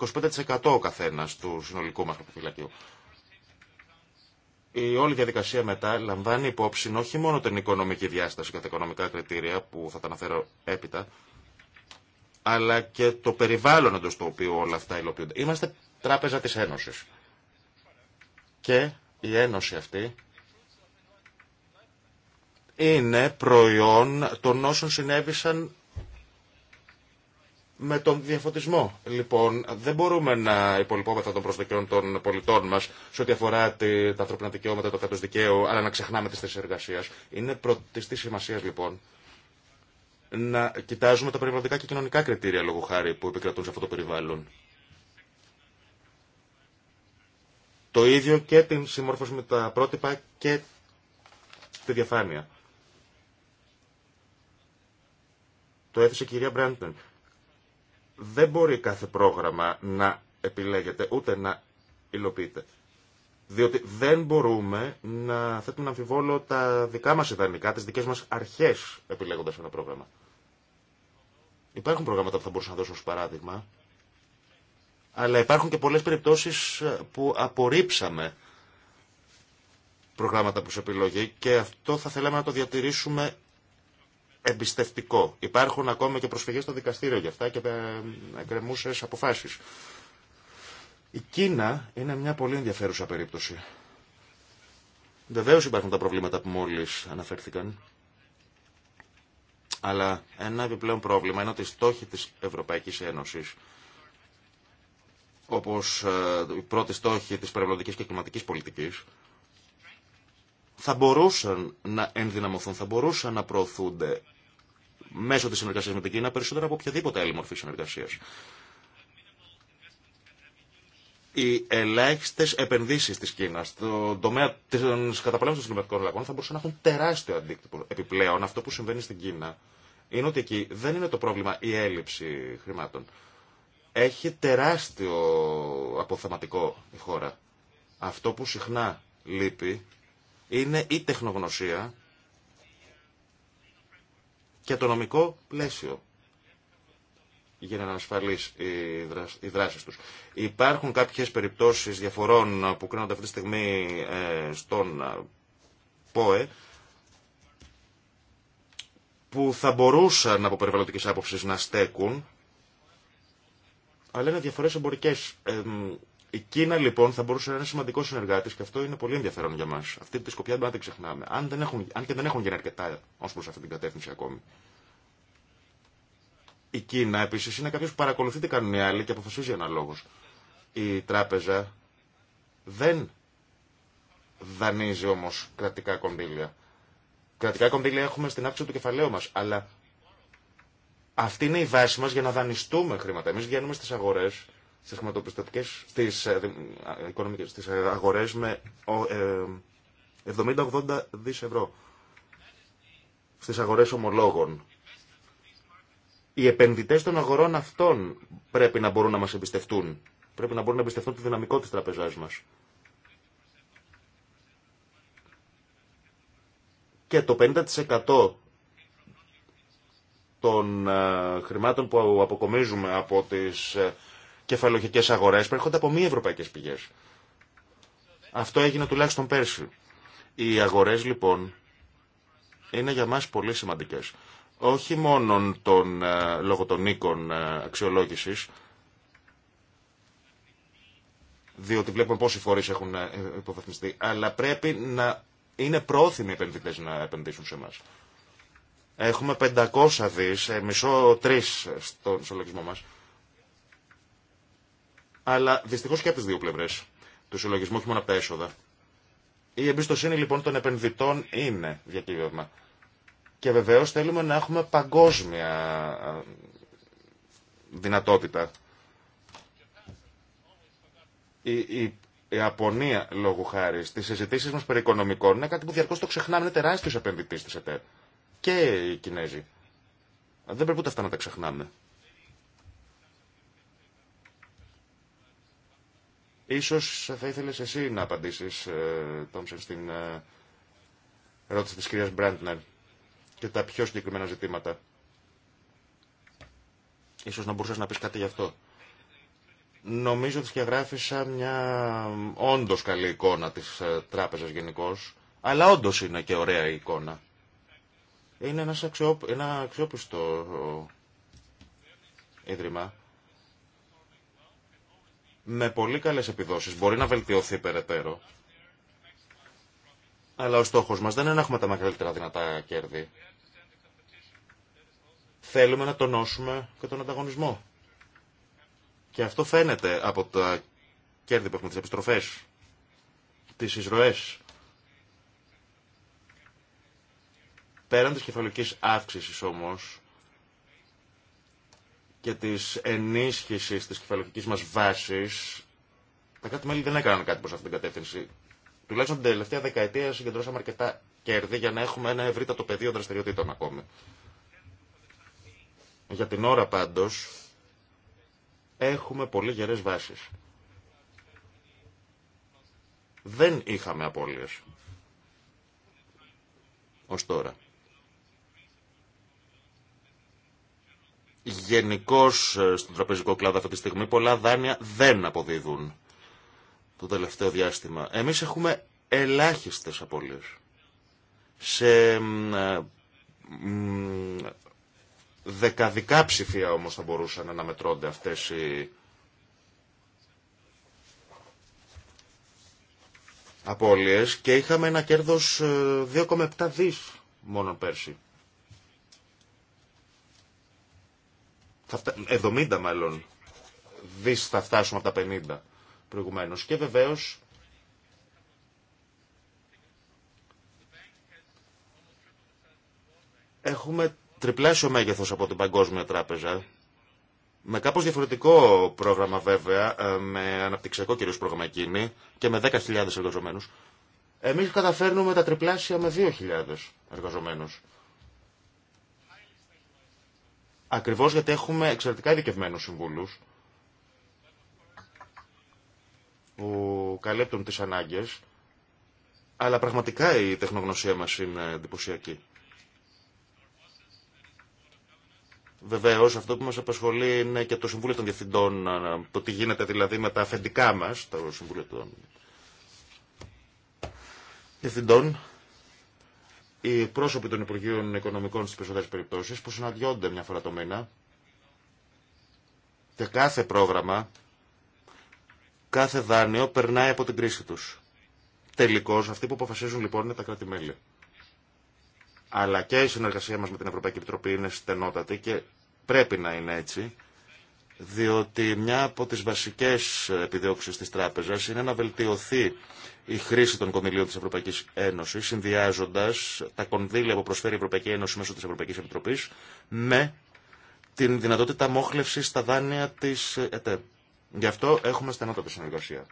Speaker 2: 25% ο καθένας του συνολικού μας χαρτοφυλακίου. Η όλη διαδικασία μετά λαμβάνει υπόψη όχι μόνο την οικονομική διάσταση και τα οικονομικά κριτήρια που θα τα αναφέρω έπειτα, αλλά και το περιβάλλον εντό του οποίου όλα αυτά υλοποιούνται. Είμαστε τράπεζα της Ένωσης. Και η Ένωση αυτή είναι προϊόν των όσων συνέβησαν με τον διαφωτισμό. Λοιπόν, δεν μπορούμε να υπολοιπόμεθα των προσδοκιών των πολιτών μα σε ό,τι αφορά τα ανθρώπινα δικαιώματα, το κράτο δικαίου, αλλά να ξεχνάμε τι θέσει εργασία. Είναι πρωτιστή σημασία, λοιπόν, να κοιτάζουμε τα περιβαλλοντικά και κοινωνικά κριτήρια, λόγω χάρη, που επικρατούν σε αυτό το περιβάλλον. Το ίδιο και την συμμόρφωση με τα πρότυπα και τη διαφάνεια. Το έθεσε η κυρία Μπράντον. Δεν μπορεί κάθε πρόγραμμα να επιλέγεται ούτε να υλοποιείται. Διότι δεν μπορούμε να θέτουμε να τα δικά μας ιδανικά, τις δικές μας αρχές επιλέγοντας ένα πρόγραμμα. Υπάρχουν προγράμματα που θα μπορούσα να δώσω ως παράδειγμα, αλλά υπάρχουν και πολλές περιπτώσεις που απορρίψαμε προγράμματα προς επιλογή και αυτό θα θέλαμε να το διατηρήσουμε εμπιστευτικό. Υπάρχουν ακόμα και προσφυγές στο δικαστήριο για αυτά και εκκρεμούσε αποφάσεις. Η Κίνα είναι μια πολύ ενδιαφέρουσα περίπτωση. Βεβαίω υπάρχουν τα προβλήματα που μόλις αναφέρθηκαν. Αλλά ένα επιπλέον πρόβλημα είναι ότι οι στόχοι της Ευρωπαϊκής Ένωσης όπως ε, οι πρώτοι στόχοι της περιβαλλοντικής και κλιματικής πολιτικής, θα μπορούσαν να ενδυναμωθούν, θα μπορούσαν να προωθούνται μέσω τη συνεργασία με την Κίνα περισσότερο από οποιαδήποτε άλλη μορφή συνεργασία. Οι ελάχιστε επενδύσει τη Κίνα στον τομέα τη καταπολέμηση των κλιματικών αλλαγών θα μπορούσαν να έχουν τεράστιο αντίκτυπο. Επιπλέον, αυτό που συμβαίνει στην Κίνα είναι ότι εκεί δεν είναι το πρόβλημα η έλλειψη χρημάτων. Έχει τεράστιο αποθεματικό η χώρα. Αυτό που συχνά λείπει είναι η τεχνογνωσία και το νομικό πλαίσιο για να οι δράσεις τους. Υπάρχουν κάποιες περιπτώσεις διαφορών που κρίνονται αυτή τη στιγμή ε, στον ε, ΠΟΕ που θα μπορούσαν από περιβαλλοντική άποψης να στέκουν αλλά είναι διαφορές εμπορικές η Κίνα λοιπόν θα μπορούσε να είναι σημαντικό συνεργάτη και αυτό είναι πολύ ενδιαφέρον για μα. Αυτή τη σκοπιά δεν την ξεχνάμε. Αν, δεν έχουν, αν και δεν έχουν γίνει αρκετά ω προ αυτή την κατεύθυνση ακόμη. Η Κίνα επίση είναι κάποιο που παρακολουθεί τι κάνουν οι άλλοι και αποφασίζει αναλόγω. Η τράπεζα δεν δανείζει όμω κρατικά κονδύλια. Κρατικά κονδύλια έχουμε στην άκρη του κεφαλαίου μα, αλλά αυτή είναι η βάση μα για να δανειστούμε χρήματα. Εμεί βγαίνουμε στι αγορέ στις χρηματοπιστωτικές, στις, ε, ε, στις αγορές με 70-80 ε, δις ευρώ. Στις αγορές ομολόγων. Οι επενδυτές των αγορών αυτών πρέπει να μπορούν να μας εμπιστευτούν. Πρέπει να μπορούν να εμπιστευτούν τη δυναμικό της τραπεζάς μας. Και το 50% των χρημάτων που αποκομίζουμε από τις κεφαλογικές αγορές προέρχονται από μη ευρωπαϊκές πηγές. Αυτό έγινε τουλάχιστον πέρσι. Οι αγορές λοιπόν είναι για μας πολύ σημαντικές. Όχι μόνο των, ε, λόγω των οίκων ε, αξιολόγησης, διότι βλέπουμε πόσοι φορείς έχουν ε, υποβαθμιστεί, αλλά πρέπει να είναι πρόθυμοι οι επενδυτές να επενδύσουν σε μας. Έχουμε 500 δις, μισό τρεις στον συλλογισμό μας αλλά δυστυχώ και από τι δύο πλευρέ του συλλογισμού, όχι μόνο από τα έσοδα. Η εμπιστοσύνη λοιπόν των επενδυτών είναι διακύβευμα. Και βεβαίω θέλουμε να έχουμε παγκόσμια δυνατότητα. Η, η απονία λόγου χάρη, στι συζητήσει μα περί οικονομικών είναι κάτι που διαρκώ το ξεχνάμε. Είναι τεράστιο επενδυτή τη ΕΤΕ. Και οι Κινέζοι. Δεν πρέπει ούτε αυτά να τα ξεχνάμε. Ίσως θα ήθελες εσύ να απαντήσεις, ε, Τόμσεν, στην ε, ερώτηση της κυρίας Μπραντνερ και τα πιο συγκεκριμένα ζητήματα. Ίσως να μπορούσες να πεις κάτι γι' αυτό. Νομίζω ότι σχεδιάγραφησα μια ε, όντως καλή εικόνα της τράπεζας γενικώ, αλλά όντως είναι και ωραία η εικόνα. Είναι ένας ένα αξιόπιστο ίδρυμα με πολύ καλές επιδόσεις μπορεί να βελτιωθεί περαιτέρω. Αλλά ο στόχος μας δεν είναι να έχουμε τα μεγαλύτερα δυνατά κέρδη. Θέλουμε να τονώσουμε και τον ανταγωνισμό. Και αυτό φαίνεται από τα κέρδη που έχουμε, τις επιστροφές, τις εισρωές. Πέραν της κεφαλικής αύξησης όμως, και τη ενίσχυση τη κεφαλαιοκική μα βάση. τα κράτη-μέλη δεν έκαναν κάτι προ αυτήν την κατεύθυνση. Τουλάχιστον την τελευταία δεκαετία συγκεντρώσαμε αρκετά κέρδη για να έχουμε ένα ευρύτατο πεδίο δραστηριοτήτων ακόμη. Για την ώρα πάντω, έχουμε πολύ γερέ βάσει. Δεν είχαμε απώλειες ως τώρα. Γενικώ ε, στον τραπεζικό κλάδο αυτή τη στιγμή πολλά δάνεια δεν αποδίδουν το τελευταίο διάστημα. Εμείς έχουμε ελάχιστες απώλειες σε ε, δεκαδικά ψηφία όμως θα μπορούσαν να μετρώνται αυτές οι απώλειες και είχαμε ένα κέρδος 2,7 ε, δις μόνο πέρσι. 70 μάλλον δις θα φτάσουμε από τα 50 προηγουμένως. Και βεβαίως έχουμε τριπλάσιο μέγεθος από την Παγκόσμια Τράπεζα. Με κάπως διαφορετικό πρόγραμμα βέβαια, ε, με αναπτυξιακό κυρίως πρόγραμμα εκείνη και με 10.000 εργαζομένους. Εμείς καταφέρνουμε τα τριπλάσια με 2.000 εργαζομένους. Ακριβώς γιατί έχουμε εξαιρετικά ειδικευμένου συμβουλου που καλέπτουν τι ανάγκε, αλλά πραγματικά η τεχνογνωσία μας είναι εντυπωσιακή. Βεβαίω, αυτό που μα απασχολεί είναι και το Συμβούλιο των Διευθυντών, το τι γίνεται δηλαδή με τα αφεντικά μα, το Συμβούλιο των Διευθυντών οι πρόσωποι των Υπουργείων Οικονομικών στις περισσότερες περιπτώσεις που συναντιόνται μια φορά το μήνα και κάθε πρόγραμμα, κάθε δάνειο περνάει από την κρίση τους. Τελικώς αυτοί που αποφασίζουν λοιπόν είναι τα κράτη-μέλη. Αλλά και η συνεργασία μας με την Ευρωπαϊκή Επιτροπή είναι στενότατη και πρέπει να είναι έτσι διότι μια από τις βασικές επιδιώξεις της τράπεζας είναι να βελτιωθεί η χρήση των κονδυλίων της Ευρωπαϊκής Ένωσης, συνδυάζοντας τα κονδύλια που προσφέρει η Ευρωπαϊκή Ένωση μέσω της Ευρωπαϊκής Επιτροπής με την δυνατότητα μόχλευσης στα δάνεια της ΕΤΕ. Γι' αυτό έχουμε στενότατη συνεργασία.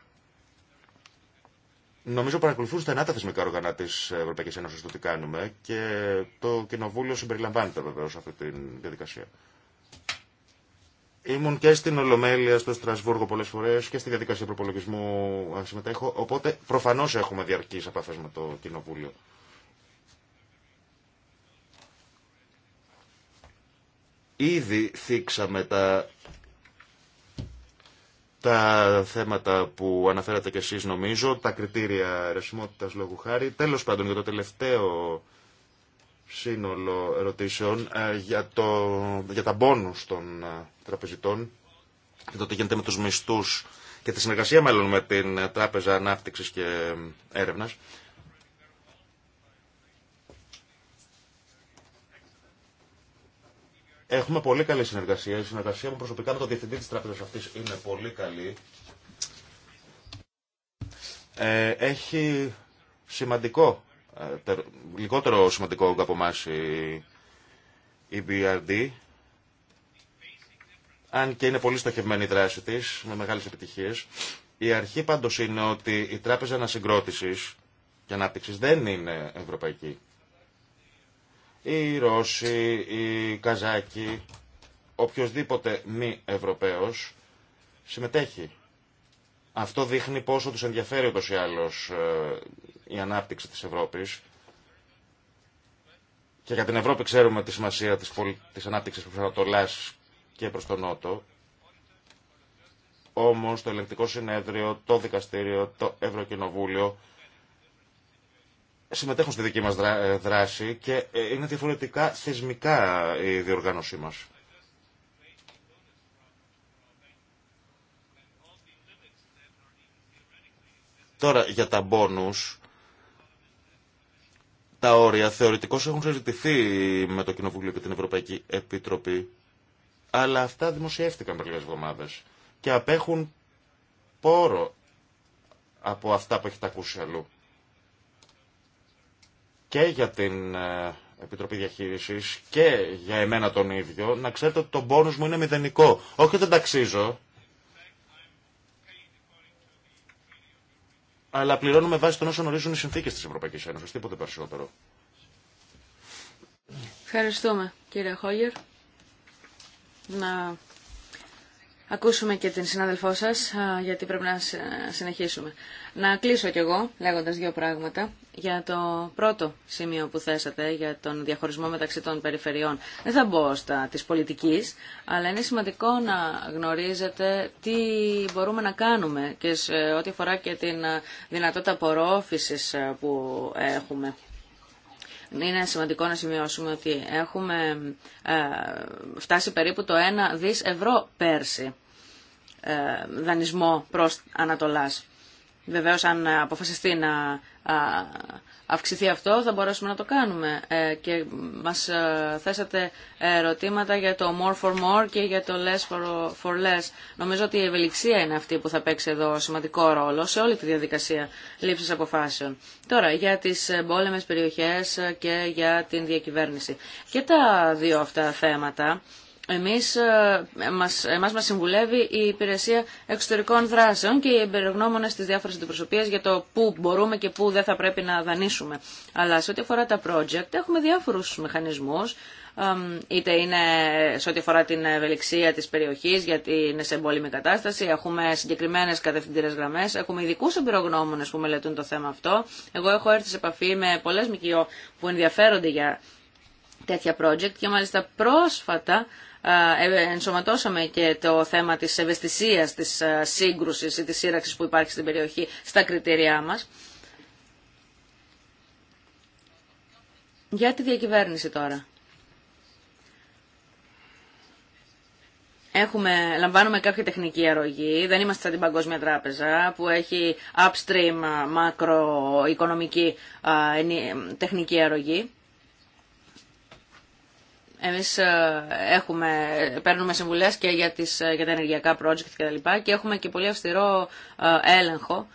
Speaker 2: Νομίζω παρακολουθούν στενά τα θεσμικά όργανα τη Ευρωπαϊκή Ένωση το τι κάνουμε και το Κοινοβούλιο συμπεριλαμβάνεται βεβαίω σε αυτή τη διαδικασία. Ήμουν και στην Ολομέλεια, στο Στρασβούργο πολλέ φορέ και στη διαδικασία προπολογισμού συμμετέχω. Οπότε προφανώ έχουμε διαρκεί επαφέ με το Κοινοβούλιο. Ήδη θίξαμε τα, τα θέματα που αναφέρατε κι εσείς νομίζω, τα κριτήρια ρεσιμότητας λόγου χάρη. Τέλος πάντων για το τελευταίο σύνολο ερωτήσεων ε, για, το, για τα μπόνους των ε, τραπεζιτών και το τι γίνεται με τους μισθούς και τη συνεργασία μάλλον με την ε, Τράπεζα Ανάπτυξης και Έρευνας. Έχουμε πολύ καλή συνεργασία. Η συνεργασία μου προσωπικά με τον διευθυντή της τράπεζας αυτής είναι πολύ καλή. έχει σημαντικό ε, λιγότερο σημαντικό από εμάς η, BRD, αν και είναι πολύ στοχευμένη η δράση της, με μεγάλες επιτυχίες. Η αρχή πάντως είναι ότι η Τράπεζα Ανασυγκρότησης και Ανάπτυξης δεν είναι ευρωπαϊκή. Οι Ρώσοι, οι Καζάκοι, οποιοδήποτε μη Ευρωπαίος συμμετέχει. Αυτό δείχνει πόσο τους ενδιαφέρει ούτως ή ε, η ανάπτυξη της Ευρώπης και για την Ευρώπη ξέρουμε τη σημασία της, της ανάπτυξης προς ΛΑΣ και προς τον Νότο όμως το ελεγκτικό συνέδριο, το δικαστήριο, το Ευρωκοινοβούλιο συμμετέχουν στη δική μας ε, δράση και ε, είναι διαφορετικά θεσμικά η διοργάνωσή μας. Τώρα για τα μπόνους τα όρια θεωρητικώς έχουν συζητηθεί με το Κοινοβούλιο και την Ευρωπαϊκή Επιτροπή, αλλά αυτά δημοσιεύτηκαν πριν λίγες και απέχουν πόρο από αυτά που έχετε ακούσει αλλού. Και για την ε, Επιτροπή Διαχείρισης και για εμένα τον ίδιο, να ξέρετε ότι το πόνου μου είναι μηδενικό. Όχι ότι δεν ταξίζω, αλλά πληρώνουμε βάσει των όσων ορίζουν οι συνθήκε τη Ευρωπαϊκή Ένωση. Τίποτε περισσότερο.
Speaker 7: Ευχαριστούμε
Speaker 3: κύριε Χόγερ. Να ακούσουμε και την συνάδελφό σας, γιατί πρέπει να συνεχίσουμε. Να κλείσω κι εγώ, λέγοντας δύο πράγματα, για το πρώτο σημείο που θέσατε, για τον διαχωρισμό μεταξύ των περιφερειών. Δεν θα μπω στα της πολιτικής, αλλά είναι σημαντικό να γνωρίζετε τι μπορούμε να κάνουμε και σε ό,τι αφορά και την δυνατότητα απορρόφησης που έχουμε είναι σημαντικό να σημειώσουμε ότι έχουμε ε, φτάσει περίπου το 1 δις ευρώ πέρσι ε, δανεισμό προς Ανατολάς. Βεβαίω, αν αποφασιστεί να αυξηθεί αυτό θα μπορέσουμε να το κάνουμε. Ε, και μας ε, θέσατε ερωτήματα για το more for more και για το less for less. Νομίζω ότι η ευελιξία είναι αυτή που θα παίξει εδώ σημαντικό ρόλο σε όλη τη διαδικασία λήψης αποφάσεων. Τώρα, για τις πόλεμε περιοχές και για την διακυβέρνηση. Και τα δύο αυτά θέματα εμείς, ε, μας, εμάς μας συμβουλεύει η Υπηρεσία Εξωτερικών Δράσεων και οι εμπειρογνώμονες στις διάφορες αντιπροσωπείας για το πού μπορούμε και πού δεν θα πρέπει να δανείσουμε. Αλλά σε ό,τι αφορά τα project έχουμε διάφορους μηχανισμούς, είτε είναι σε ό,τι αφορά την ευελιξία της περιοχής γιατί είναι σε εμπόλυμη κατάσταση, έχουμε συγκεκριμένες κατευθυντήρες γραμμές, έχουμε ειδικούς εμπειρογνώμονες που μελετούν το θέμα αυτό. Εγώ έχω έρθει σε επαφή με πολλές ΜΚΟ που ενδιαφέρονται για τέτοια project και μάλιστα πρόσφατα ε, ενσωματώσαμε και το θέμα της ευαισθησίας, της σύγκρουσης ή της σύραξης που υπάρχει στην περιοχή στα κριτήριά μας. Για τη διακυβέρνηση τώρα. Έχουμε, λαμβάνουμε κάποια τεχνική αρρωγή, δεν είμαστε σαν την Παγκόσμια Τράπεζα που έχει upstream μακροοικονομική τεχνική αρρωγή. Εμείς ε, έχουμε, παίρνουμε συμβουλές και για, τις, ε, για τα ενεργειακά project και τα λοιπά και έχουμε και πολύ αυστηρό ε, έλεγχο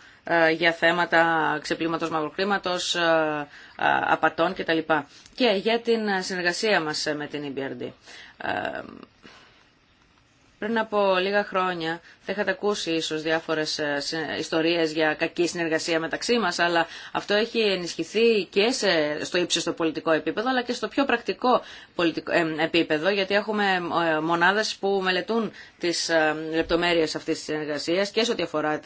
Speaker 3: για θέματα ξεπλήματος μαυροκλήματος, απατών τα λοιπά Και για την συνεργασία μας με την EBRD. Πριν από λίγα χρόνια θα είχατε ακούσει ίσως διάφορες ε, ιστορίες για κακή συνεργασία μεταξύ μας, αλλά αυτό έχει ενισχυθεί και σε, στο ύψιστο πολιτικό επίπεδο, αλλά και στο πιο πρακτικό πολιτικό, ε, επίπεδο, γιατί έχουμε ε, μονάδες που μελετούν τις λεπτομέρειες αυτής της συνεργασίας και σε ό,τι αφορά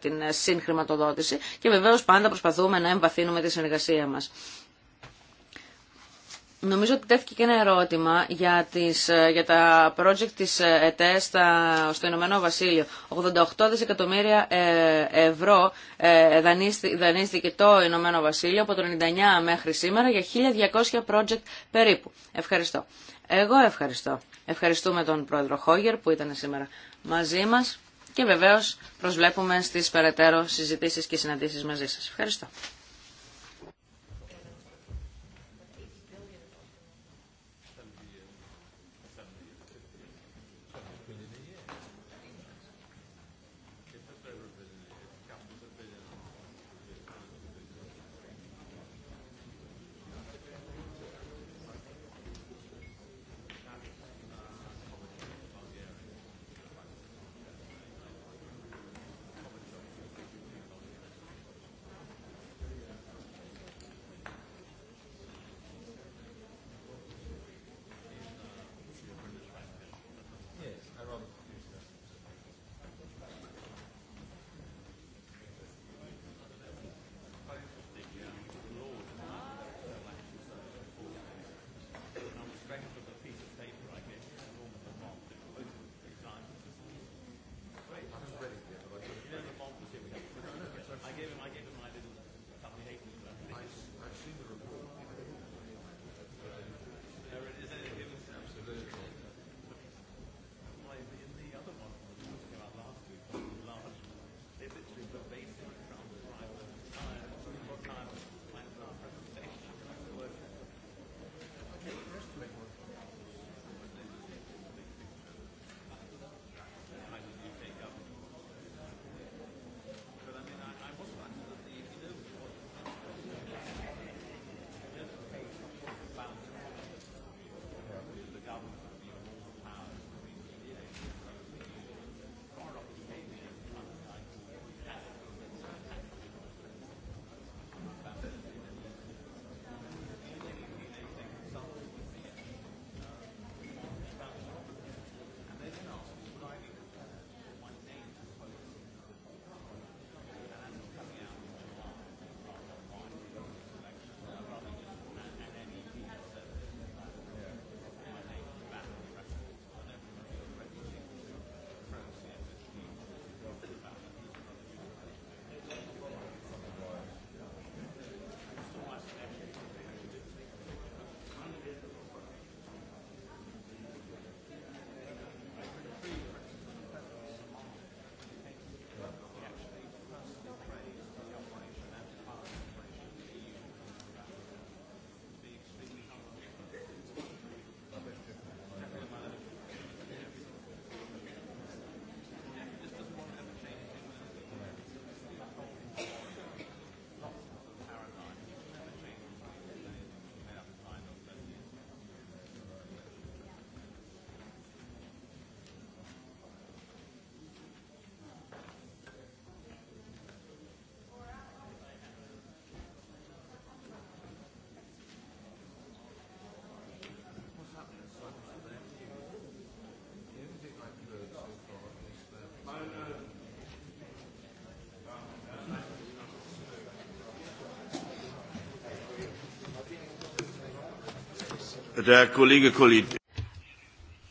Speaker 3: την συγχρηματοδότηση και βεβαίως πάντα προσπαθούμε να εμβαθύνουμε τη συνεργασία μας. Νομίζω ότι τέθηκε και ένα ερώτημα για, τις, ε, για τα project της ε, ΕΤΕ στο Ηνωμένο Βασίλειο. 88 δισεκατομμύρια ε, ευρώ δανείστηκε το Ηνωμένο Βασίλειο από το 99 μέχρι σήμερα για 1.200 project περίπου. Ευχαριστώ. Εγώ ευχαριστώ. Ευχαριστούμε τον πρόεδρο Χόγερ που ήταν σήμερα μαζί μας και βεβαίως προσβλέπουμε στις περαιτέρω συζητήσεις και συναντήσεις μαζί σας. Ευχαριστώ.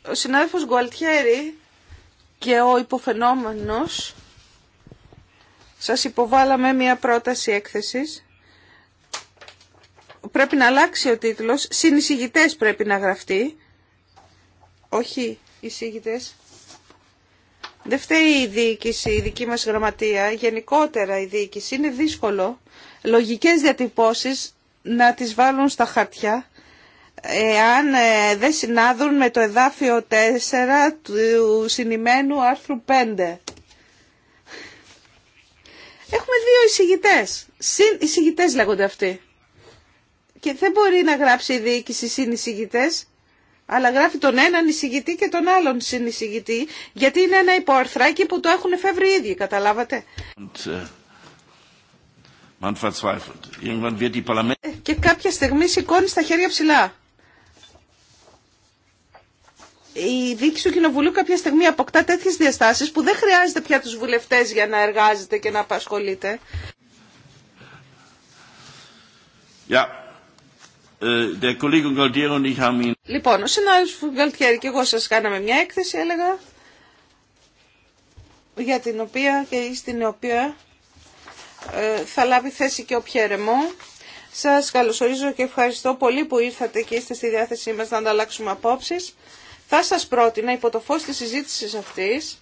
Speaker 7: Ο συνάδελφος Γκουαλτιέρη και ο υποφαινόμενος σας υποβάλαμε μια πρόταση έκθεσης. Πρέπει να αλλάξει ο τίτλος. Συνεισηγητές πρέπει να γραφτεί. Όχι εισηγητές. Δεν φταίει η διοίκηση, η δική μας γραμματεία, γενικότερα η διοίκηση. Είναι δύσκολο λογικές διατυπώσεις να τις βάλουν στα χαρτιά εάν ε, δεν συνάδουν με το εδάφιο 4 του συνημένου άρθρου 5. Έχουμε δύο εισηγητές. Συν εισηγητές λέγονται αυτοί. Και δεν μπορεί να γράψει η διοίκηση συν αλλά γράφει τον έναν εισηγητή και τον άλλον συν γιατί είναι ένα υπόρθρακι που το έχουν εφεύρει οι ίδιοι, καταλάβατε.
Speaker 4: Äh, ε,
Speaker 7: και κάποια στιγμή σηκώνει στα χέρια ψηλά η δίκη του Κοινοβουλίου κάποια στιγμή αποκτά τέτοιε διαστάσει που δεν χρειάζεται πια του βουλευτέ για να εργάζεται και να απασχολείται.
Speaker 4: Äh, der und ich haben...
Speaker 7: Λοιπόν, ο συνάδελφος Γκαλτιέρη και εγώ σα κάναμε μια έκθεση, έλεγα, για την οποία και στην οποία ε, θα λάβει θέση και ο Πιέρεμο. Σας καλωσορίζω και ευχαριστώ πολύ που ήρθατε και είστε στη διάθεσή μας να ανταλλάξουμε απόψεις. Θα σας πρότεινα υπό το φως της συζήτησης αυτής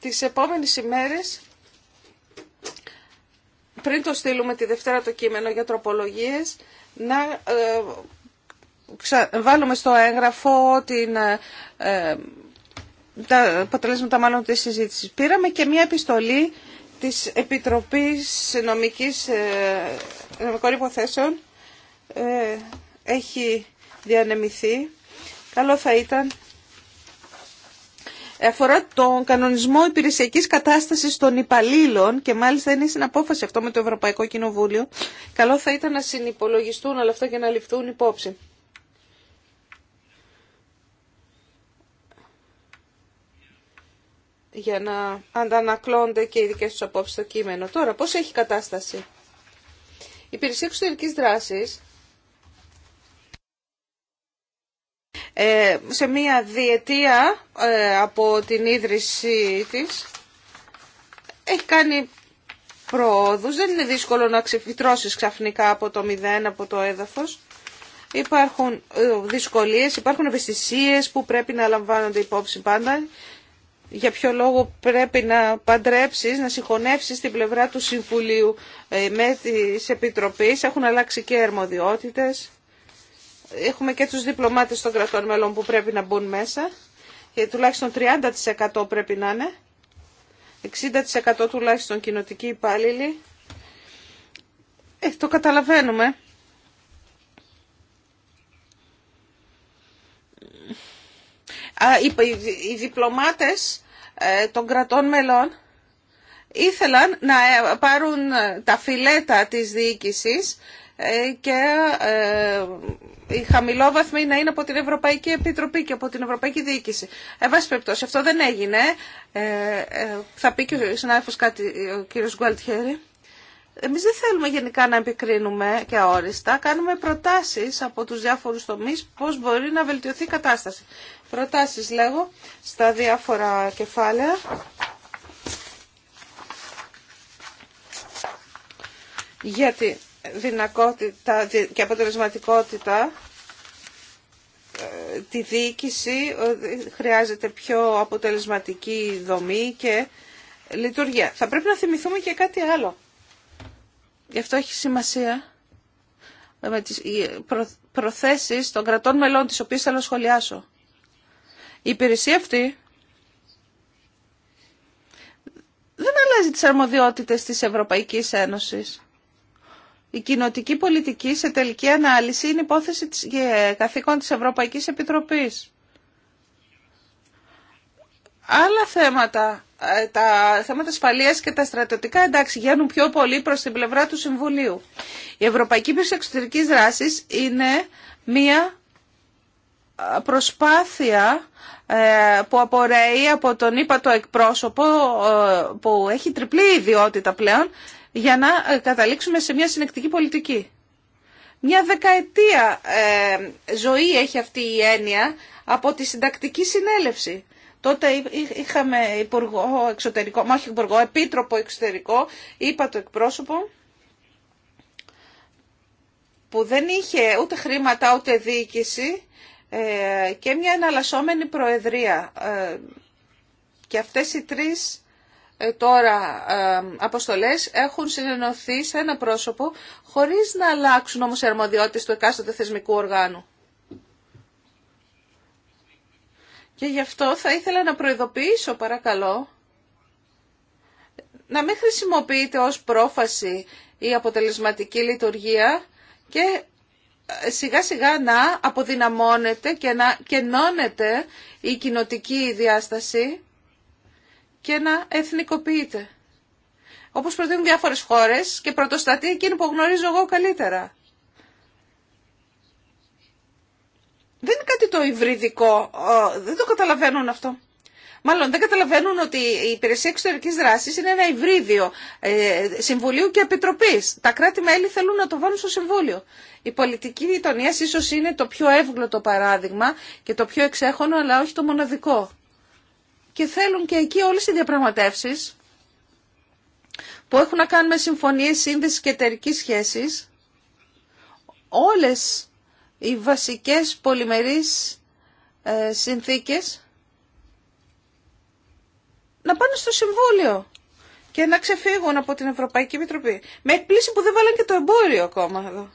Speaker 7: τις επόμενες ημέρες πριν το στείλουμε τη Δευτέρα το κείμενο για τροπολογίες να ε, βάλουμε στο έγγραφο την, ε, ε, τα αποτελέσματα μάλλον της συζήτησης. Πήραμε και μια επιστολή της Επιτροπής Νομικής, Νομικών Υποθέσεων. έχει διανεμηθεί Καλό θα ήταν. Αφορά τον κανονισμό υπηρεσιακή κατάσταση των υπαλλήλων και μάλιστα είναι στην απόφαση αυτό με το Ευρωπαϊκό Κοινοβούλιο. Καλό θα ήταν να συνυπολογιστούν αλλά αυτά και να ληφθούν υπόψη. για να αντανακλώνται και οι δικές του απόψεις στο κείμενο. Τώρα, πώς έχει κατάσταση. Η υπηρεσία εξωτερική δράση. Ε, σε μία διετία ε, από την ίδρυσή της έχει κάνει πρόοδους. Δεν είναι δύσκολο να ξεφυτρώσεις ξαφνικά από το μηδέν, από το έδαφος. Υπάρχουν ε, δυσκολίες, υπάρχουν ευαισθησίες που πρέπει να λαμβάνονται υπόψη πάντα. Για ποιο λόγο πρέπει να παντρέψεις, να συγχωνεύσεις την πλευρά του Συμβουλίου με τις Επιτροπής. Έχουν αλλάξει και αρμοδιότητες έχουμε και τους διπλωμάτες των κρατών μελών που πρέπει να μπουν μέσα, Και τουλάχιστον 30% πρέπει να είναι, 60% τουλάχιστον κοινοτικοί υπάλληλοι. Ε, το καταλαβαίνουμε. οι, διπλωμάτες ε, των κρατών μελών ήθελαν να ε, πάρουν τα φιλέτα της διοίκησης ε, και ε, η χαμηλόβαθμοι να είναι από την Ευρωπαϊκή Επιτροπή και από την Ευρωπαϊκή Διοίκηση. Εν πάση περιπτώσει, αυτό δεν έγινε. Ε, θα πει και ο συνάδελφος κάτι, ο κύριος Γκουαλτιέρη. Εμείς δεν θέλουμε γενικά να επικρίνουμε και αόριστα. Κάνουμε προτάσεις από τους διάφορους τομείς πώς μπορεί να βελτιωθεί η κατάσταση. Προτάσεις λέγω στα διάφορα κεφάλαια. Γιατί δυνακότητα και αποτελεσματικότητα ε, τη διοίκηση χρειάζεται πιο αποτελεσματική δομή και λειτουργία. Θα πρέπει να θυμηθούμε και κάτι άλλο. Γι' αυτό έχει σημασία με τις προθέσεις των κρατών μελών, τις οποίες θέλω να σχολιάσω. Η υπηρεσία αυτή δεν αλλάζει τις αρμοδιότητες της Ευρωπαϊκής Ένωσης. Η κοινοτική πολιτική σε τελική ανάλυση είναι υπόθεση της, καθήκον της Ευρωπαϊκής Επιτροπής. Άλλα θέματα, ε, τα θέματα ασφαλείας και τα στρατιωτικά, εντάξει, γίνουν πιο πολύ προς την πλευρά του Συμβουλίου. Η Ευρωπαϊκή Υπηρεσία Εξωτερικής Δράσης είναι μία ε, προσπάθεια ε, που απορρέει από τον το εκπρόσωπο που έχει τριπλή ιδιότητα πλέον για να ε, καταλήξουμε σε μια συνεκτική πολιτική. Μια δεκαετία ε, ζωή έχει αυτή η έννοια από τη συντακτική συνέλευση. Τότε είχαμε υπουργό εξωτερικό, μα όχι υπουργό, επίτροπο εξωτερικό, είπα το εκπρόσωπο, που δεν είχε ούτε χρήματα ούτε διοίκηση ε, και μια εναλλασσόμενη προεδρία. και αυτές οι τρεις ε, τώρα ε, αποστολές έχουν συνενωθεί σε ένα πρόσωπο χωρίς να αλλάξουν όμως οι αρμοδιότητες του εκάστοτε θεσμικού οργάνου. Και γι' αυτό θα ήθελα να προειδοποιήσω παρακαλώ να μην χρησιμοποιείται ως πρόφαση η αποτελεσματική λειτουργία και ε, σιγά σιγά να αποδυναμώνεται και να κενώνεται η κοινοτική διάσταση και να εθνικοποιείται. Όπω προτείνουν διάφορε χώρε και πρωτοστατεί εκείνη που γνωρίζω εγώ καλύτερα. Δεν είναι κάτι το υβριδικό, ε, δεν το καταλαβαίνουν αυτό. Μάλλον δεν καταλαβαίνουν ότι η υπηρεσία εξωτερική δράση είναι ένα υβρίδιο ε, συμβουλίου και επιτροπή. Τα κράτη-μέλη θέλουν να το βάλουν στο συμβούλιο. Η πολιτική γειτονία ίσω είναι το πιο εύγλωτο παράδειγμα και το πιο εξέχονο, αλλά όχι το μοναδικό και θέλουν και εκεί όλες οι διαπραγματεύσεις που έχουν να κάνουν με συμφωνίες σύνδεσης και εταιρική σχέσεις, όλες οι βασικές πολυμερείς ε, συνθήκες να πάνε στο Συμβούλιο και να ξεφύγουν από την Ευρωπαϊκή Επιτροπή. Με εκπλήση που δεν βάλαν και το εμπόριο ακόμα εδώ.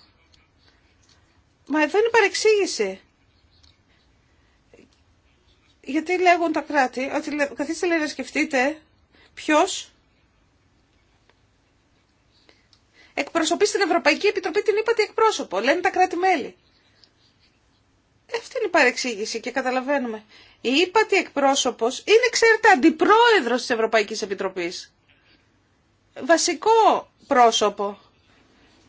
Speaker 7: Μα εδώ είναι παρεξήγηση. Γιατί λέγουν τα κράτη ότι καθίστε λέει να σκεφτείτε ποιος εκπροσωπεί στην Ευρωπαϊκή Επιτροπή την είπατε εκπρόσωπο. Λένε τα κράτη-μέλη. Ε, αυτή είναι η παρεξήγηση και καταλαβαίνουμε. Η ύπατη εκπρόσωπος είναι, ξέρετε, αντιπρόεδρος της Ευρωπαϊκής Επιτροπής. Βασικό πρόσωπο.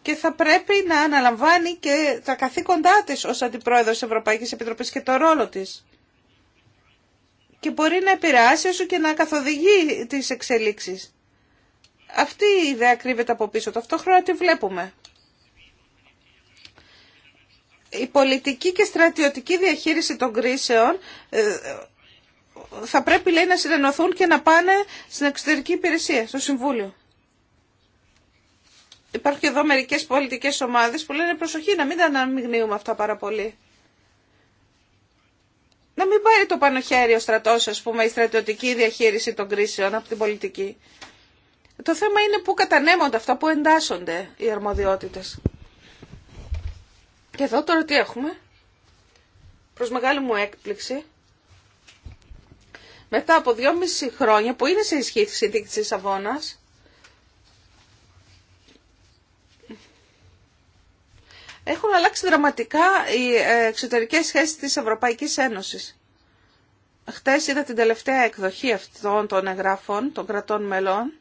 Speaker 7: Και θα πρέπει να αναλαμβάνει και τα καθήκοντά της ως αντιπρόεδρος της Ευρωπαϊκής Επιτροπής και το ρόλο της και μπορεί να επηρεάσει όσο και να καθοδηγεί τις εξελίξεις. Αυτή η ιδέα κρύβεται από πίσω. Ταυτόχρονα τη βλέπουμε. Η πολιτική και στρατιωτική διαχείριση των κρίσεων ε, θα πρέπει λέει να συνενωθούν και να πάνε στην εξωτερική υπηρεσία, στο Συμβούλιο. Υπάρχουν και εδώ μερικές πολιτικές ομάδες που λένε προσοχή να μην τα αναμειγνύουμε αυτά πάρα πολύ. Να μην πάρει το πάνω χέρι ο στρατός, α πούμε, η στρατιωτική διαχείριση των κρίσεων από την πολιτική. Το θέμα είναι που κατανέμονται αυτά, που εντάσσονται οι αρμοδιότητες. Και εδώ τώρα τι έχουμε. Προς μεγάλη μου έκπληξη, μετά από δυόμιση χρόνια που είναι σε ισχύ η συνθήκη τη Αβώνας, Έχουν αλλάξει δραματικά οι ε, εξωτερικές σχέσεις της Ευρωπαϊκής Ένωσης. Χτες είδα την τελευταία εκδοχή αυτών των εγγράφων των κρατών μελών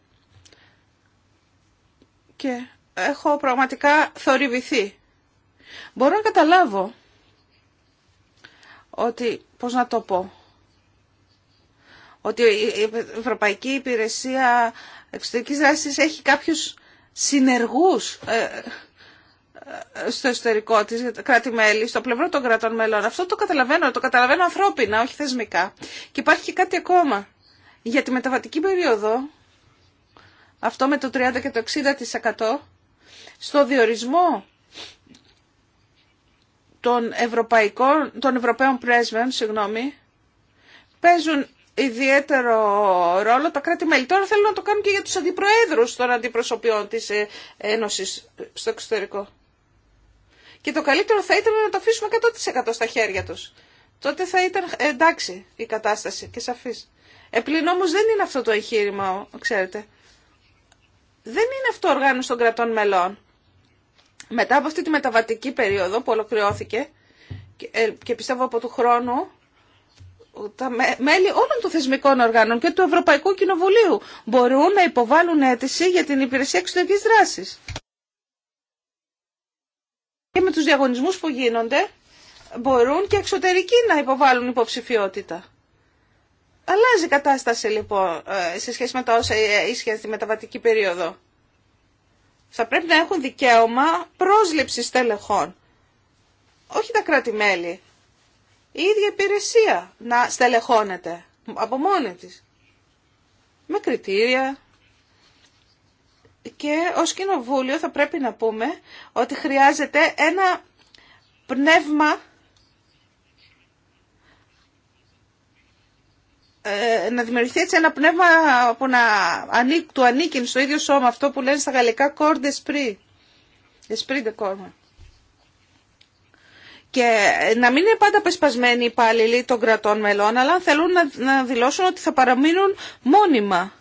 Speaker 7: και έχω πραγματικά θορυβηθεί. Μπορώ να καταλάβω ότι, πώς να το πω, ότι η Ευρωπαϊκή Υπηρεσία Εξωτερικής Δράσης έχει κάποιους συνεργούς ε, στο εσωτερικό τη κράτη-μέλη, στο πλευρό των κρατών μελών. Αυτό το καταλαβαίνω, το καταλαβαίνω ανθρώπινα, όχι θεσμικά. Και υπάρχει και κάτι ακόμα. Για τη μεταβατική περίοδο, αυτό με το 30 και το 60% στο διορισμό των, ευρωπαϊκών, των Ευρωπαίων πρέσβεων συγγνώμη, παίζουν ιδιαίτερο ρόλο τα κράτη-μέλη. Τώρα θέλουν να το κάνουν και για τους αντιπροέδρους των αντιπροσωπιών της ε, Ένωσης στο εξωτερικό και το καλύτερο θα ήταν να το αφήσουμε 100% στα χέρια τους. Τότε θα ήταν εντάξει η κατάσταση και σαφής. Επλην όμω δεν είναι αυτό το εγχείρημα, ξέρετε. Δεν είναι αυτό οργάνωση των κρατών μελών. Μετά από αυτή τη μεταβατική περίοδο που ολοκληρώθηκε και ε, πιστεύω από του χρόνου τα μέλη όλων των θεσμικών οργάνων και του Ευρωπαϊκού Κοινοβουλίου μπορούν να υποβάλουν αίτηση για την υπηρεσία εξωτερικής δράσης και με τους διαγωνισμούς που γίνονται μπορούν και εξωτερικοί να υποβάλουν υποψηφιότητα. Αλλάζει η κατάσταση λοιπόν ε, σε σχέση με τα όσα ε, ε, ίσχυαν στη μεταβατική περίοδο. Θα πρέπει να έχουν δικαίωμα πρόσληψης στελεχών. Όχι τα κράτη-μέλη. Η ίδια υπηρεσία να στελεχώνεται από μόνη της. Με κριτήρια, και ως κοινοβούλιο θα πρέπει να πούμε ότι χρειάζεται ένα πνεύμα ε, να δημιουργηθεί έτσι ένα πνεύμα που να του ανήκει στο ίδιο σώμα αυτό που λένε στα γαλλικά corps d'esprit esprit de corps και να μην είναι πάντα πεσπασμένοι οι υπάλληλοι των κρατών μελών αλλά θέλουν να, να δηλώσουν ότι θα παραμείνουν μόνιμα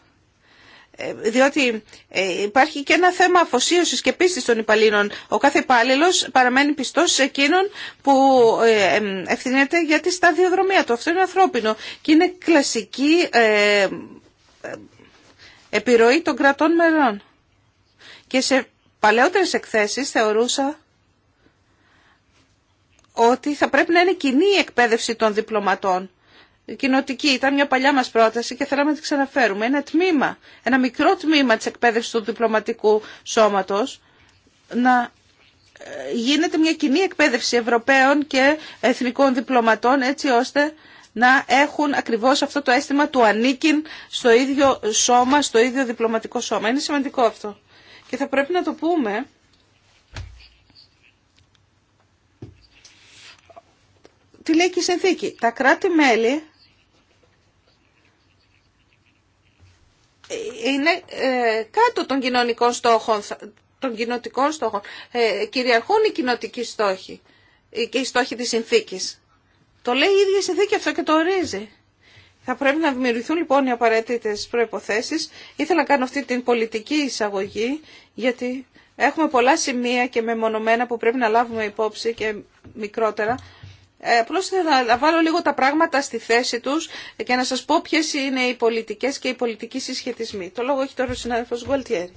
Speaker 7: ε, διότι ε, υπάρχει και ένα θέμα αφοσίωσης και πίστης των υπαλλήλων. Ο κάθε υπάλληλο παραμένει πιστός σε εκείνον που ε, ευθυνέται για τη σταδιοδρομία του. Αυτό είναι ανθρώπινο και είναι κλασική επιρροή των κρατών μερών. Και σε παλαιότερες εκθέσεις θεωρούσα ότι θα πρέπει να είναι κοινή η εκπαίδευση των διπλωματών κοινοτική. Ήταν μια παλιά μας πρόταση και θέλαμε να τη ξαναφέρουμε. Ένα τμήμα, ένα μικρό τμήμα της εκπαίδευσης του διπλωματικού σώματος να ε, γίνεται μια κοινή εκπαίδευση Ευρωπαίων και εθνικών διπλωματών έτσι ώστε να έχουν ακριβώς αυτό το αίσθημα του ανήκει στο ίδιο σώμα, στο ίδιο διπλωματικό σώμα. Είναι σημαντικό αυτό. Και θα πρέπει να το πούμε τι λέει και η συνθήκη. Τα κράτη-μέλη είναι ε, κάτω των κοινωνικών στόχων, των στόχων. Ε, κυριαρχούν οι κοινωτικοί στόχοι ε, και οι στόχοι της συνθήκης. Το λέει η ίδια η συνθήκη αυτό και το ορίζει. Θα πρέπει να δημιουργηθούν λοιπόν οι απαραίτητε προϋποθέσεις. Ήθελα να κάνω αυτή την πολιτική εισαγωγή γιατί έχουμε πολλά σημεία και μεμονωμένα που πρέπει να λάβουμε υπόψη και μικρότερα ε, Απλώ θέλω να βάλω λίγο τα πράγματα στη θέση τους και να σας πω ποιες είναι οι πολιτικές και οι πολιτικοί συσχετισμοί. Το λόγο έχει τώρα ο συνάδελφος Γκολτιέρη.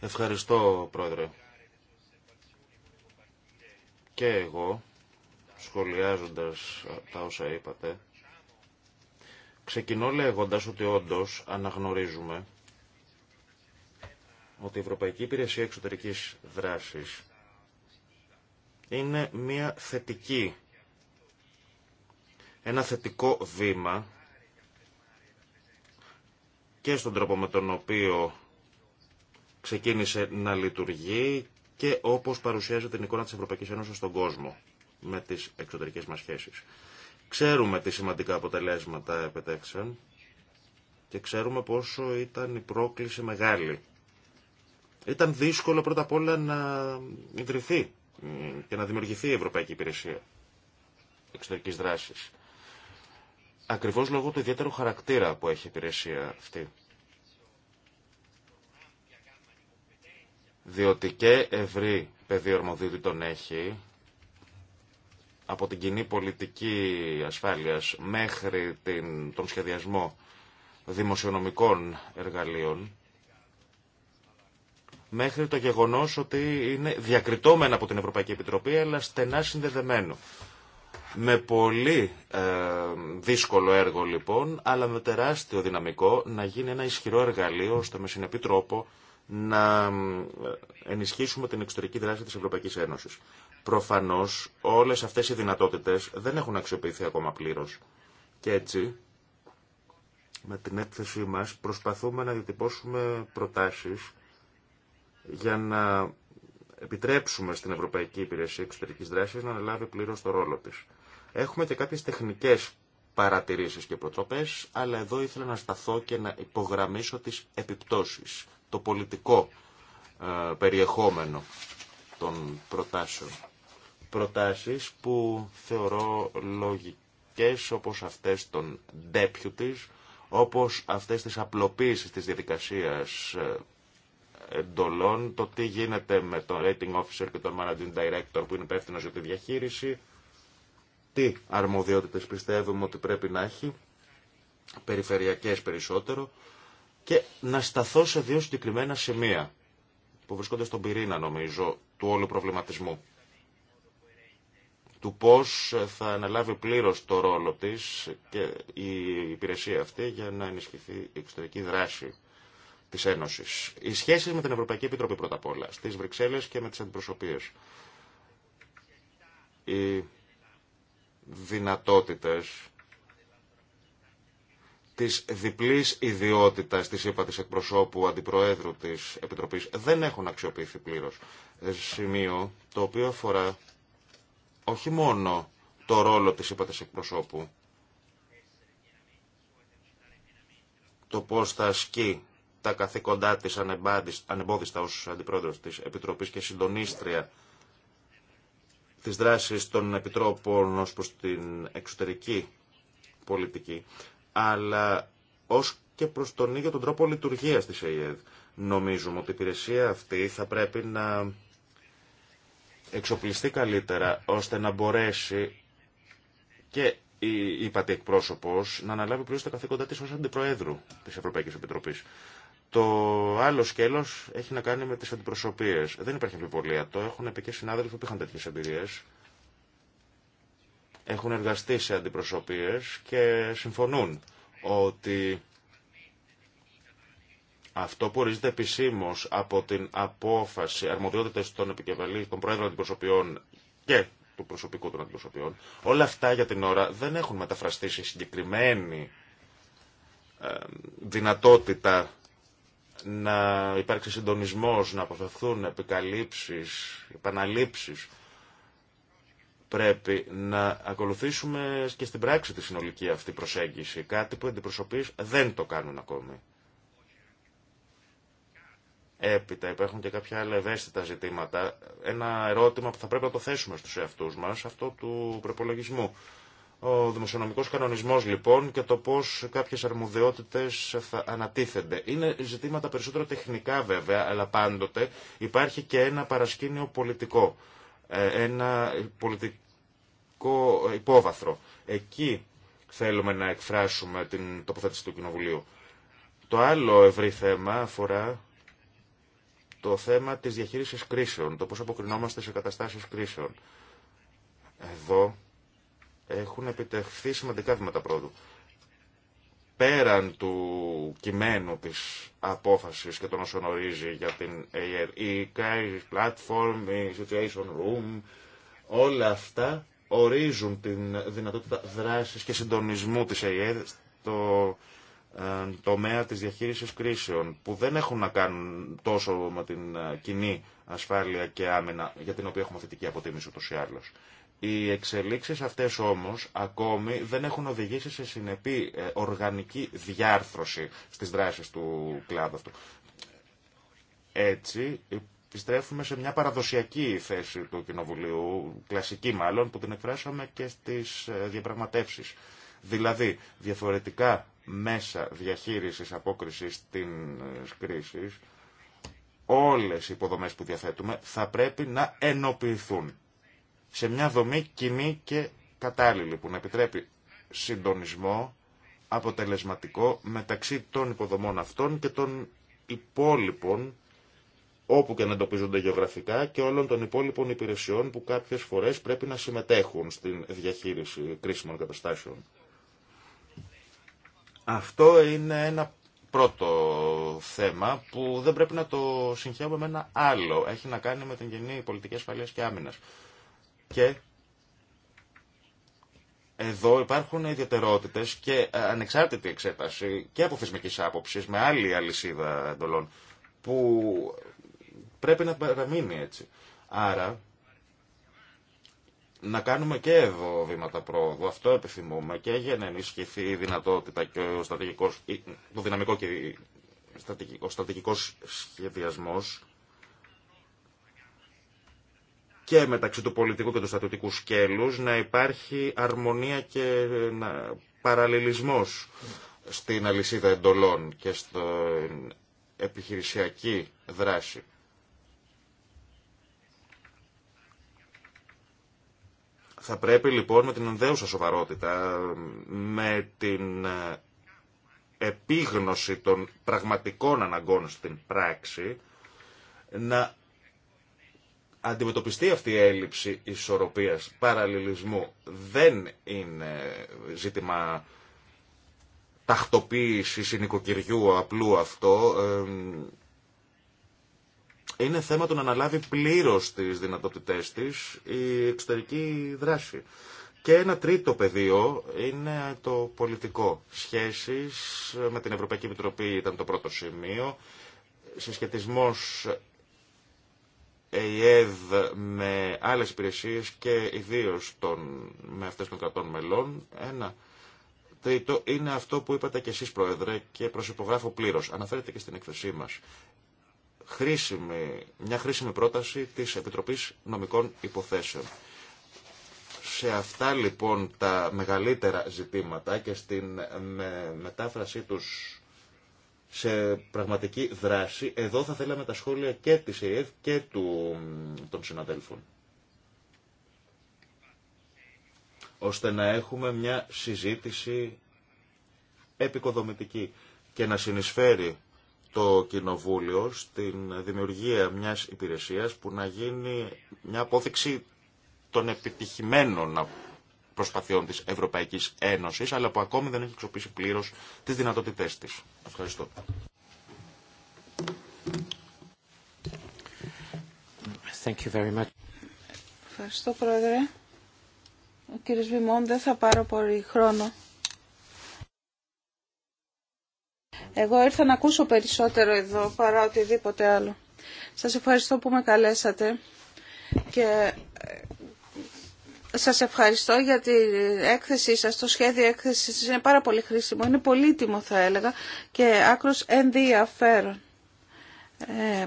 Speaker 2: Ευχαριστώ, Πρόεδρε. Και εγώ, σχολιάζοντας τα όσα είπατε, ξεκινώ λέγοντας ότι όντως αναγνωρίζουμε ότι η Ευρωπαϊκή Υπηρεσία Εξωτερικής Δράσης είναι μια θετική, ένα θετικό βήμα και στον τρόπο με τον οποίο ξεκίνησε να λειτουργεί και όπως παρουσιάζεται την εικόνα της Ευρωπαϊκής Ένωσης στον κόσμο με τις εξωτερικές μας σχέσεις. Ξέρουμε τι σημαντικά αποτελέσματα επετέξαν και ξέρουμε πόσο ήταν η πρόκληση μεγάλη ήταν δύσκολο πρώτα απ' όλα να ιδρυθεί και να δημιουργηθεί η Ευρωπαϊκή Υπηρεσία Εξωτερικής Δράσης. Ακριβώς λόγω του ιδιαίτερου χαρακτήρα που έχει η υπηρεσία αυτή. Διότι και ευρύ πεδίο τον έχει, από την κοινή πολιτική ασφάλειας μέχρι την, τον σχεδιασμό δημοσιονομικών εργαλείων, μέχρι το γεγονός ότι είναι διακριτόμενα από την Ευρωπαϊκή Επιτροπή, αλλά στενά συνδεδεμένο. Με πολύ ε, δύσκολο έργο λοιπόν, αλλά με τεράστιο δυναμικό να γίνει ένα ισχυρό εργαλείο, ώστε με συνεπή τρόπο να ε, ενισχύσουμε την εξωτερική δράση της Ευρωπαϊκής Ένωσης. Προφανώς όλες αυτές οι δυνατότητες δεν έχουν αξιοποιηθεί ακόμα πλήρως. Και έτσι, με την έκθεσή μας, προσπαθούμε να διατυπώσουμε προτάσεις για να επιτρέψουμε στην Ευρωπαϊκή Υπηρεσία Εξωτερικής Δράσης να αναλάβει πλήρως το ρόλο της. Έχουμε και κάποιες τεχνικές παρατηρήσεις και προτροπές, αλλά εδώ ήθελα να σταθώ και να υπογραμμίσω τις επιπτώσεις, το πολιτικό ε, περιεχόμενο των προτάσεων. Προτάσεις που θεωρώ λογικές όπως αυτές των deputies, όπως αυτές της απλοποίησεις της διαδικασίας ε, εντολών, το τι γίνεται με τον rating officer και τον managing director που είναι υπεύθυνο για τη διαχείριση, τι αρμοδιότητες πιστεύουμε ότι πρέπει να έχει, περιφερειακές περισσότερο, και να σταθώ σε δύο συγκεκριμένα σημεία που βρισκόνται στον πυρήνα νομίζω του όλου προβληματισμού του πώς θα αναλάβει πλήρως το ρόλο της και η υπηρεσία αυτή για να ενισχυθεί η εξωτερική δράση της Ένωσης. Οι σχέσεις με την Ευρωπαϊκή Επιτροπή πρώτα απ' όλα, στι Βρυξέλλες και με τις αντιπροσωπείες. Οι δυνατότητε τη διπλής ιδιότητα τη ΕΠΑ εκπροσώπου αντιπροέδρου τη Επιτροπής δεν έχουν αξιοποιηθεί πλήρω. Ε, σημείο το οποίο αφορά όχι μόνο το ρόλο της ΕΠΑ εκπροσώπου, το πώς θα ασκεί τα καθήκοντά τη ανεμπόδιστα ω αντιπρόεδρος της Επιτροπής και συντονίστρια τη δράση των Επιτρόπων ω προς την εξωτερική πολιτική, αλλά ω και προς τον ίδιο τον τρόπο λειτουργία τη ΕΕΔ. Νομίζουμε ότι η υπηρεσία αυτή θα πρέπει να εξοπλιστεί καλύτερα, ώστε να μπορέσει και η υπατή εκπρόσωπος να αναλάβει πλήρως τα καθήκοντά της ως αντιπροέδρου της Ευρωπαϊκής Επιτροπής. Το άλλο σκέλο έχει να κάνει με τι αντιπροσωπείε. Δεν υπάρχει αμφιβολία. Το έχουν πει και συνάδελφοι που είχαν τέτοιε εμπειρίε. Έχουν εργαστεί σε αντιπροσωπείε και συμφωνούν ότι αυτό που ορίζεται επισήμω από την απόφαση αρμοδιότητα των επικεφαλή, των πρόεδρων αντιπροσωπιών και του προσωπικού των αντιπροσωπιών, όλα αυτά για την ώρα δεν έχουν μεταφραστεί σε συγκεκριμένη ε, δυνατότητα να υπάρξει συντονισμός, να αποφευθούν επικαλύψεις, επαναλήψεις. Πρέπει να ακολουθήσουμε και στην πράξη τη συνολική αυτή προσέγγιση, κάτι που αντιπροσωπείς δεν το κάνουν ακόμη. Έπειτα υπάρχουν και κάποια άλλα ευαίσθητα ζητήματα. Ένα ερώτημα που θα πρέπει να το θέσουμε στους εαυτούς μας, αυτό του προπολογισμού. Ο δημοσιονομικός κανονισμός λοιπόν και το πώς κάποιες αρμοδιότητες θα ανατίθενται. Είναι ζητήματα περισσότερο τεχνικά βέβαια, αλλά πάντοτε υπάρχει και ένα παρασκήνιο πολιτικό, ε, ένα πολιτικό υπόβαθρο. Εκεί θέλουμε να εκφράσουμε την τοποθέτηση του Κοινοβουλίου. Το άλλο ευρύ θέμα αφορά το θέμα της διαχείρισης κρίσεων, το πώς αποκρινόμαστε σε καταστάσεις κρίσεων. Εδώ έχουν επιτευχθεί σημαντικά βήματα πρόοδου. Πέραν του κειμένου της απόφασης και των όσων ορίζει για την AR, η e, platform, η situation room, όλα αυτά ορίζουν την δυνατότητα δράσης και συντονισμού της AR e στο ε, τομέα της διαχείρισης κρίσεων που δεν έχουν να κάνουν τόσο με την ε, κοινή ασφάλεια και άμυνα για την οποία έχουμε θετική αποτίμηση ούτως ή άλλως. Οι εξελίξεις αυτές όμως ακόμη δεν έχουν οδηγήσει σε συνεπή ε, οργανική διάρθρωση στις δράσεις του κλάδου αυτού. Έτσι επιστρέφουμε σε μια παραδοσιακή θέση του Κοινοβουλίου, κλασική μάλλον, που την εκφράσαμε και στις ε, διαπραγματεύσεις. Δηλαδή, διαφορετικά μέσα διαχείρισης απόκρισης της ε, κρίση, όλες οι υποδομές που διαθέτουμε θα πρέπει να ενοποιηθούν σε μια δομή κοινή και κατάλληλη που να επιτρέπει συντονισμό αποτελεσματικό μεταξύ των υποδομών αυτών και των υπόλοιπων όπου και να εντοπίζονται γεωγραφικά και όλων των υπόλοιπων υπηρεσιών που κάποιες φορές πρέπει να συμμετέχουν στην διαχείριση κρίσιμων καταστάσεων. Αυτό είναι ένα πρώτο θέμα που δεν πρέπει να το συγχαίουμε με ένα άλλο. Έχει να κάνει με την κοινή πολιτική ασφαλείας και άμυνας και εδώ υπάρχουν ιδιαιτερότητε και ε, ανεξάρτητη εξέταση και από θεσμική άποψη με άλλη αλυσίδα εντολών που πρέπει να παραμείνει έτσι. Άρα να κάνουμε και εδώ βήματα πρόοδου. Αυτό επιθυμούμε και για να ενισχυθεί η δυνατότητα και ο στρατηγικός, το δυναμικό και ο στρατηγικός σχεδιασμός και μεταξύ του πολιτικού και του στατιωτικού σκέλους να υπάρχει αρμονία και να... παραλληλισμός στην αλυσίδα εντολών και στην επιχειρησιακή δράση. Θα πρέπει λοιπόν με την ενδέουσα σοβαρότητα, με την ε, επίγνωση των πραγματικών αναγκών στην πράξη, να αντιμετωπιστεί αυτή η έλλειψη ισορροπίας, παραλληλισμού. Δεν είναι ζήτημα τακτοποίησης νοικοκυριού απλού αυτό. Είναι θέμα του να αναλάβει πλήρως τις δυνατότητές της η εξωτερική δράση. Και ένα τρίτο πεδίο είναι το πολιτικό. Σχέσεις με την Ευρωπαϊκή Επιτροπή ήταν το πρώτο σημείο. Συσχετισμός ΕΙΕΔ με άλλες υπηρεσίες και ιδίως των, με αυτές των κρατών μελών. Ένα τρίτο είναι αυτό που είπατε και εσείς Πρόεδρε και προσυπογράφω πλήρως. Αναφέρεται και στην εκθεσή μας. Χρήσιμη, μια χρήσιμη πρόταση της Επιτροπής Νομικών Υποθέσεων. Σε αυτά λοιπόν τα μεγαλύτερα ζητήματα και στην μετάφρασή τους σε πραγματική δράση. Εδώ θα θέλαμε τα σχόλια και της ΕΕΔ και του, των συναδέλφων. Ώστε να έχουμε μια συζήτηση επικοδομητική και να συνεισφέρει το Κοινοβούλιο στην δημιουργία μιας υπηρεσίας που να γίνει μια απόδειξη των επιτυχημένων προσπαθειών της Ευρωπαϊκής Ένωσης, αλλά που ακόμη δεν έχει εξοπλίσει πλήρως τις δυνατότητές της. Ευχαριστώ.
Speaker 3: Thank you very much.
Speaker 7: Ευχαριστώ, Πρόεδρε. Ο κύριος Βημών, δεν θα πάρω πολύ χρόνο. Εγώ ήρθα να ακούσω περισσότερο εδώ παρά οτιδήποτε άλλο. Σας ευχαριστώ που με καλέσατε και σας ευχαριστώ για την έκθεσή σας, το σχέδιο έκθεσης είναι πάρα πολύ χρήσιμο, είναι πολύτιμο θα έλεγα και άκρος ενδιαφέρον. Ε,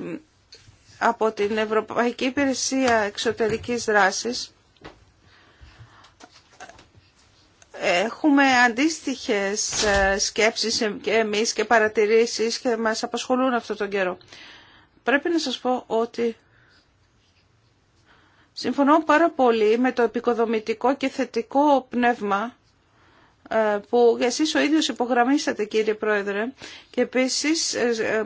Speaker 7: από την Ευρωπαϊκή Υπηρεσία Εξωτερικής Δράσης έχουμε αντίστοιχες ε, σκέψεις και εμείς και παρατηρήσεις και μας απασχολούν αυτό τον καιρό. Πρέπει να σας πω ότι Συμφωνώ πάρα πολύ με το επικοδομητικό και θετικό πνεύμα ε, που εσείς ο ίδιος υπογραμμίσατε κύριε Πρόεδρε και επίσης ε, ε,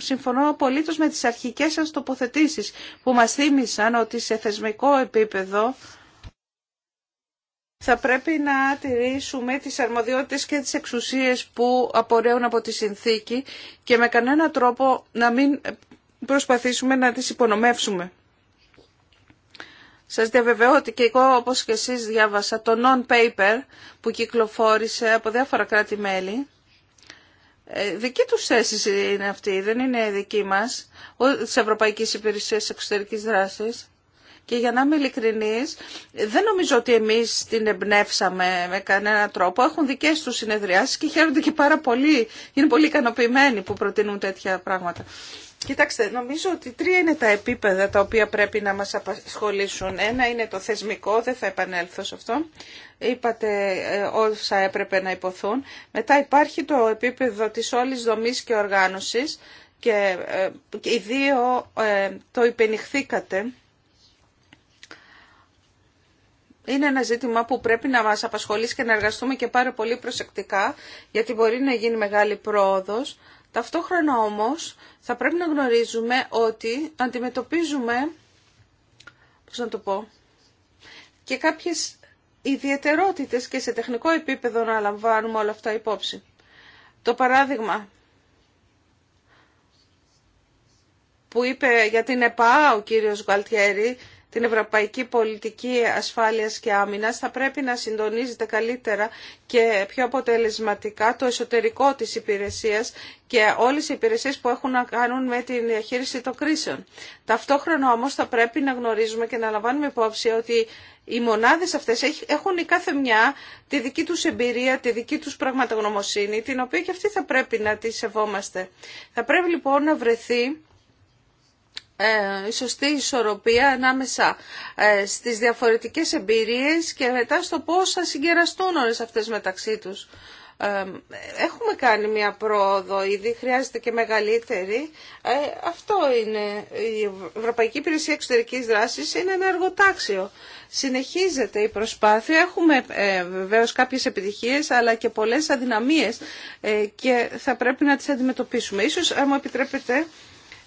Speaker 7: συμφωνώ απολύτως με τις αρχικές σας τοποθετήσεις που μας θύμισαν ότι σε θεσμικό επίπεδο θα πρέπει να τηρήσουμε τις αρμοδιότητες και τις εξουσίες που απορρέουν από τη συνθήκη και με κανένα τρόπο να μην προσπαθήσουμε να τις υπονομεύσουμε. Σας διαβεβαιώ ότι και εγώ όπως και εσείς διάβασα το non-paper που κυκλοφόρησε από διάφορα κράτη-μέλη. Ε, δική τους θέση είναι αυτή, δεν είναι δική μας, ούτε της Ευρωπαϊκής Υπηρεσίας Εξωτερικής Δράσης. Και για να είμαι ειλικρινή, δεν νομίζω ότι εμεί την εμπνεύσαμε με κανένα τρόπο. Έχουν δικέ του συνεδριάσεις και χαίρονται και πάρα πολύ. Είναι πολύ ικανοποιημένοι που προτείνουν τέτοια πράγματα. Κοιτάξτε, νομίζω ότι τρία είναι τα επίπεδα τα οποία πρέπει να μας απασχολήσουν. Ένα είναι το θεσμικό, δεν θα επανέλθω σε αυτό. Είπατε ε, όσα έπρεπε να υποθούν. Μετά υπάρχει το επίπεδο της όλης δομής και οργάνωσης και ε, οι δύο ε, το υπενηχθήκατε είναι ένα ζήτημα που πρέπει να μας απασχολήσει και να εργαστούμε και πάρα πολύ προσεκτικά, γιατί μπορεί να γίνει μεγάλη πρόοδος. Ταυτόχρονα όμως θα πρέπει να γνωρίζουμε ότι αντιμετωπίζουμε, πώς να το πω, και κάποιες ιδιαιτερότητες και σε τεχνικό επίπεδο να λαμβάνουμε όλα αυτά υπόψη. Το παράδειγμα που είπε για την ΕΠΑ ο κύριος Γκαλτιέρη την ευρωπαϊκή πολιτική ασφάλειας και άμυνας θα πρέπει να συντονίζεται καλύτερα και πιο αποτελεσματικά το εσωτερικό της υπηρεσίας και όλες οι υπηρεσίες που έχουν να κάνουν με την διαχείριση των κρίσεων. Ταυτόχρονα όμως θα πρέπει να γνωρίζουμε και να λαμβάνουμε υπόψη ότι οι μονάδες αυτές έχουν η κάθε μια τη δική τους εμπειρία, τη δική τους πραγματογνωμοσύνη, την οποία και αυτή θα πρέπει να τη σεβόμαστε. Θα πρέπει λοιπόν να βρεθεί ε, η σωστή ισορροπία ανάμεσα ε, στις διαφορετικές εμπειρίες και μετά στο πώς θα συγκεραστούν όλες αυτές μεταξύ τους. Ε, έχουμε κάνει μια πρόοδο ήδη, χρειάζεται και μεγαλύτερη. Αυτό είναι η Ευρωπαϊκή Υπηρεσία Εξωτερικής Δράσης, είναι ένα εργοτάξιο. Συνεχίζεται η προσπάθεια, έχουμε βεβαίως κάποιες επιτυχίες αλλά και πολλές αδυναμίες και θα πρέπει να τις αντιμετωπίσουμε. Ίσως, αν μου επιτρέπετε,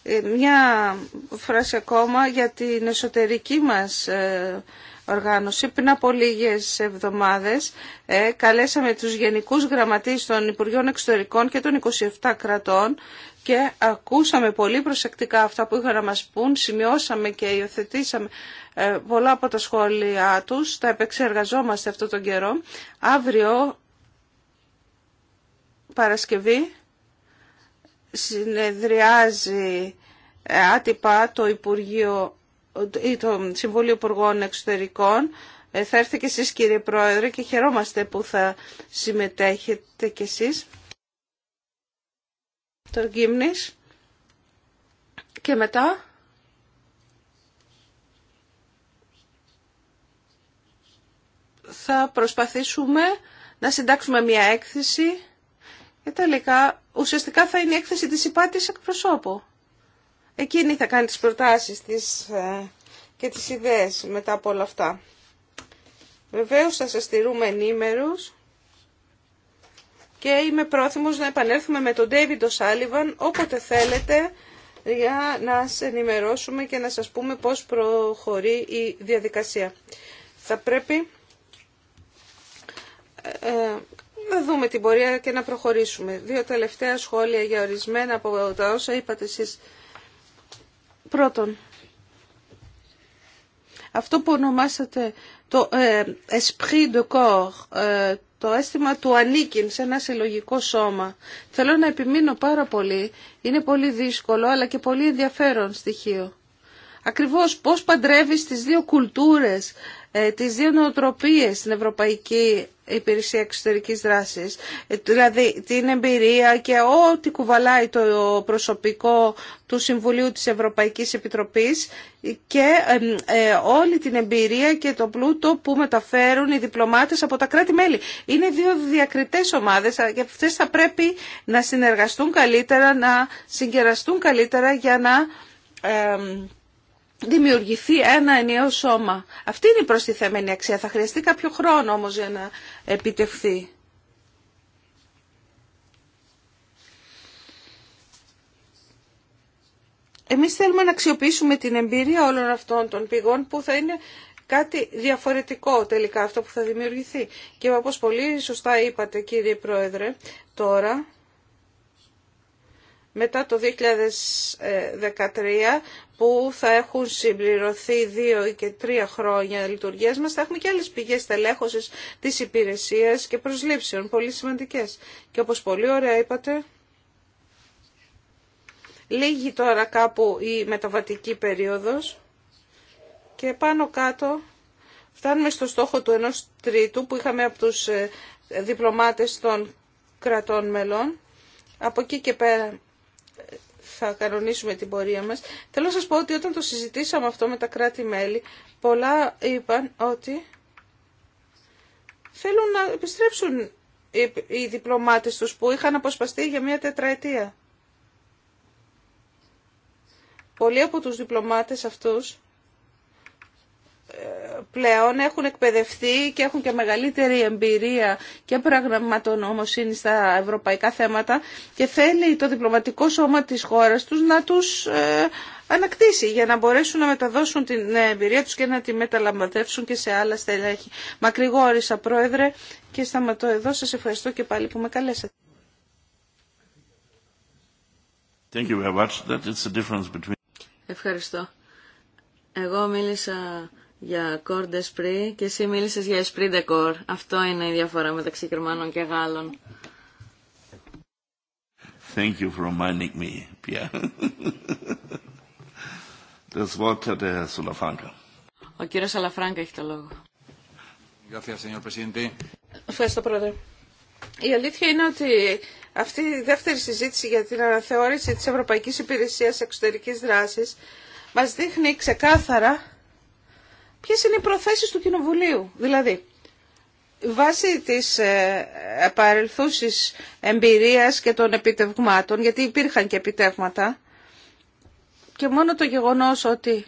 Speaker 7: ε, μια φράση ακόμα για την εσωτερική μας ε, οργάνωση. Πριν από λίγες εβδομάδες ε, καλέσαμε τους Γενικούς Γραμματείς των Υπουργείων Εξωτερικών και των 27 κρατών και ακούσαμε πολύ προσεκτικά αυτά που είχαν να μας πούν, σημειώσαμε και υιοθετήσαμε πολλά από τα σχόλια τους, τα επεξεργαζόμαστε αυτό τον καιρό. Αύριο Παρασκευή συνεδριάζει άτυπα το Υπουργείο ή το Συμβούλιο Υπουργών Εξωτερικών. Ε, θα έρθει και εσείς κύριε Πρόεδρε και χαιρόμαστε που θα συμμετέχετε κι εσείς. Το Και μετά... Θα προσπαθήσουμε να συντάξουμε μια έκθεση και τελικά ουσιαστικά θα είναι η έκθεση της υπάτης εκπροσώπου. Εκείνη θα κάνει τις προτάσεις της, ε, και τις ιδέες μετά από όλα αυτά. Βεβαίως θα σας στηρούμε ενήμερους και είμαι πρόθυμος να επανέλθουμε με τον David Σάλιβαν όποτε θέλετε για να σας ενημερώσουμε και να σας πούμε πώς προχωρεί η διαδικασία. Θα πρέπει ε, ε, να δούμε την πορεία και να προχωρήσουμε. Δύο τελευταία σχόλια για ορισμένα από τα όσα είπατε εσείς. Πρώτον, αυτό που ονομάσατε το ε, esprit de corps, ε, το αίσθημα του ανήκειν σε ένα συλλογικό σώμα. Θέλω να επιμείνω πάρα πολύ. Είναι πολύ δύσκολο αλλά και πολύ ενδιαφέρον στοιχείο. Ακριβώς πώς παντρεύεις τις δύο κουλτούρες, ε, τις δύο νοοτροπίες στην Ευρωπαϊκή Υπηρεσία Εξωτερικής Δράσης, ε, δηλαδή την εμπειρία και ό,τι κουβαλάει το προσωπικό του Συμβουλίου της Ευρωπαϊκής Επιτροπής και ε, όλη την εμπειρία και το πλούτο που μεταφέρουν οι διπλωμάτες από τα κράτη-μέλη. Είναι δύο διακριτές ομάδες και αυτές θα πρέπει να συνεργαστούν καλύτερα, να συγκεραστούν καλύτερα για να δημιουργηθεί ένα ενιαίο σώμα. Αυτή είναι η προστιθέμενη αξία. Θα χρειαστεί κάποιο χρόνο όμως για να επιτευχθεί. Εμείς θέλουμε να αξιοποιήσουμε την εμπειρία όλων αυτών των πηγών που θα είναι κάτι διαφορετικό τελικά αυτό που θα δημιουργηθεί. Και όπως πολύ σωστά είπατε κύριε Πρόεδρε, τώρα μετά το 2013 που θα έχουν συμπληρωθεί δύο και τρία χρόνια λειτουργίας μας, θα έχουμε και άλλες πηγές τελέχωσης της υπηρεσίας και προσλήψεων, πολύ σημαντικές. Και όπως πολύ ωραία είπατε, λίγη τώρα κάπου η μεταβατική περίοδος και πάνω κάτω φτάνουμε στο στόχο του ενός τρίτου που είχαμε από τους ε, διπλωμάτες των κρατών μελών. Από εκεί και πέρα θα κανονίσουμε την πορεία μας. Θέλω να σας πω ότι όταν το συζητήσαμε αυτό με τα κράτη-μέλη, πολλά είπαν ότι θέλουν να επιστρέψουν οι διπλωμάτες τους που είχαν αποσπαστεί για μια τετραετία. Πολλοί από τους διπλωμάτες αυτούς πλέον έχουν εκπαιδευτεί και έχουν και μεγαλύτερη εμπειρία και πραγματονόμοσύνη στα ευρωπαϊκά θέματα και θέλει το διπλωματικό σώμα της χώρας τους να τους ε, ανακτήσει για να μπορέσουν να μεταδώσουν την εμπειρία τους και να τη μεταλαμβατεύσουν και σε άλλα στελέχη. Μακρηγόρησα πρόεδρε και σταματώ εδώ. Σας ευχαριστώ και πάλι που με καλέσατε.
Speaker 3: Ευχαριστώ. Εγώ μίλησα για Corps d'Esprit και εσύ μίλησες για Esprit de Corps. Αυτό είναι η διαφορά μεταξύ Γερμανών και Γάλλων.
Speaker 4: Thank you for reminding me, Das Wort hat der
Speaker 3: Ο κύριος Αλαφράγκα έχει το λόγο.
Speaker 7: Ευχαριστώ, Πρόεδρε. Η αλήθεια είναι ότι αυτή η δεύτερη συζήτηση για την αναθεώρηση της Ευρωπαϊκής Υπηρεσίας Εξωτερικής Δράσης μας δείχνει ξεκάθαρα Ποιε είναι οι προθέσεις του Κοινοβουλίου. Δηλαδή, βάσει της ε, εμπειρίας και των επιτευγμάτων, γιατί υπήρχαν και επιτεύγματα, και μόνο το γεγονός ότι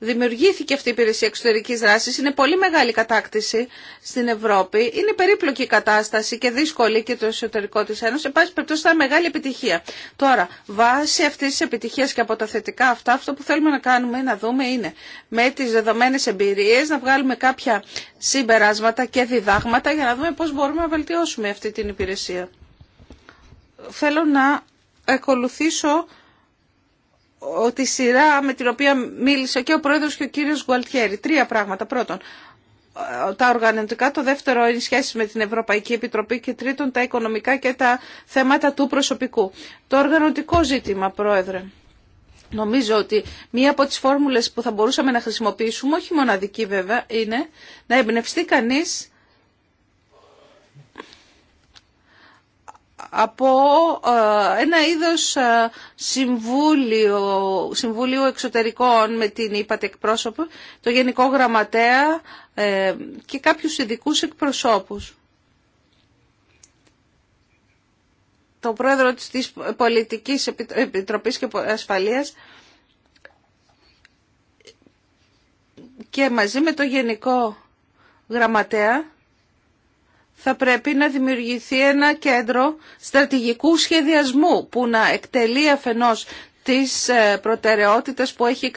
Speaker 7: δημιουργήθηκε αυτή η υπηρεσία εξωτερική δράση. Είναι πολύ μεγάλη κατάκτηση στην Ευρώπη. Είναι περίπλοκη η κατάσταση και δύσκολη και το εσωτερικό τη Ένωση. Εν πάση περιπτώσει, ήταν μεγάλη επιτυχία. Τώρα, βάσει αυτή τη επιτυχία και από τα θετικά αυτά, αυτό που θέλουμε να κάνουμε να δούμε είναι με τι δεδομένε εμπειρίε να βγάλουμε κάποια συμπεράσματα και διδάγματα για να δούμε πώ μπορούμε να βελτιώσουμε αυτή την υπηρεσία. Θέλω να ακολουθήσω ότι η σειρά με την οποία μίλησε και ο πρόεδρος και ο κύριος Γκουαλτιέρη. Τρία πράγματα. Πρώτον, τα οργανωτικά, το δεύτερο είναι σχέση με την Ευρωπαϊκή Επιτροπή και τρίτον τα οικονομικά και τα θέματα του προσωπικού. Το οργανωτικό ζήτημα, Πρόεδρε. Νομίζω ότι μία από τις φόρμουλες που θα μπορούσαμε να χρησιμοποιήσουμε, όχι μοναδική βέβαια, είναι να εμπνευστεί κανείς από ε, ένα είδος ε, συμβούλιο, συμβούλιο εξωτερικών με την είπατε εκπρόσωπο, το Γενικό Γραμματέα ε, και κάποιους ειδικού εκπροσώπους. Το πρόεδρο της Πολιτικής Επιτροπής και Ασφαλείας και μαζί με το Γενικό Γραμματέα θα πρέπει να δημιουργηθεί ένα κέντρο στρατηγικού σχεδιασμού που να εκτελεί αφενός τις ε, προτεραιότητες που έχει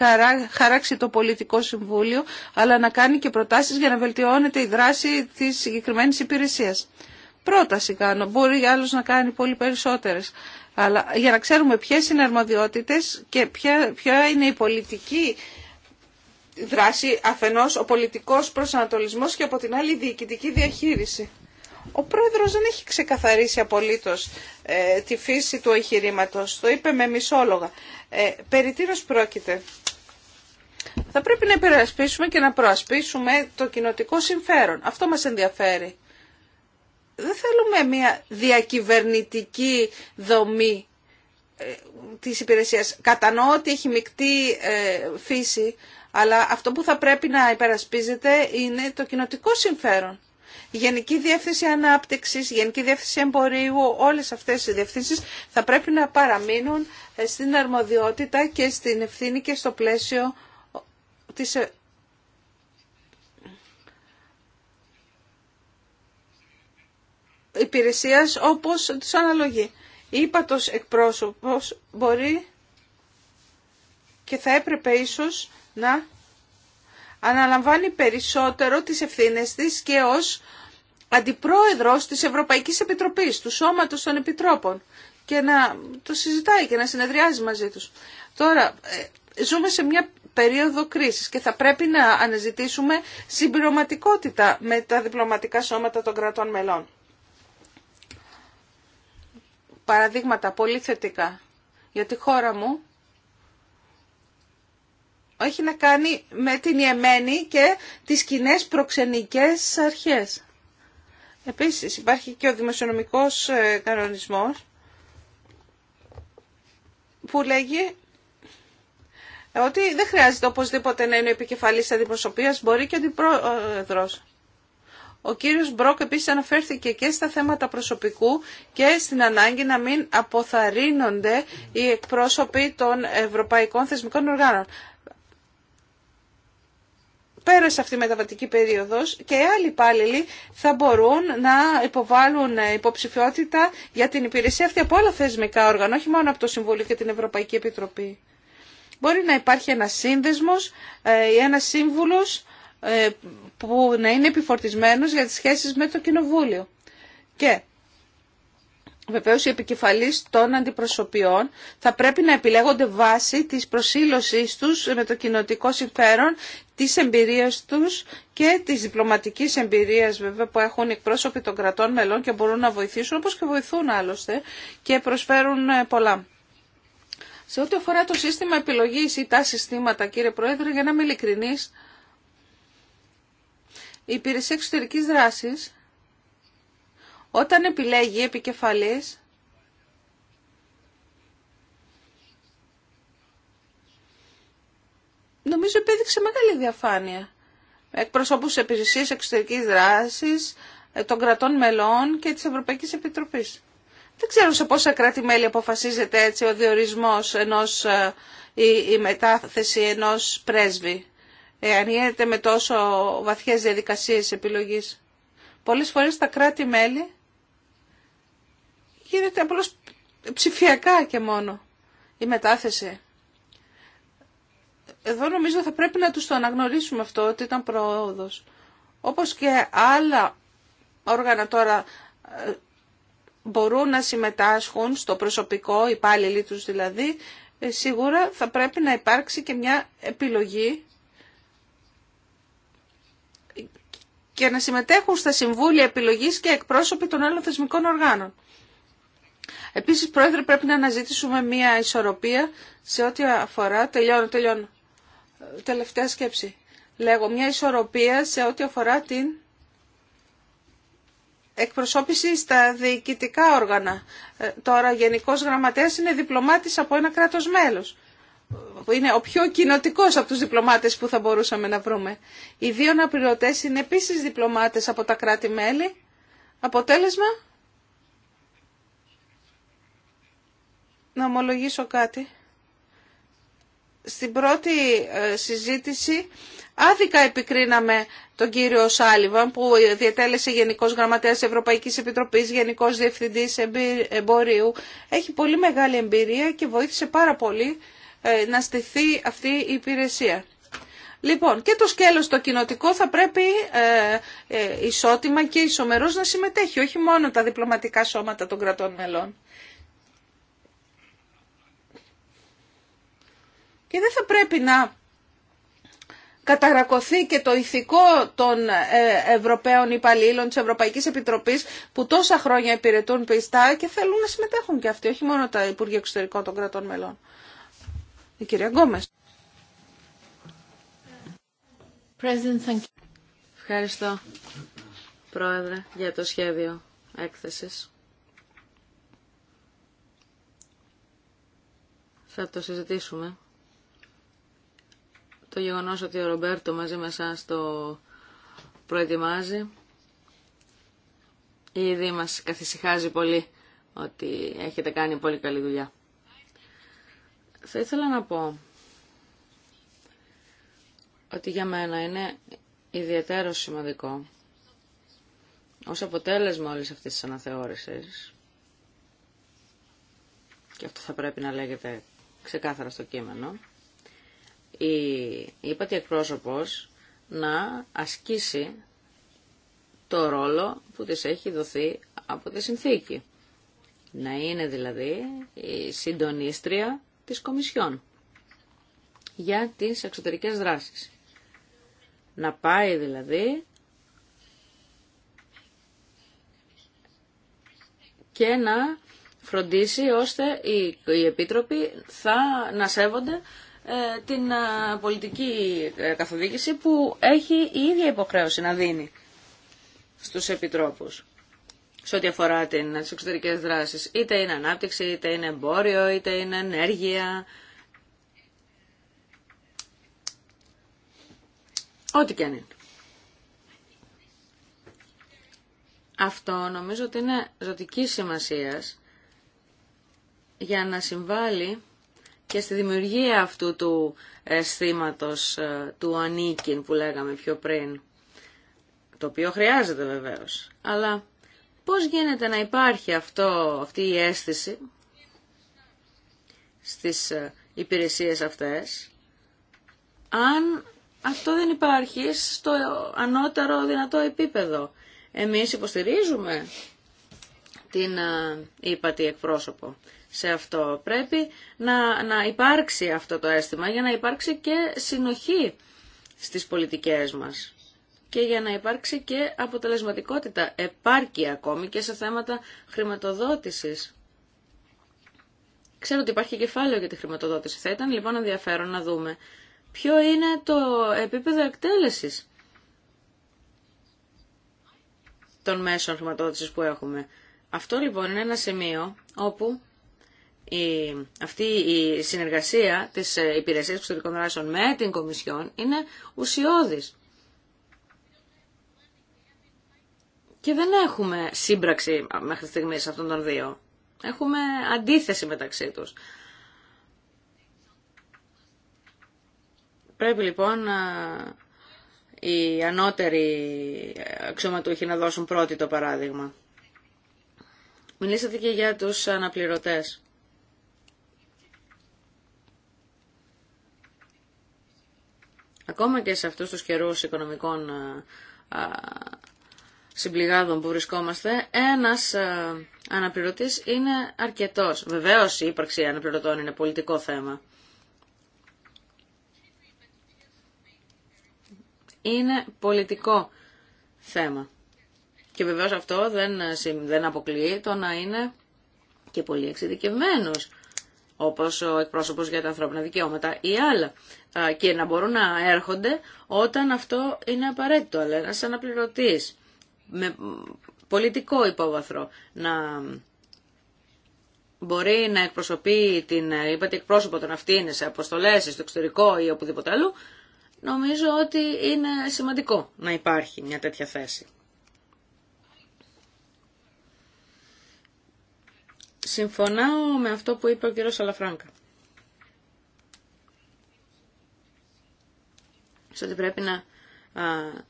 Speaker 7: χαράξει το Πολιτικό Συμβούλιο, αλλά να κάνει και προτάσεις για να βελτιώνεται η δράση της συγκεκριμένης υπηρεσίας. Πρόταση κάνω, μπορεί άλλος να κάνει πολύ περισσότερες. Αλλά για να ξέρουμε ποιες είναι αρμοδιότητες και ποια, ποια είναι η πολιτική δράση, αφενός ο πολιτικός προσανατολισμός και από την άλλη η διοικητική διαχείριση. Ο πρόεδρος δεν έχει ξεκαθαρίσει απολύτως ε, τη φύση του εγχειρήματο. Το είπε με μισόλογα. Ε, περί πρόκειται. Θα πρέπει να υπερασπίσουμε και να προασπίσουμε το κοινοτικό συμφέρον. Αυτό μας ενδιαφέρει. Δεν θέλουμε μια διακυβερνητική δομή ε, της υπηρεσίας. Κατανοώ ότι έχει μεικτή ε, φύση, αλλά αυτό που θα πρέπει να υπερασπίζεται είναι το κοινοτικό συμφέρον. Η Γενική Διεύθυνση Ανάπτυξης, η Γενική Διεύθυνση Εμπορίου, όλες αυτές οι διευθύνσεις θα πρέπει να παραμείνουν ε, στην αρμοδιότητα και στην ευθύνη και στο πλαίσιο της ε, υπηρεσίας όπως τους αναλογεί. Η εκπρόσωπος μπορεί και θα έπρεπε ίσως να αναλαμβάνει περισσότερο τις ευθύνες της και ως αντιπρόεδρος της Ευρωπαϊκής Επιτροπής, του Σώματος των Επιτρόπων και να το συζητάει και να συνεδριάζει μαζί τους. Τώρα, ε, ζούμε σε μια περίοδο κρίσης και θα πρέπει να αναζητήσουμε συμπληρωματικότητα με τα διπλωματικά σώματα των κρατών μελών. Παραδείγματα πολύ θετικά για τη χώρα μου έχει να κάνει με την Ιεμένη και τις κοινέ προξενικές αρχές. Επίσης υπάρχει και ο δημοσιονομικός ε, κανονισμός που λέγει ότι δεν χρειάζεται οπωσδήποτε να είναι ο επικεφαλής αντιπροσωπείας, μπορεί και ο αντιπρόεδρος. Ο κύριος Μπρόκ επίσης αναφέρθηκε και στα θέματα προσωπικού και στην ανάγκη να μην αποθαρρύνονται οι εκπρόσωποι των ευρωπαϊκών θεσμικών οργάνων πέρασε αυτή η μεταβατική περίοδος και άλλοι υπάλληλοι θα μπορούν να υποβάλουν υποψηφιότητα για την υπηρεσία αυτή από όλα θεσμικά όργανα, όχι μόνο από το Συμβούλιο και την Ευρωπαϊκή Επιτροπή. Μπορεί να υπάρχει ένα σύνδεσμος ε, ή ένα σύμβουλος ε, που να είναι επιφορτισμένος για τις σχέσεις με το Κοινοβούλιο. Και Βεβαίω οι επικεφαλεί των αντιπροσωπιών θα πρέπει να επιλέγονται βάσει της προσήλωσής τους με το κοινοτικό συμφέρον, τη εμπειρία τους και τη διπλωματική εμπειρία βέβαια που έχουν οι εκπρόσωποι των κρατών μελών και μπορούν να βοηθήσουν όπως και βοηθούν άλλωστε και προσφέρουν ε, πολλά. Σε ό,τι αφορά το σύστημα επιλογή ή τα συστήματα κύριε Πρόεδρε για να είμαι ειλικρινή, η υπηρεσία εξωτερική δράση. Όταν επιλέγει επικεφαλής, νομίζω επέδειξε μεγάλη διαφάνεια. Εκπροσώπους επιζησίας εξωτερικής δράσης, ε, των κρατών μελών και της Ευρωπαϊκής Επιτροπής. Δεν ξέρω σε πόσα κράτη-μέλη αποφασίζεται έτσι ο διορισμός ενός, η, ε, η μετάθεση ενός πρέσβη. Εάν γίνεται με τόσο βαθιές διαδικασίες επιλογής. Πολλές φορές τα κράτη-μέλη γίνεται απλώς ψηφιακά και μόνο η μετάθεση. Εδώ νομίζω θα πρέπει να τους το αναγνωρίσουμε αυτό ότι ήταν προόδος. Όπως και άλλα όργανα τώρα ε, μπορούν να συμμετάσχουν στο προσωπικό, οι υπάλληλοι τους δηλαδή, ε, σίγουρα θα πρέπει να υπάρξει και μια επιλογή και να συμμετέχουν στα συμβούλια επιλογής και εκπρόσωποι των άλλων θεσμικών οργάνων. Επίσης, Πρόεδρε, πρέπει να αναζητήσουμε μία ισορροπία σε ό,τι αφορά... Τελειώνω, τελειώνω. Τελευταία σκέψη. Λέγω, μία ισορροπία σε ό,τι αφορά την εκπροσώπηση στα διοικητικά όργανα. Ε, τώρα, Γενικός Γραμματέας είναι διπλωμάτης από ένα κράτος μέλος. Είναι ο πιο κοινοτικό από του διπλωμάτες που θα μπορούσαμε να βρούμε. Οι δύο αναπληρωτέ είναι επίση διπλωμάτε από τα κράτη-μέλη. Αποτέλεσμα, να ομολογήσω κάτι. Στην πρώτη ε, συζήτηση άδικα επικρίναμε τον κύριο Σάλιβαν που διατέλεσε Γενικός Γραμματέας Ευρωπαϊκής Επιτροπής, Γενικός Διευθυντής Εμπορίου. Έχει πολύ μεγάλη εμπειρία και βοήθησε πάρα πολύ ε, να στηθεί αυτή η υπηρεσία. Λοιπόν, και το σκέλος το κοινοτικό θα πρέπει ε, ε ισότιμα και ισομερός να συμμετέχει, όχι μόνο τα διπλωματικά σώματα των κρατών μελών. Και δεν θα πρέπει να καταρακωθεί και το ηθικό των ε, Ευρωπαίων υπαλλήλων της Ευρωπαϊκής Επιτροπής που τόσα χρόνια υπηρετούν πιστά και θέλουν να συμμετέχουν και αυτοί, όχι μόνο τα Υπουργεία Εξωτερικών των κρατών μελών. Η κυρία Γκόμες. Ευχαριστώ,
Speaker 3: Πρόεδρε, για το σχέδιο έκθεσης. Θα το συζητήσουμε το γεγονός ότι ο Ρομπέρτο μαζί με εσάς το προετοιμάζει. Ήδη μας καθησυχάζει πολύ ότι έχετε κάνει πολύ καλή δουλειά. Θα ήθελα να πω ότι για μένα είναι ιδιαίτερο σημαντικό ως αποτέλεσμα όλης αυτής της αναθεώρησης και αυτό θα πρέπει να λέγεται ξεκάθαρα στο κείμενο η ύπατη εκπρόσωπος να ασκήσει το ρόλο που της έχει δοθεί από τη συνθήκη. Να είναι δηλαδή η συντονίστρια της Κομισιόν για τις εξωτερικές δράσεις. Να πάει δηλαδή και να φροντίσει ώστε οι, οι επίτροποι θα να σέβονται ε, την ε, πολιτική ε, καθοδήγηση που έχει η ίδια υποχρέωση να δίνει στους επιτρόπους σε ό,τι αφορά την, τις εξωτερικές δράσεις. Είτε είναι ανάπτυξη, είτε είναι εμπόριο, είτε είναι ενέργεια. Ό,τι και αν είναι. Αυτό νομίζω ότι είναι ζωτική σημασίας για να συμβάλλει και στη δημιουργία αυτού του αισθήματος ε, του ανήκειν που λέγαμε πιο πριν, το οποίο χρειάζεται βεβαίως. Αλλά πώς γίνεται να υπάρχει αυτό, αυτή η αίσθηση στις ε, υπηρεσίες αυτές, αν αυτό δεν υπάρχει στο ανώτερο δυνατό επίπεδο. Εμείς υποστηρίζουμε την ε, ύπατη εκπρόσωπο σε αυτό. Πρέπει να, να υπάρξει αυτό το αίσθημα για να υπάρξει και συνοχή στις πολιτικές μας και για να υπάρξει και αποτελεσματικότητα, επάρκεια ακόμη και σε θέματα χρηματοδότησης. Ξέρω ότι υπάρχει κεφάλαιο για τη χρηματοδότηση. Θα ήταν λοιπόν ενδιαφέρον να δούμε ποιο είναι το επίπεδο εκτέλεσης των μέσων χρηματοδότησης που έχουμε. Αυτό λοιπόν είναι ένα σημείο όπου αυτή η συνεργασία της ε, Υπηρεσίας Εξωτερικών Δράσεων με την Κομισιόν είναι ουσιώδης. Και δεν έχουμε σύμπραξη μέχρι στιγμή σε αυτών των δύο. Έχουμε αντίθεση μεταξύ τους. Πρέπει λοιπόν ε, οι ανώτεροι αξιωματούχοι να δώσουν πρώτοι το παράδειγμα. Μιλήσατε και για τους αναπληρωτές. Ακόμα και σε αυτούς τους καιρούς οικονομικών ε, ε, συμπληγάδων που βρισκόμαστε, ένας ε, αναπληρωτής είναι αρκετός. Βεβαίως η ύπαρξη αναπληρωτών είναι πολιτικό θέμα. Είναι πολιτικό θέμα. Και βεβαίως αυτό δεν, δεν αποκλείει το να είναι και πολύ εξειδικευμένος όπως ο εκπρόσωπος για τα ανθρώπινα δικαιώματα ή άλλα και να μπορούν να έρχονται όταν αυτό είναι απαραίτητο. Αλλά ένας αναπληρωτής με πολιτικό υπόβαθρο να μπορεί να εκπροσωπεί την είπατε εκπρόσωπο των αυτήν σε αποστολές στο εξωτερικό ή οπουδήποτε αλλού νομίζω ότι είναι σημαντικό να υπάρχει μια τέτοια θέση. Συμφωνάω με αυτό που είπε ο κύριος Σαλαφράγκα. Σε ότι πρέπει να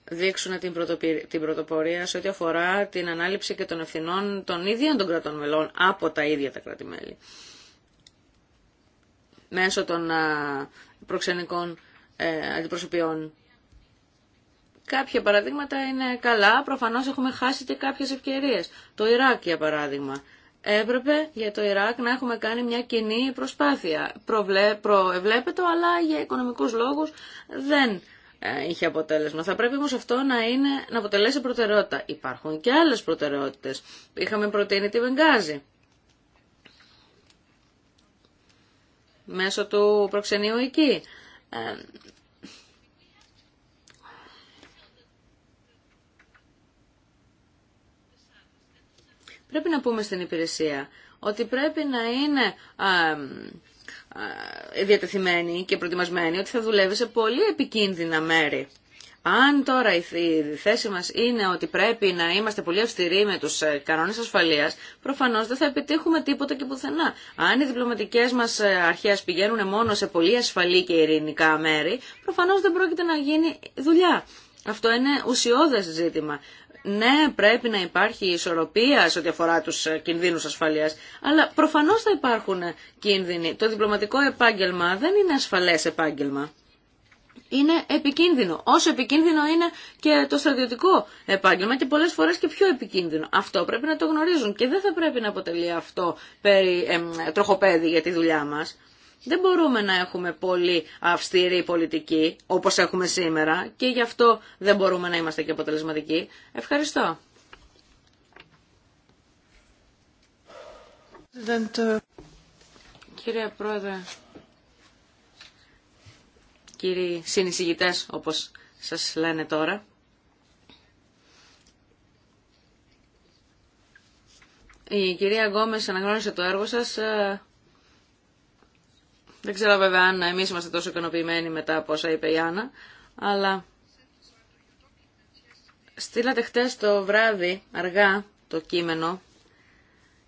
Speaker 3: δείξουν την πρωτοπορία σε ό,τι αφορά την ανάληψη και των ευθυνών των ίδιων των κρατών μελών από τα ίδια τα κράτη-μέλη. Μέσω των προξενικών ε, αντιπροσωπιών. Κάποια παραδείγματα είναι καλά, προφανώς έχουμε χάσει και κάποιες ευκαιρίες. Το Ιράκ, για παράδειγμα, έπρεπε για το Ιράκ να έχουμε κάνει μια κοινή προσπάθεια. προεβλέπετο, αλλά για οικονομικούς λόγους δεν ε, είχε αποτέλεσμα. Θα πρέπει όμως αυτό να, είναι, να αποτελέσει προτεραιότητα. Υπάρχουν και άλλες προτεραιότητες. Είχαμε προτείνει τη Βενγάζη. Μέσω του προξενείου εκεί. Ε, πρέπει να πούμε στην υπηρεσία ότι πρέπει να είναι διατεθειμένη και προετοιμασμένη ότι θα δουλεύει σε πολύ επικίνδυνα μέρη. Αν τώρα η θέση μας είναι ότι πρέπει να είμαστε πολύ αυστηροί με τους ε, κανόνες ασφαλείας, προφανώς δεν θα επιτύχουμε τίποτα και πουθενά. Αν οι διπλωματικές μας ε, αρχές πηγαίνουν μόνο σε πολύ ασφαλή και ειρηνικά μέρη, προφανώς δεν πρόκειται να γίνει δουλειά. Αυτό είναι ουσιώδες ζήτημα ναι, πρέπει να υπάρχει ισορροπία σε ό,τι αφορά τους ε, κινδύνους ασφαλείας, αλλά προφανώς θα υπάρχουν ε, κίνδυνοι. Το διπλωματικό επάγγελμα δεν είναι ασφαλές επάγγελμα. Είναι επικίνδυνο. Όσο επικίνδυνο είναι και το στρατιωτικό επάγγελμα και πολλές φορές και πιο επικίνδυνο. Αυτό πρέπει να το γνωρίζουν και δεν θα πρέπει να αποτελεί αυτό περί, τροχοπέδι για τη δουλειά μας. Δεν μπορούμε να έχουμε πολύ αυστηρή πολιτική όπως έχουμε σήμερα και γι' αυτό δεν μπορούμε να είμαστε και αποτελεσματικοί. Ευχαριστώ. Κύριε Πρόεδρε, κύριοι συνεισηγητές όπως σας λένε τώρα, η κυρία Γκόμες αναγνώρισε το έργο σας ε, δεν ξέρω βέβαια αν εμείς είμαστε τόσο ικανοποιημένοι μετά από όσα είπε η Άννα, αλλά στείλατε χτες το βράδυ αργά το κείμενο.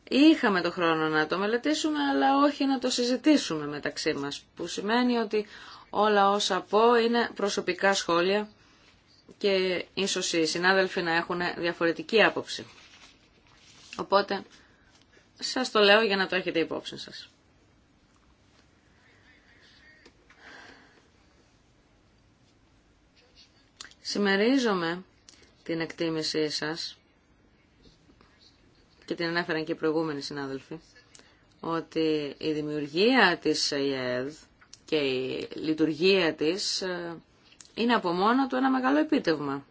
Speaker 3: Είχαμε το χρόνο να το μελετήσουμε, αλλά όχι να το συζητήσουμε μεταξύ μας, που σημαίνει ότι όλα όσα πω είναι προσωπικά σχόλια και ίσως οι συνάδελφοι να έχουν διαφορετική άποψη. Οπότε, σας το λέω για να το έχετε υπόψη σας. Σημερίζομαι την εκτίμησή σας και την ανέφεραν και οι προηγούμενοι συνάδελφοι ότι η δημιουργία της ΕΕΔ και η λειτουργία της ε, είναι από μόνο του ένα μεγάλο επίτευγμα.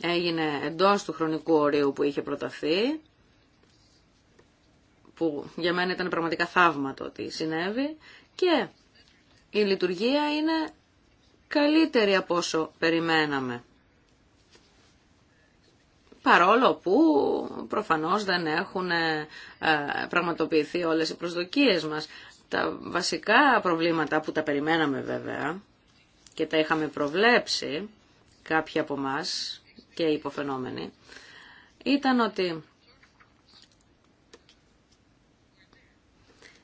Speaker 3: Έγινε εντός του χρονικού ορίου που είχε προταθεί, που για μένα ήταν πραγματικά θαύματο ότι συνέβη, και η λειτουργία είναι καλύτερη από όσο περιμέναμε. Παρόλο που προφανώς δεν έχουν ε, ε, πραγματοποιηθεί όλες οι προσδοκίες μας. Τα βασικά προβλήματα που τα περιμέναμε βέβαια και τα είχαμε προβλέψει κάποιοι από μας και οι υποφαινόμενοι ήταν ότι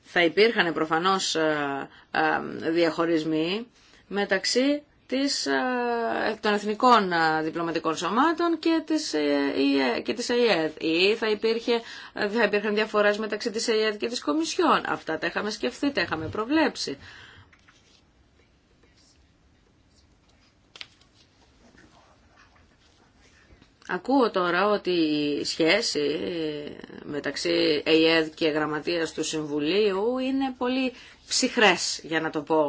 Speaker 3: θα υπήρχαν προφανώς ε, διαχωρισμοί μεταξύ της, ε, των εθνικών ε, διπλωματικών σωμάτων και της, ε, και της ΑΕΔ. Ή θα, υπήρχε, θα υπήρχαν διαφορές μεταξύ της ΑΕΔ και της Κομισιόν. Αυτά τα είχαμε σκεφτεί, τα είχαμε προβλέψει. Ακούω τώρα ότι η σχέση μεταξύ ΑΕΔ και Γραμματείας του Συμβουλίου είναι πολύ ψυχρές, για να το πω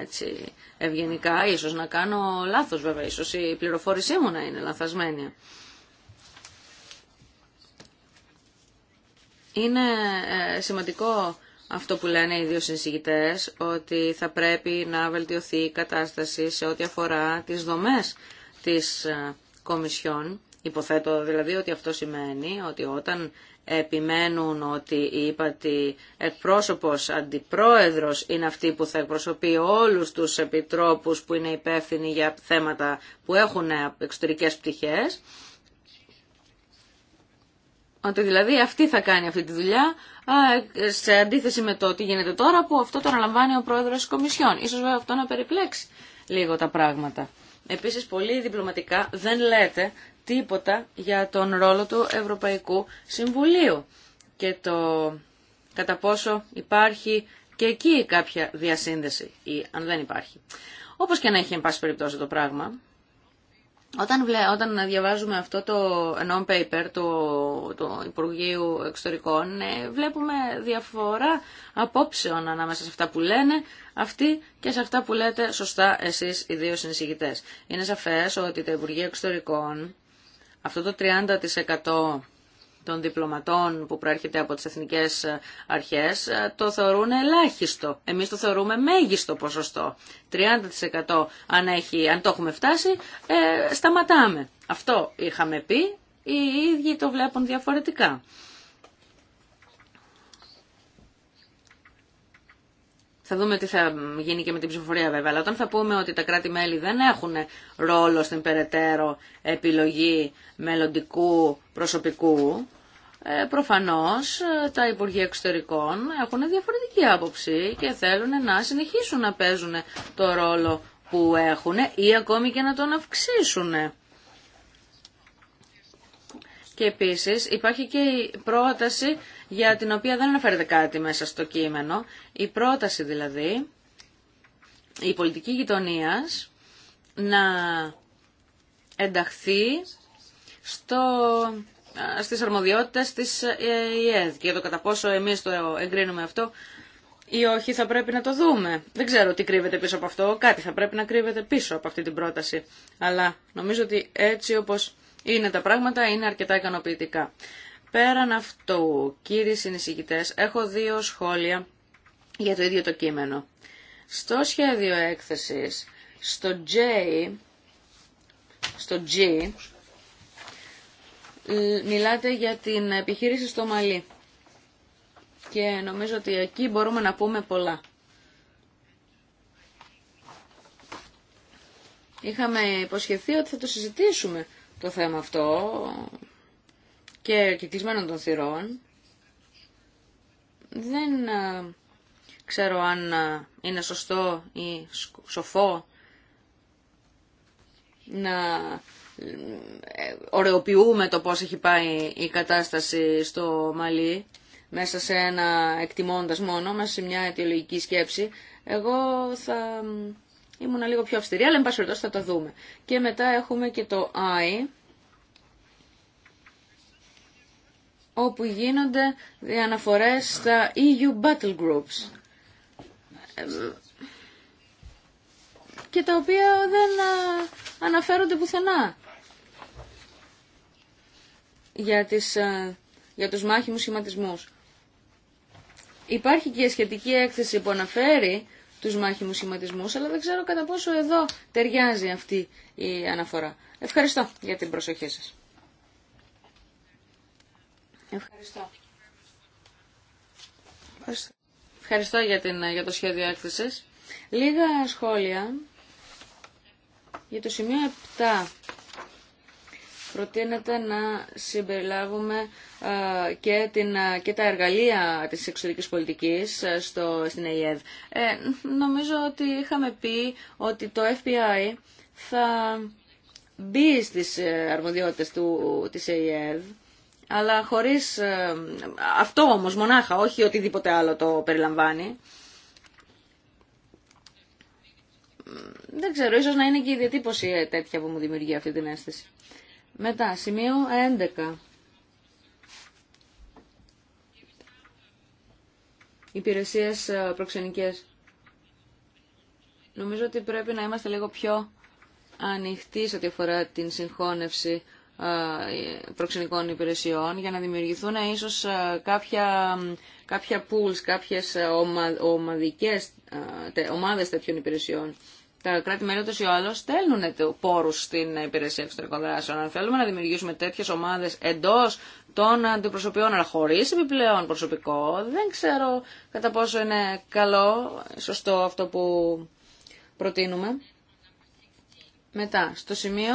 Speaker 3: έτσι, ευγενικά, ίσως να κάνω λάθος βέβαια, ίσως η πληροφόρησή μου να είναι λανθασμένη. Είναι ε, σημαντικό αυτό που λένε οι δύο συνσηγητές, ότι θα πρέπει να βελτιωθεί η κατάσταση σε ό,τι αφορά τις δομές της ε, Κομισιόν. Υποθέτω δηλαδή ότι αυτό σημαίνει ότι όταν επιμένουν ότι η ύπατη εκπρόσωπος, αντιπρόεδρος είναι αυτή που θα εκπροσωπεί όλους τους επιτρόπους που είναι υπεύθυνοι για θέματα που έχουν εξωτερικές πτυχές. Ότι δηλαδή αυτή θα κάνει αυτή τη δουλειά σε αντίθεση με το τι γίνεται τώρα που αυτό το αναλαμβάνει ο πρόεδρος της Κομισιόν. Ίσως βέβαια αυτό να περιπλέξει λίγο τα πράγματα. Επίσης πολύ διπλωματικά δεν λέτε τίποτα για τον ρόλο του Ευρωπαϊκού Συμβουλίου και το κατά πόσο υπάρχει και εκεί κάποια διασύνδεση ή αν δεν υπάρχει. Όπως και να έχει εν πάση περιπτώσει το πράγμα, όταν, βλέ, όταν διαβάζουμε αυτό το non-paper του, το Υπουργείου Εξωτερικών, ε, βλέπουμε διαφορά απόψεων ανάμεσα σε αυτά που λένε αυτοί και σε αυτά που λέτε σωστά εσείς οι δύο συνεισηγητές. Είναι σαφές ότι το Υπουργείο Εξωτερικών αυτό το 30% των διπλωματών που προέρχεται από τις εθνικές αρχές ε, το θεωρούν ελάχιστο. Εμείς το θεωρούμε μέγιστο ποσοστό. 30% αν, έχει, αν το έχουμε φτάσει ε, σταματάμε. Αυτό είχαμε πει, οι ίδιοι το βλέπουν διαφορετικά. Θα δούμε τι θα γίνει και με την ψηφοφορία βέβαια. Αλλά όταν θα πούμε ότι τα κράτη-μέλη δεν έχουν ρόλο στην περαιτέρω επιλογή μελλοντικού προσωπικού, ε, προφανώς ε, τα Υπουργεία Εξωτερικών έχουν διαφορετική άποψη και θέλουν να συνεχίσουν να παίζουν το ρόλο που έχουν ή ακόμη και να τον αυξήσουν. Και επίσης υπάρχει και η πρόταση για την οποία δεν αναφέρεται κάτι μέσα στο κείμενο. Η πρόταση δηλαδή, η πολιτική γειτονία να ενταχθεί στο, στις αρμοδιότητες της ΙΕΔ ε, και το κατά πόσο εμείς το εγκρίνουμε αυτό ή όχι θα πρέπει να το δούμε. Δεν ξέρω τι κρύβεται πίσω από αυτό, κάτι θα πρέπει να κρύβεται πίσω από αυτή την πρόταση. Αλλά νομίζω ότι έτσι όπως είναι τα πράγματα είναι αρκετά ικανοποιητικά. Πέραν αυτού, κύριοι συνεισηγητές, έχω δύο σχόλια για το ίδιο το κείμενο. Στο σχέδιο έκθεσης, στο J, στο G, μιλάτε για την επιχείρηση στο Μαλί. Και νομίζω ότι εκεί μπορούμε να πούμε πολλά. Είχαμε υποσχεθεί ότι θα το συζητήσουμε το θέμα αυτό και κυκλισμένων των θυρών. Δεν ε, ξέρω αν ε, είναι σωστό ή σοφό να ε, ωρεοποιούμε το πώς έχει πάει η κατάσταση στο Μαλί μέσα σε ένα εκτιμώντας μόνο, μέσα σε μια αιτιολογική σκέψη. Εγώ θα ήμουν λίγο πιο αυστηρή, αλλά εν πάση περιπτώσει θα τα δούμε. Και μετά έχουμε και το I, όπου γίνονται οι αναφορές στα EU Battle Groups και τα οποία δεν αναφέρονται πουθενά για, τις, για τους μάχημους σχηματισμούς. Υπάρχει και σχετική έκθεση που αναφέρει τους μάχημους σχηματισμούς, αλλά δεν ξέρω κατά πόσο εδώ ταιριάζει αυτή η αναφορά. Ευχαριστώ για την προσοχή σας. Ευχαριστώ. Ευχαριστώ για, την, για το σχέδιο έκθεση. Λίγα σχόλια για το σημείο 7 προτείνεται να συμπεριλάβουμε ε, και, την, ε, τα εργαλεία της εξωτερικής πολιτικής ε, στο, στην ΑΕΔ. Ε, νομίζω ότι είχαμε πει ότι το FBI θα μπει στις αρμοδιότητες του, της Ε.Ε αλλά χωρίς... Ε, αυτό όμως μονάχα, όχι οτιδήποτε άλλο το περιλαμβάνει. Δεν ξέρω, ίσως να είναι και η διατύπωση ε, τέτοια που μου δημιουργεί αυτή την αίσθηση. Μετά, σημείο 11. Υπηρεσίες ε, προξενικές. Νομίζω ότι πρέπει να είμαστε λίγο πιο ανοιχτοί σε ό,τι αφορά την συγχώνευση ε, προξενικών υπηρεσιών για να δημιουργηθούν ίσως ε, κάποια, κάποια pools, κάποιες ε, ομαδικές, ομάδες τέτοιων υπηρεσιών. Τα κράτη-μέλη ούτως ή άλλως στέλνουν πόρους στην υπηρεσία εξωτερικών δράσεων. Αν θέλουμε να δημιουργήσουμε τέτοιες ομάδες εντός των αντιπροσωπιών, αλλά χωρίς επιπλέον προσωπικό, δεν ξέρω κατά πόσο είναι καλό, σωστό αυτό που προτείνουμε. Μετά, στο σημείο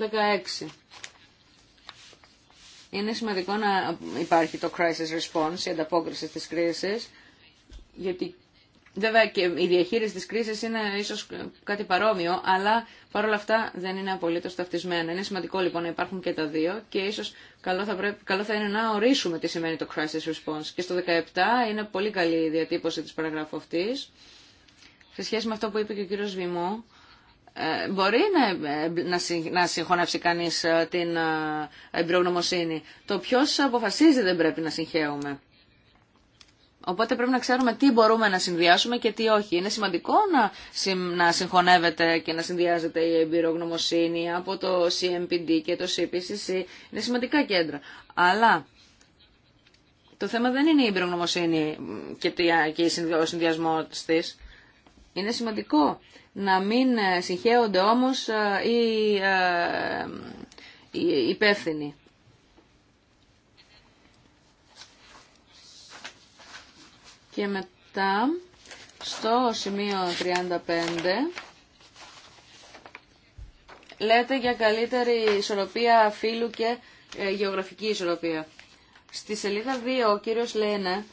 Speaker 3: 16. Είναι σημαντικό να υπάρχει το crisis response, η ανταπόκριση της κρίσης, γιατί βέβαια και η διαχείριση της κρίσης είναι ίσως κάτι παρόμοιο, αλλά παρόλα αυτά δεν είναι απολύτως ταυτισμένα. Είναι σημαντικό λοιπόν να υπάρχουν και τα δύο και ίσως καλό θα, πρέπει, καλό θα είναι να ορίσουμε τι σημαίνει το crisis response. Και στο 17 είναι πολύ καλή η διατύπωση της παραγράφου αυτής. Σε σχέση με αυτό που είπε και ο κύριος Βημό, ε, μπορεί ε, να, συγχωνεύσει κανείς ε, την εμπειρογνωμοσύνη. Το ποιος αποφασίζει δεν πρέπει να συγχαίουμε. Οπότε πρέπει να ξέρουμε τι μπορούμε να συνδυάσουμε και τι όχι. Είναι σημαντικό να, να συγχωνεύεται και να συνδυάζεται η εμπειρογνωμοσύνη από το CMPD και το CPCC. Είναι σημαντικά κέντρα. Αλλά το θέμα δεν είναι η εμπειρογνωμοσύνη και, και ο συνδυασμό τη. Είναι σημαντικό να μην ε, συγχέονται όμως ε, ε, οι, υπεύθυνοι. Και μετά στο σημείο 35 λέτε για καλύτερη ισορροπία φύλου και γεωγραφική ισορροπία. Στη σελίδα 2 ο κύριος Λένε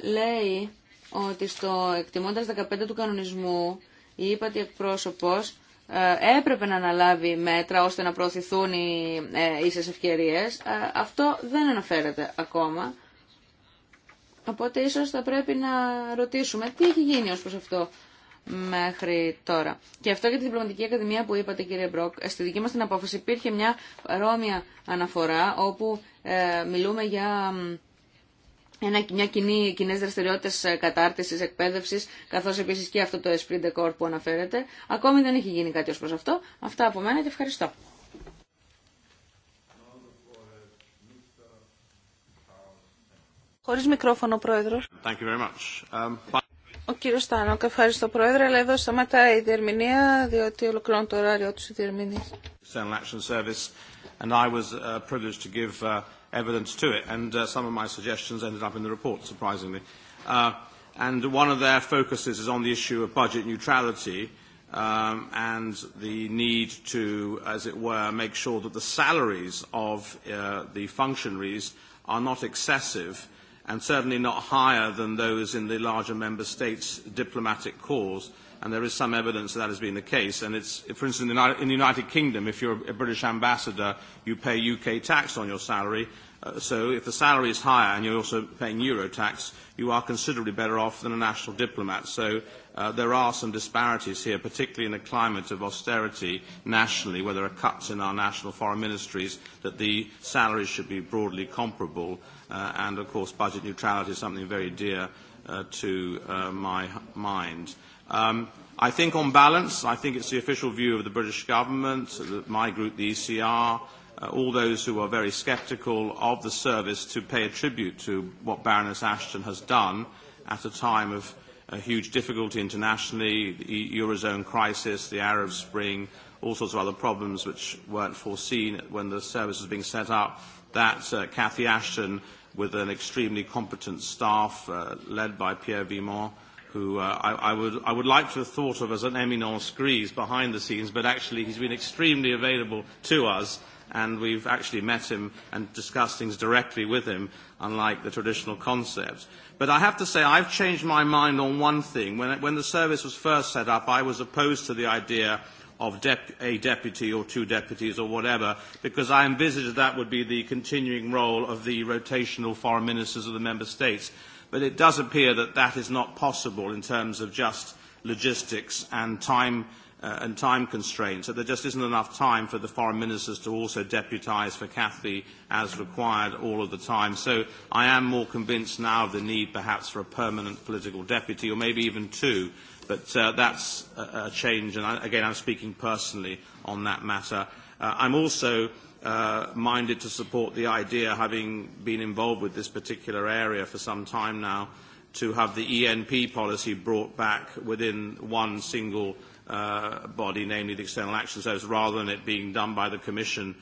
Speaker 3: λέει ότι στο εκτιμώντας 15 του κανονισμού η ύπατη εκπρόσωπος ε, έπρεπε να αναλάβει μέτρα ώστε να προωθηθούν οι ε, ίσες ευκαιρίες. Ε, αυτό δεν αναφέρεται ακόμα. Οπότε ίσως θα πρέπει να ρωτήσουμε τι έχει γίνει ως προς αυτό μέχρι τώρα. Και αυτό για τη Διπλωματική Ακαδημία που είπατε κύριε Μπροκ, στη δική μας την απόφαση υπήρχε μια παρόμοια αναφορά όπου μιλούμε για ένα, μια κοινή, κοινές δραστηριότητες ε, κατάρτισης, εκπαίδευσης, καθώς επίσης και αυτό το Esprit de Corps που αναφέρεται. Ακόμη δεν έχει γίνει κάτι ως προς αυτό. Αυτά από μένα και ευχαριστώ.
Speaker 7: Χωρίς μικρόφωνο, πρόεδρο.
Speaker 8: Um,
Speaker 7: Ο κύριο Στάνοκ, ευχαριστώ Πρόεδρε, αλλά εδώ σταματάει η διερμηνία, διότι ολοκληρώνει το ωράριο του η διερμηνία
Speaker 8: evidence to it, and some of my suggestions ended up in the report, surprisingly. And one of their focuses is on the issue of budget neutrality and the need to, as it were, make sure that the salaries of the functionaries are not excessive and certainly not higher than those in the larger member states' diplomatic corps and there is some evidence that that has been the case. And for instance, in the United Kingdom, if you're a British ambassador, you pay UK tax on your salary. So if the salary is higher and you're also paying Euro tax, you are considerably better off than a national diplomat. So there are some disparities here, particularly in a climate of austerity nationally, where there are cuts in our national foreign ministries, that the salaries should be broadly comparable. And, of course, budget neutrality is something very dear to my mind. I think on balance, I think it's the official view of the British government, my group, the ECR, all those who are very sceptical of the service to pay a tribute to what Baroness Ashton has done at a time of huge difficulty internationally, the Eurozone crisis, the Arab Spring, all sorts of other problems which weren't foreseen when the service was being set up, that Cathy Ashton, with an extremely competent staff led by Pierre Vimont, who I would I would like to have thought of as an eminence grise behind the scenes, but actually he's been extremely available to us, and we've actually met him and discussed things directly with him, unlike the traditional concept. But I have to say I've changed my mind on one thing. When the service was first set up, I was opposed to the idea of a deputy or two deputies or whatever, because I envisaged that would be the continuing role of the rotational foreign ministers of the member states but it does appear that that is not possible in terms of just logistics and time and time constraints, that there just isn't enough time for the foreign ministers to also deputise for Cathy as required all of the time. So I am more convinced now of the need perhaps for a permanent political deputy, or maybe even two. But that's a change, and again, I'm speaking personally on that matter. I'm also minded to support the idea, having been involved with this particular area for some time now, to have the ENP policy brought back within one single body, namely the External Action Service, rather than it being done by the Commission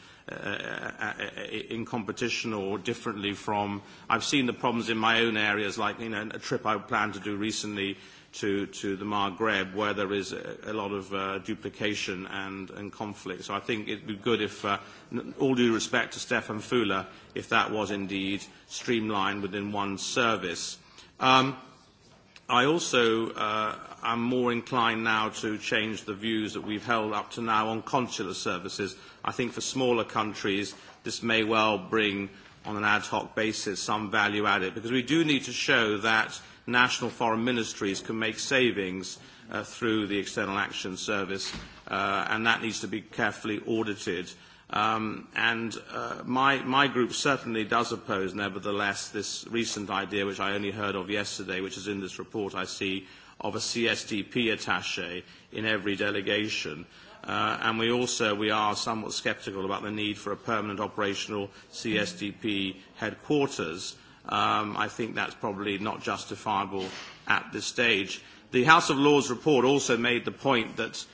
Speaker 8: in competition or differently from. I've seen the problems in my own areas, like a trip I planned to do recently to to the Maghreb, where there is a lot of duplication and and conflict. So I think it would be good if, all due respect to Stefan Fuller if that was indeed streamlined within one service. I also am more inclined now to change the views that we've held up to now on consular services. I think for smaller countries, this may well bring, on an ad hoc basis, some value added, because we do need to show that national foreign ministries can make savings through the External Action Service, and that needs to be carefully audited. And my group certainly does oppose, nevertheless, this recent idea, which I only heard of yesterday, which is in this report, I see, of a CSDP attaché in every delegation. And we also, we are somewhat sceptical about the need for a permanent operational CSDP headquarters I think that's probably not justifiable at this stage. The House of Lords report also made the point that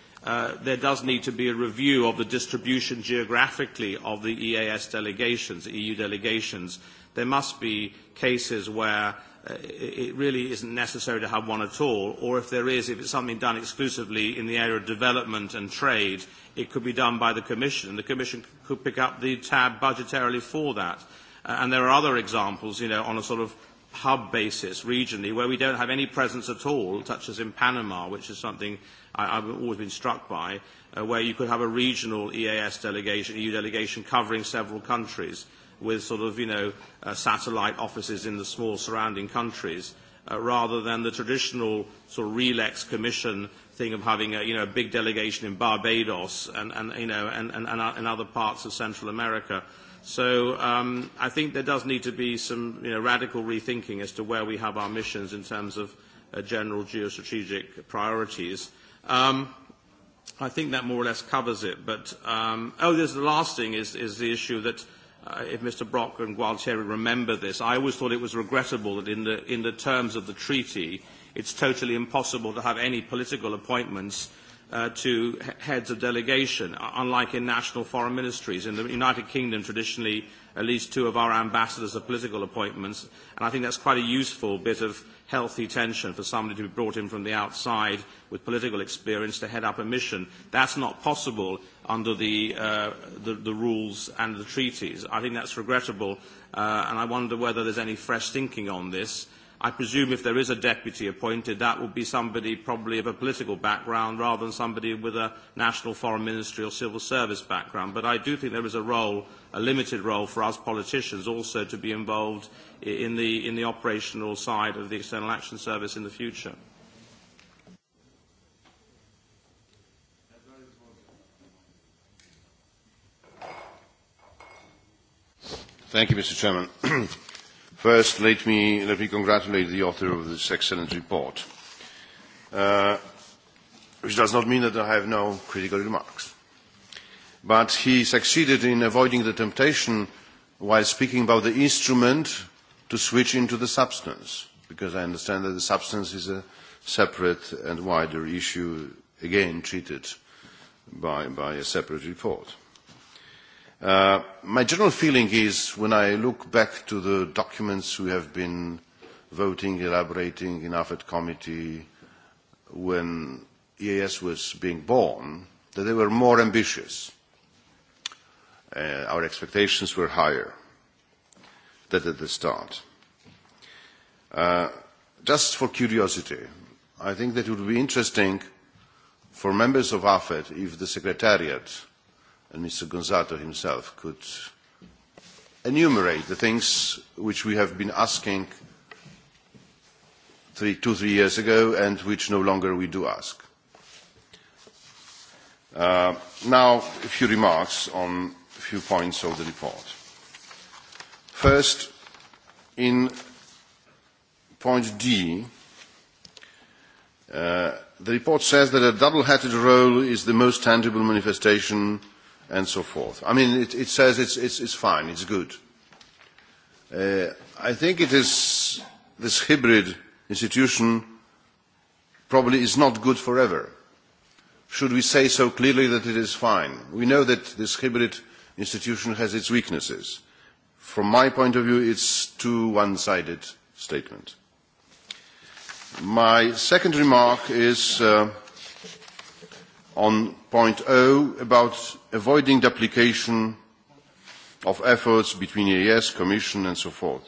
Speaker 8: there does need to be a review of the distribution geographically of the EAS delegations, EU delegations. There must be cases where it really isn't necessary to have one at all, or if there is, if it's something done exclusively in the area of development and trade, it could be done by the Commission. and The Commission could pick up the tab budgetarily for that. And there are other examples, you know, on a sort of hub basis regionally where we don't have any presence at all, such as in Panama, which is something I I've always been struck by, where you could have a regional EAS delegation, EU delegation covering several countries with sort of, you know, satellite offices in the small surrounding countries rather than the traditional sort of RELEX commission thing of having a, you know, a big delegation in Barbados and, and, you know, and, and, and other parts of Central America So I think there does need to be some radical rethinking as to where we have our missions in terms of general geostrategic priorities. I think that more or less covers it. But oh, there's the last thing is is the issue that if Mr. Brock and Gualtieri remember this, I always thought it was regrettable that in the in the terms of the treaty, it's totally impossible to have any political appointments to heads of delegation, unlike in national foreign ministries. In the United Kingdom, traditionally, at least two of our ambassadors are political appointments, and I think that's quite a useful bit of healthy tension for somebody to be brought in from the outside with political experience to head up a mission. That's not possible under the rules and the treaties. I think that's regrettable, and I wonder whether there's any fresh thinking on this I presume if there is a deputy appointed, that would be somebody probably of a political background rather than somebody with a national foreign ministry or civil service background. But I do think there is a role, a limited role, for us politicians also to be involved in the, in the operational side of the External Action Service in the future.
Speaker 9: Thank you, Mr. Chairman. First, let me, let me congratulate the author of this excellent report, which does not mean that I have no critical remarks. But he succeeded in avoiding the temptation while speaking about the instrument to switch into the substance, because I understand that the substance is a separate and wider issue, again treated by a separate report. My general feeling is, when I look back to the documents we have been voting, elaborating in AFET committee when EAS was being born, that they were more ambitious. Our expectations were higher than at the start. Just for curiosity, I think that it would be interesting for members of AFET if the Secretariat and Mr. Gonzato himself could enumerate the things which we have been asking two, three years ago and which no longer we do ask. Now, a few remarks on a few points of the report. First, in point D, the report says that a double-headed role is the most tangible manifestation and so forth. I mean, it, it says it's, it's, it's fine, it's good. I think it is this hybrid institution probably is not good forever. Should we say so clearly that it is fine? We know that this hybrid institution has its weaknesses. From my point of view, it's too one-sided statement. My second remark is on point O about avoiding duplication of efforts between EAS, Commission and so forth.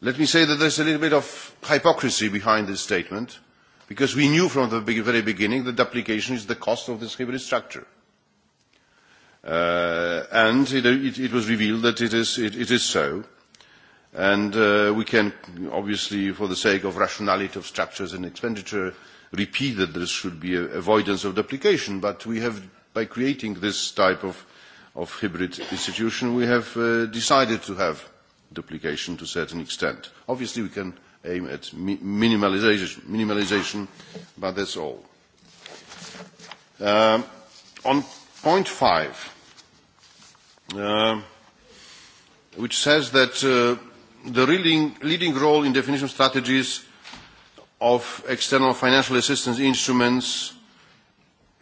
Speaker 9: Let me say that there is a little bit of hypocrisy behind this statement, because we knew from the very beginning that duplication is the cost of this hybrid structure. And it was revealed that it is so. And we can, obviously, for the sake of rationality of structures and expenditure, Repeat that there should be avoidance of duplication, but we have, by creating this type of hybrid institution, we have decided to have duplication to a certain extent. Obviously, we can aim at minimalisation, but that's all. On point five, which says that the leading role in definition strategies of external financial assistance instruments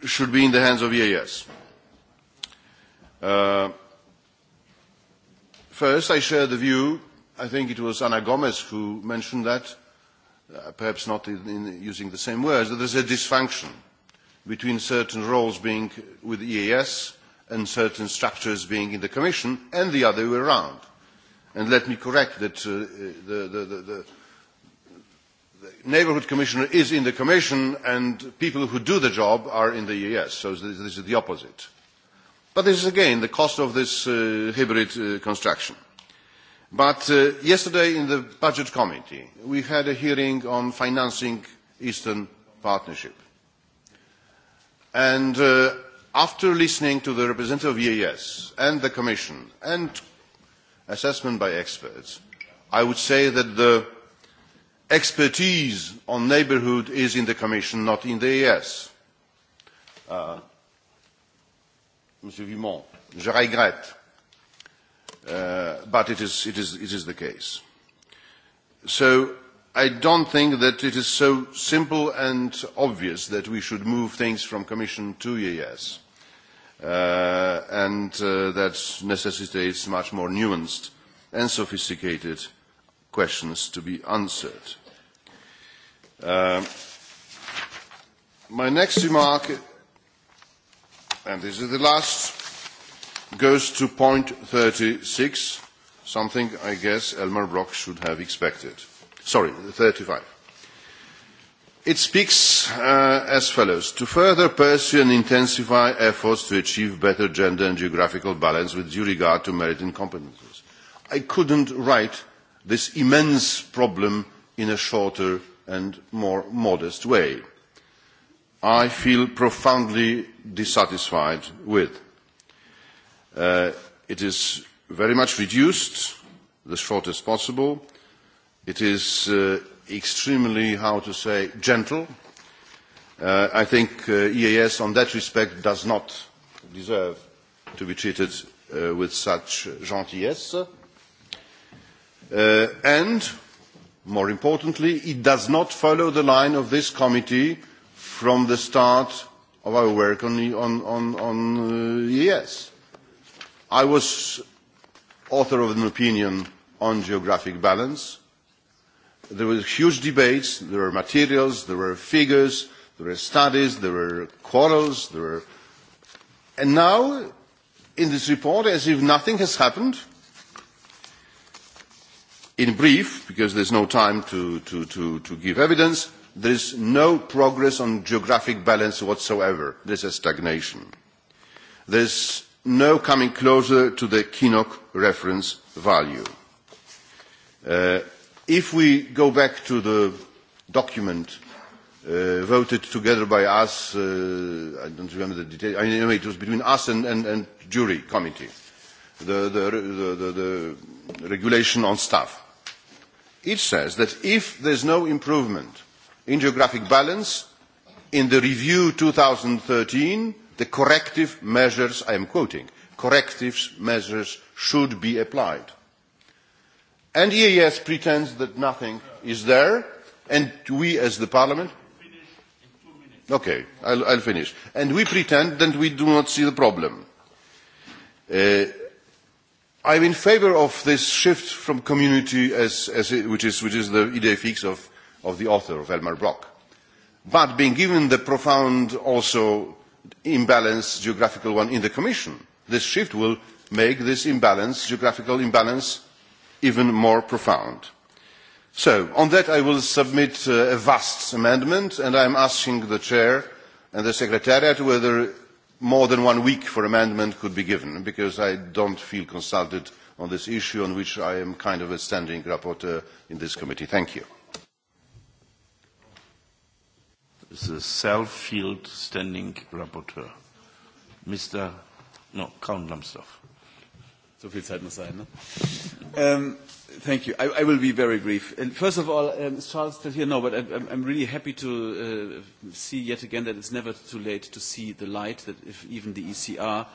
Speaker 9: should be in the hands of EAS. First, I share the view, I think it was Ana Gomez who mentioned that, perhaps not in using the same words, that there is a dysfunction between certain roles being with EAS and certain structures being in the Commission and the other way around. And let me correct that the neighbourhood commissioner is in the commission and people who do the job are in the EES, so this is the opposite. But this is again the cost of this hybrid construction. But yesterday in the Budget Committee we had a hearing on financing Eastern Partnership. And after listening to the representative of EAS and the Commission and assessment by experts, I would say that the expertise on neighbourhood is in the Commission, not in the ES. Monsieur Vimon, je regrette, but it is the case. So I don't think that it is so simple and obvious that we should move things from Commission to EAS, and that necessitates much more nuanced and sophisticated questions to be answered. My next remark, and this is the last, goes to point 36, something I guess Elmar Brock should have expected. Sorry, 35. It speaks as follows. To further pursue and intensify efforts to achieve better gender and geographical balance with due regard to merit and competences. I couldn't write this immense problem in a shorter and more modest way. I feel profoundly dissatisfied with. It is very much reduced, the shortest possible. It is extremely, how to say, gentle. I think EAS on that respect does not deserve to be treated with such gentillesse. And more importantly it does not follow the line of this committee from the start of our work on ees. i was author of an opinion on geographic balance. there were huge debates there were materials there were figures there were studies there were quarrels there and now in this report as if nothing has happened In brief, because there's no time to give evidence, there is no progress on geographic balance whatsoever. this is stagnation. There is no coming closer to the Kinnock reference value. If we go back to the document voted together by us, I don't remember the detail, anyway, it was between us and jury committee, the regulation on staff it says that if there is no improvement in geographic balance in the review 2013, the corrective measures, I am quoting, corrective measures should be applied. And EAS pretends that nothing is there, and we as the Parliament. Okay, I'll finish. And we pretend that we do not see the problem. I am in favour of this shift from community, as, as which, is, which is the idea fix of, of the author, of Elmar Brock. But being given the profound also geographical one, in the Commission, this shift will make this imbalance, geographical imbalance, even more profound. So, on that I will submit a vast amendment, and I am asking the Chair and the Secretariat whether more than one week for amendment could be given, because I don't feel consulted on this issue on which I am kind of a standing rapporteur in this committee. Thank you. self filled standing rapporteur. Mr.
Speaker 4: No,
Speaker 6: Count Lambsdorff. So viel Zeit muss sein, ne? Thank you. I will be very brief. First of all, is Charles still here? No, but I'm really happy to see yet again that it's never too late to see the light, that if even the ECR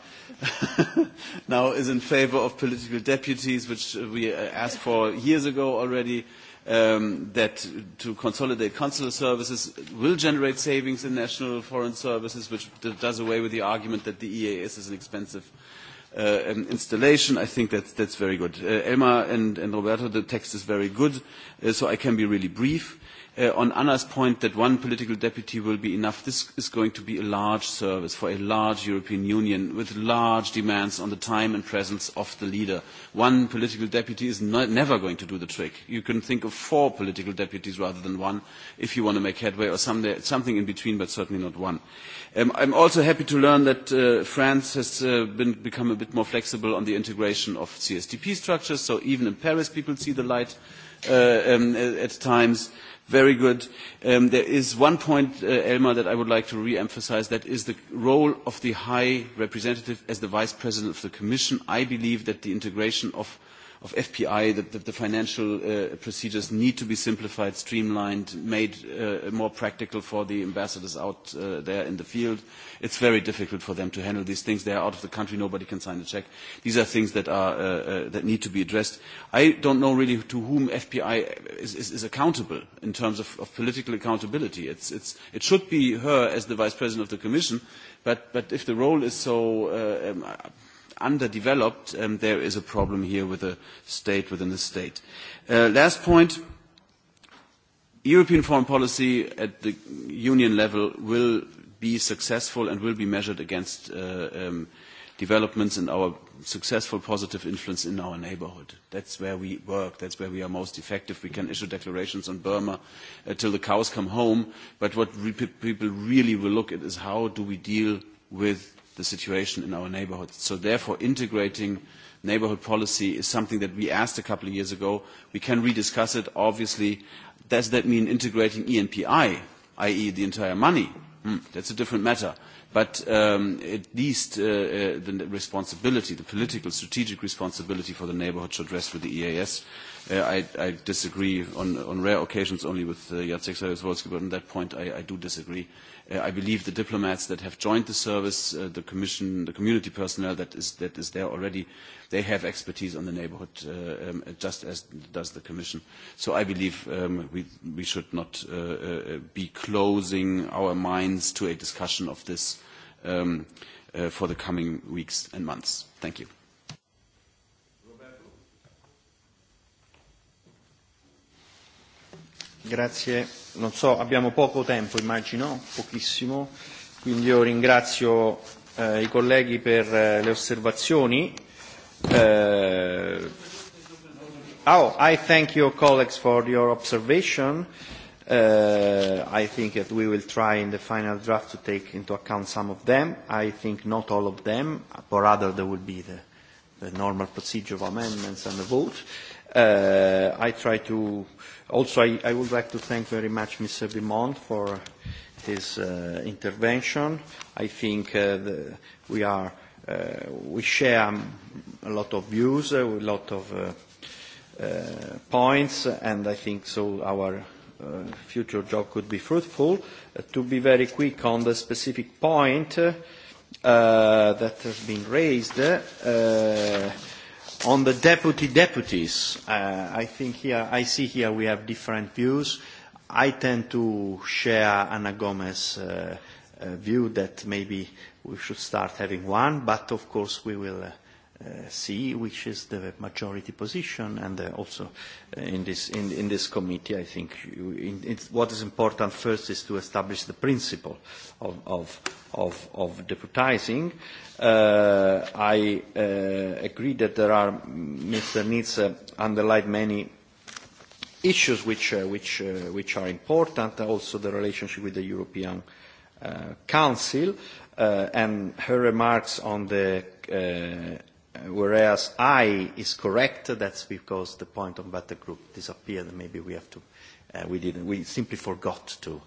Speaker 6: now is in favor of political deputies, which we asked for years ago already, that to consolidate consular services will generate savings in national foreign services, which does away with the argument that the EAS is an expensive installation. I think that's very good. Elmar and Roberto, the text is very good, so I can be really brief on Anna's point that one political deputy will be enough, this is going to be a large service for a large European Union with large demands on the time and presence of the leader. One political deputy is never going to do the trick. You can think of four political deputies rather than one if you want to make headway or something in between, but certainly not one. I'm also happy to learn that France has become a bit more flexible on the integration of CSDP structures, so even in Paris people see the light at times. Very good. There is one point, Elmar, that I would like to re-emphasize. That is the role of the High Representative as the Vice President of the Commission. I believe that the integration of of FPI, that the financial procedures need to be simplified, streamlined, made more practical for the ambassadors out there in the field. It's very difficult for them to handle these things. They are out of the country. Nobody can sign a check. These are things that need to be addressed. I don't know really to whom FPI is accountable in terms of political accountability. It should be her as the Vice President of the Commission, but if the role is so underdeveloped, there is a problem here with a state within the state. Last point. European foreign policy at the Union level will be successful and will be measured against developments in our successful positive influence in our neighborhood. That's where we work. That's where we are most effective. We can issue declarations on Burma until the cows come home, but what people really will look at is how do we deal with the situation in our neighborhoods. So therefore, integrating neighbourhood policy is something that we asked a couple of years ago. We can rediscuss it. Obviously, does that mean integrating ENPI, i.e. the entire money? That is a different matter. But at least the responsibility, the political, strategic responsibility for the neighbourhood should rest with the EAS. I disagree on rare occasions only with Jacek saryusz but on that point I do disagree. I believe the diplomats that have joined the service, the commission, the community personnel that is there already, they have expertise on the neighborhood just as does the commission. So I believe we should not be closing our minds to a discussion of this for the coming weeks and months. Thank you.
Speaker 1: Grazie. Non so, abbiamo poco tempo, immagino, pochissimo, quindi io ringrazio i colleghi per le osservazioni. Oh, I thank your colleagues for your observation. I think that we will try in the final draft to take into account some of them. I think not all of them, but rather there will be the, the normal procedure of amendments and the vote. I try to Also, I would like to thank very much Mr. Vimont for his intervention. I think we are we share a lot of views, a lot of points, and I think so our future job could be fruitful. To be very quick on the specific point that has been raised, On the deputy deputies, I think here, I see here we have different views. I tend to share Anna Gomez's view that maybe we should start having one, but of course we will C, which is the majority position, and also in this committee, I think what is important first is to establish the principle of of of deputizing. I agree that there are Mr. Nitz underlined many issues which are important, also the relationship with the European Council, and her remarks on the whereas I is correct, that's because the point on battle group disappeared. and Maybe we have to, we didn't, we simply forgot to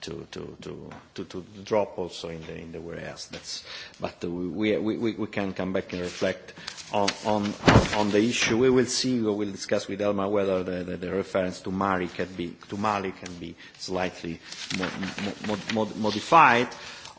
Speaker 1: to to to to to drop also in the in the whereas. That's, but we we we can come back and reflect on on on the issue. We will see. We will discuss with Elma whether the the reference to Mari can be to Mali can be slightly modified.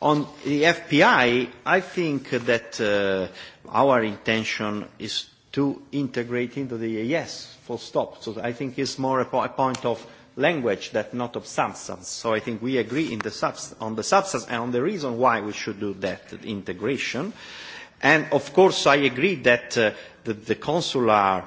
Speaker 1: On the FPI, I think that our intention is to integrate into the EAS, full stop. So I think it's more a point of language that not of substance. So I think we agree on the substance and on the reason why we should do that integration. And of course I agree that the consular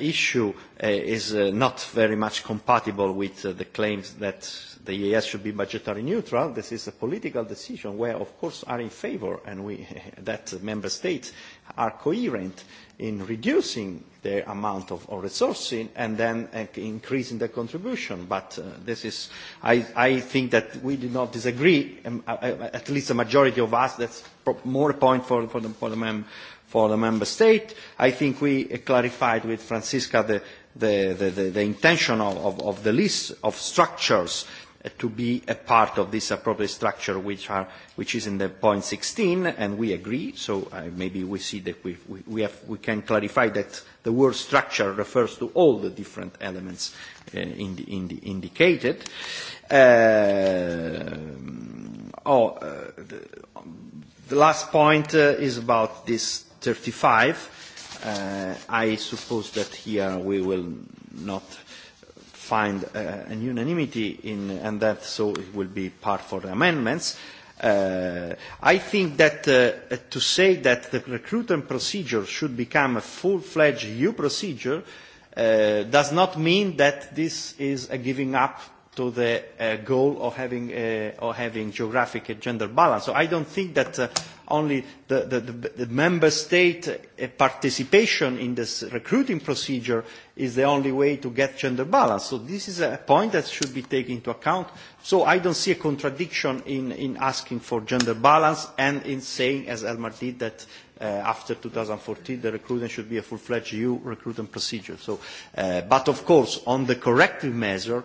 Speaker 1: issue is not very much compatible with the claims that the EAS should be budgetary neutral. This is a political decision where, of course, are in favor and we that member states are coherent in reducing the amount of resourcing and then increasing the contribution. But this is, I think that we do not disagree, at least the majority of us, that's more a point for the for the member state. I think we clarified with Francisca the the intention of the list of structures to be a part of this appropriate structure which is in the point 16 and we agree so maybe we see that we we can clarify that the word structure refers to all the different elements indicated. The last point is about this 35. I suppose that here we will not find an unanimity in and that so it will be part for the amendments. I think that to say that the recruitment procedure should become a full-fledged EU procedure does not mean that this is a giving up to the goal of having geographic gender balance. So I don't think that only the member state participation in this recruiting procedure is the only way to get gender balance. So this is a point that should be taken into account. So I don't see a contradiction in asking for gender balance and in saying, as Elmar did, that after 2014 the recruiting should be a full-fledged EU recruitment procedure. But of course, on the corrective measure,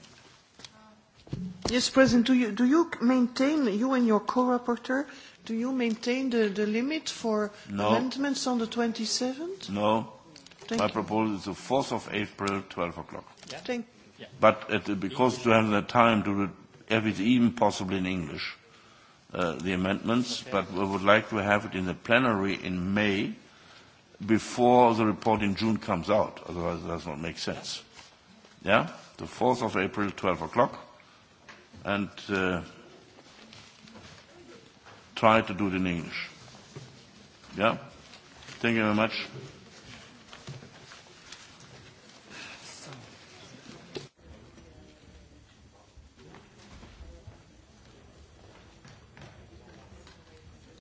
Speaker 1: Yes, President, do you, do you maintain, you and your co-rapporteur, do you maintain the, the limit for amendments on the 27th?
Speaker 4: No. My proposal is the 4th of April, 12 o'clock. But because we have the time to have it even possible in English, the amendments, but we would like to have it in the plenary in May before the report in June comes out. Otherwise, it does not make sense. Yeah? The 4th of April, 12 o'clock and try to do it in English. Yeah? Thank you very much.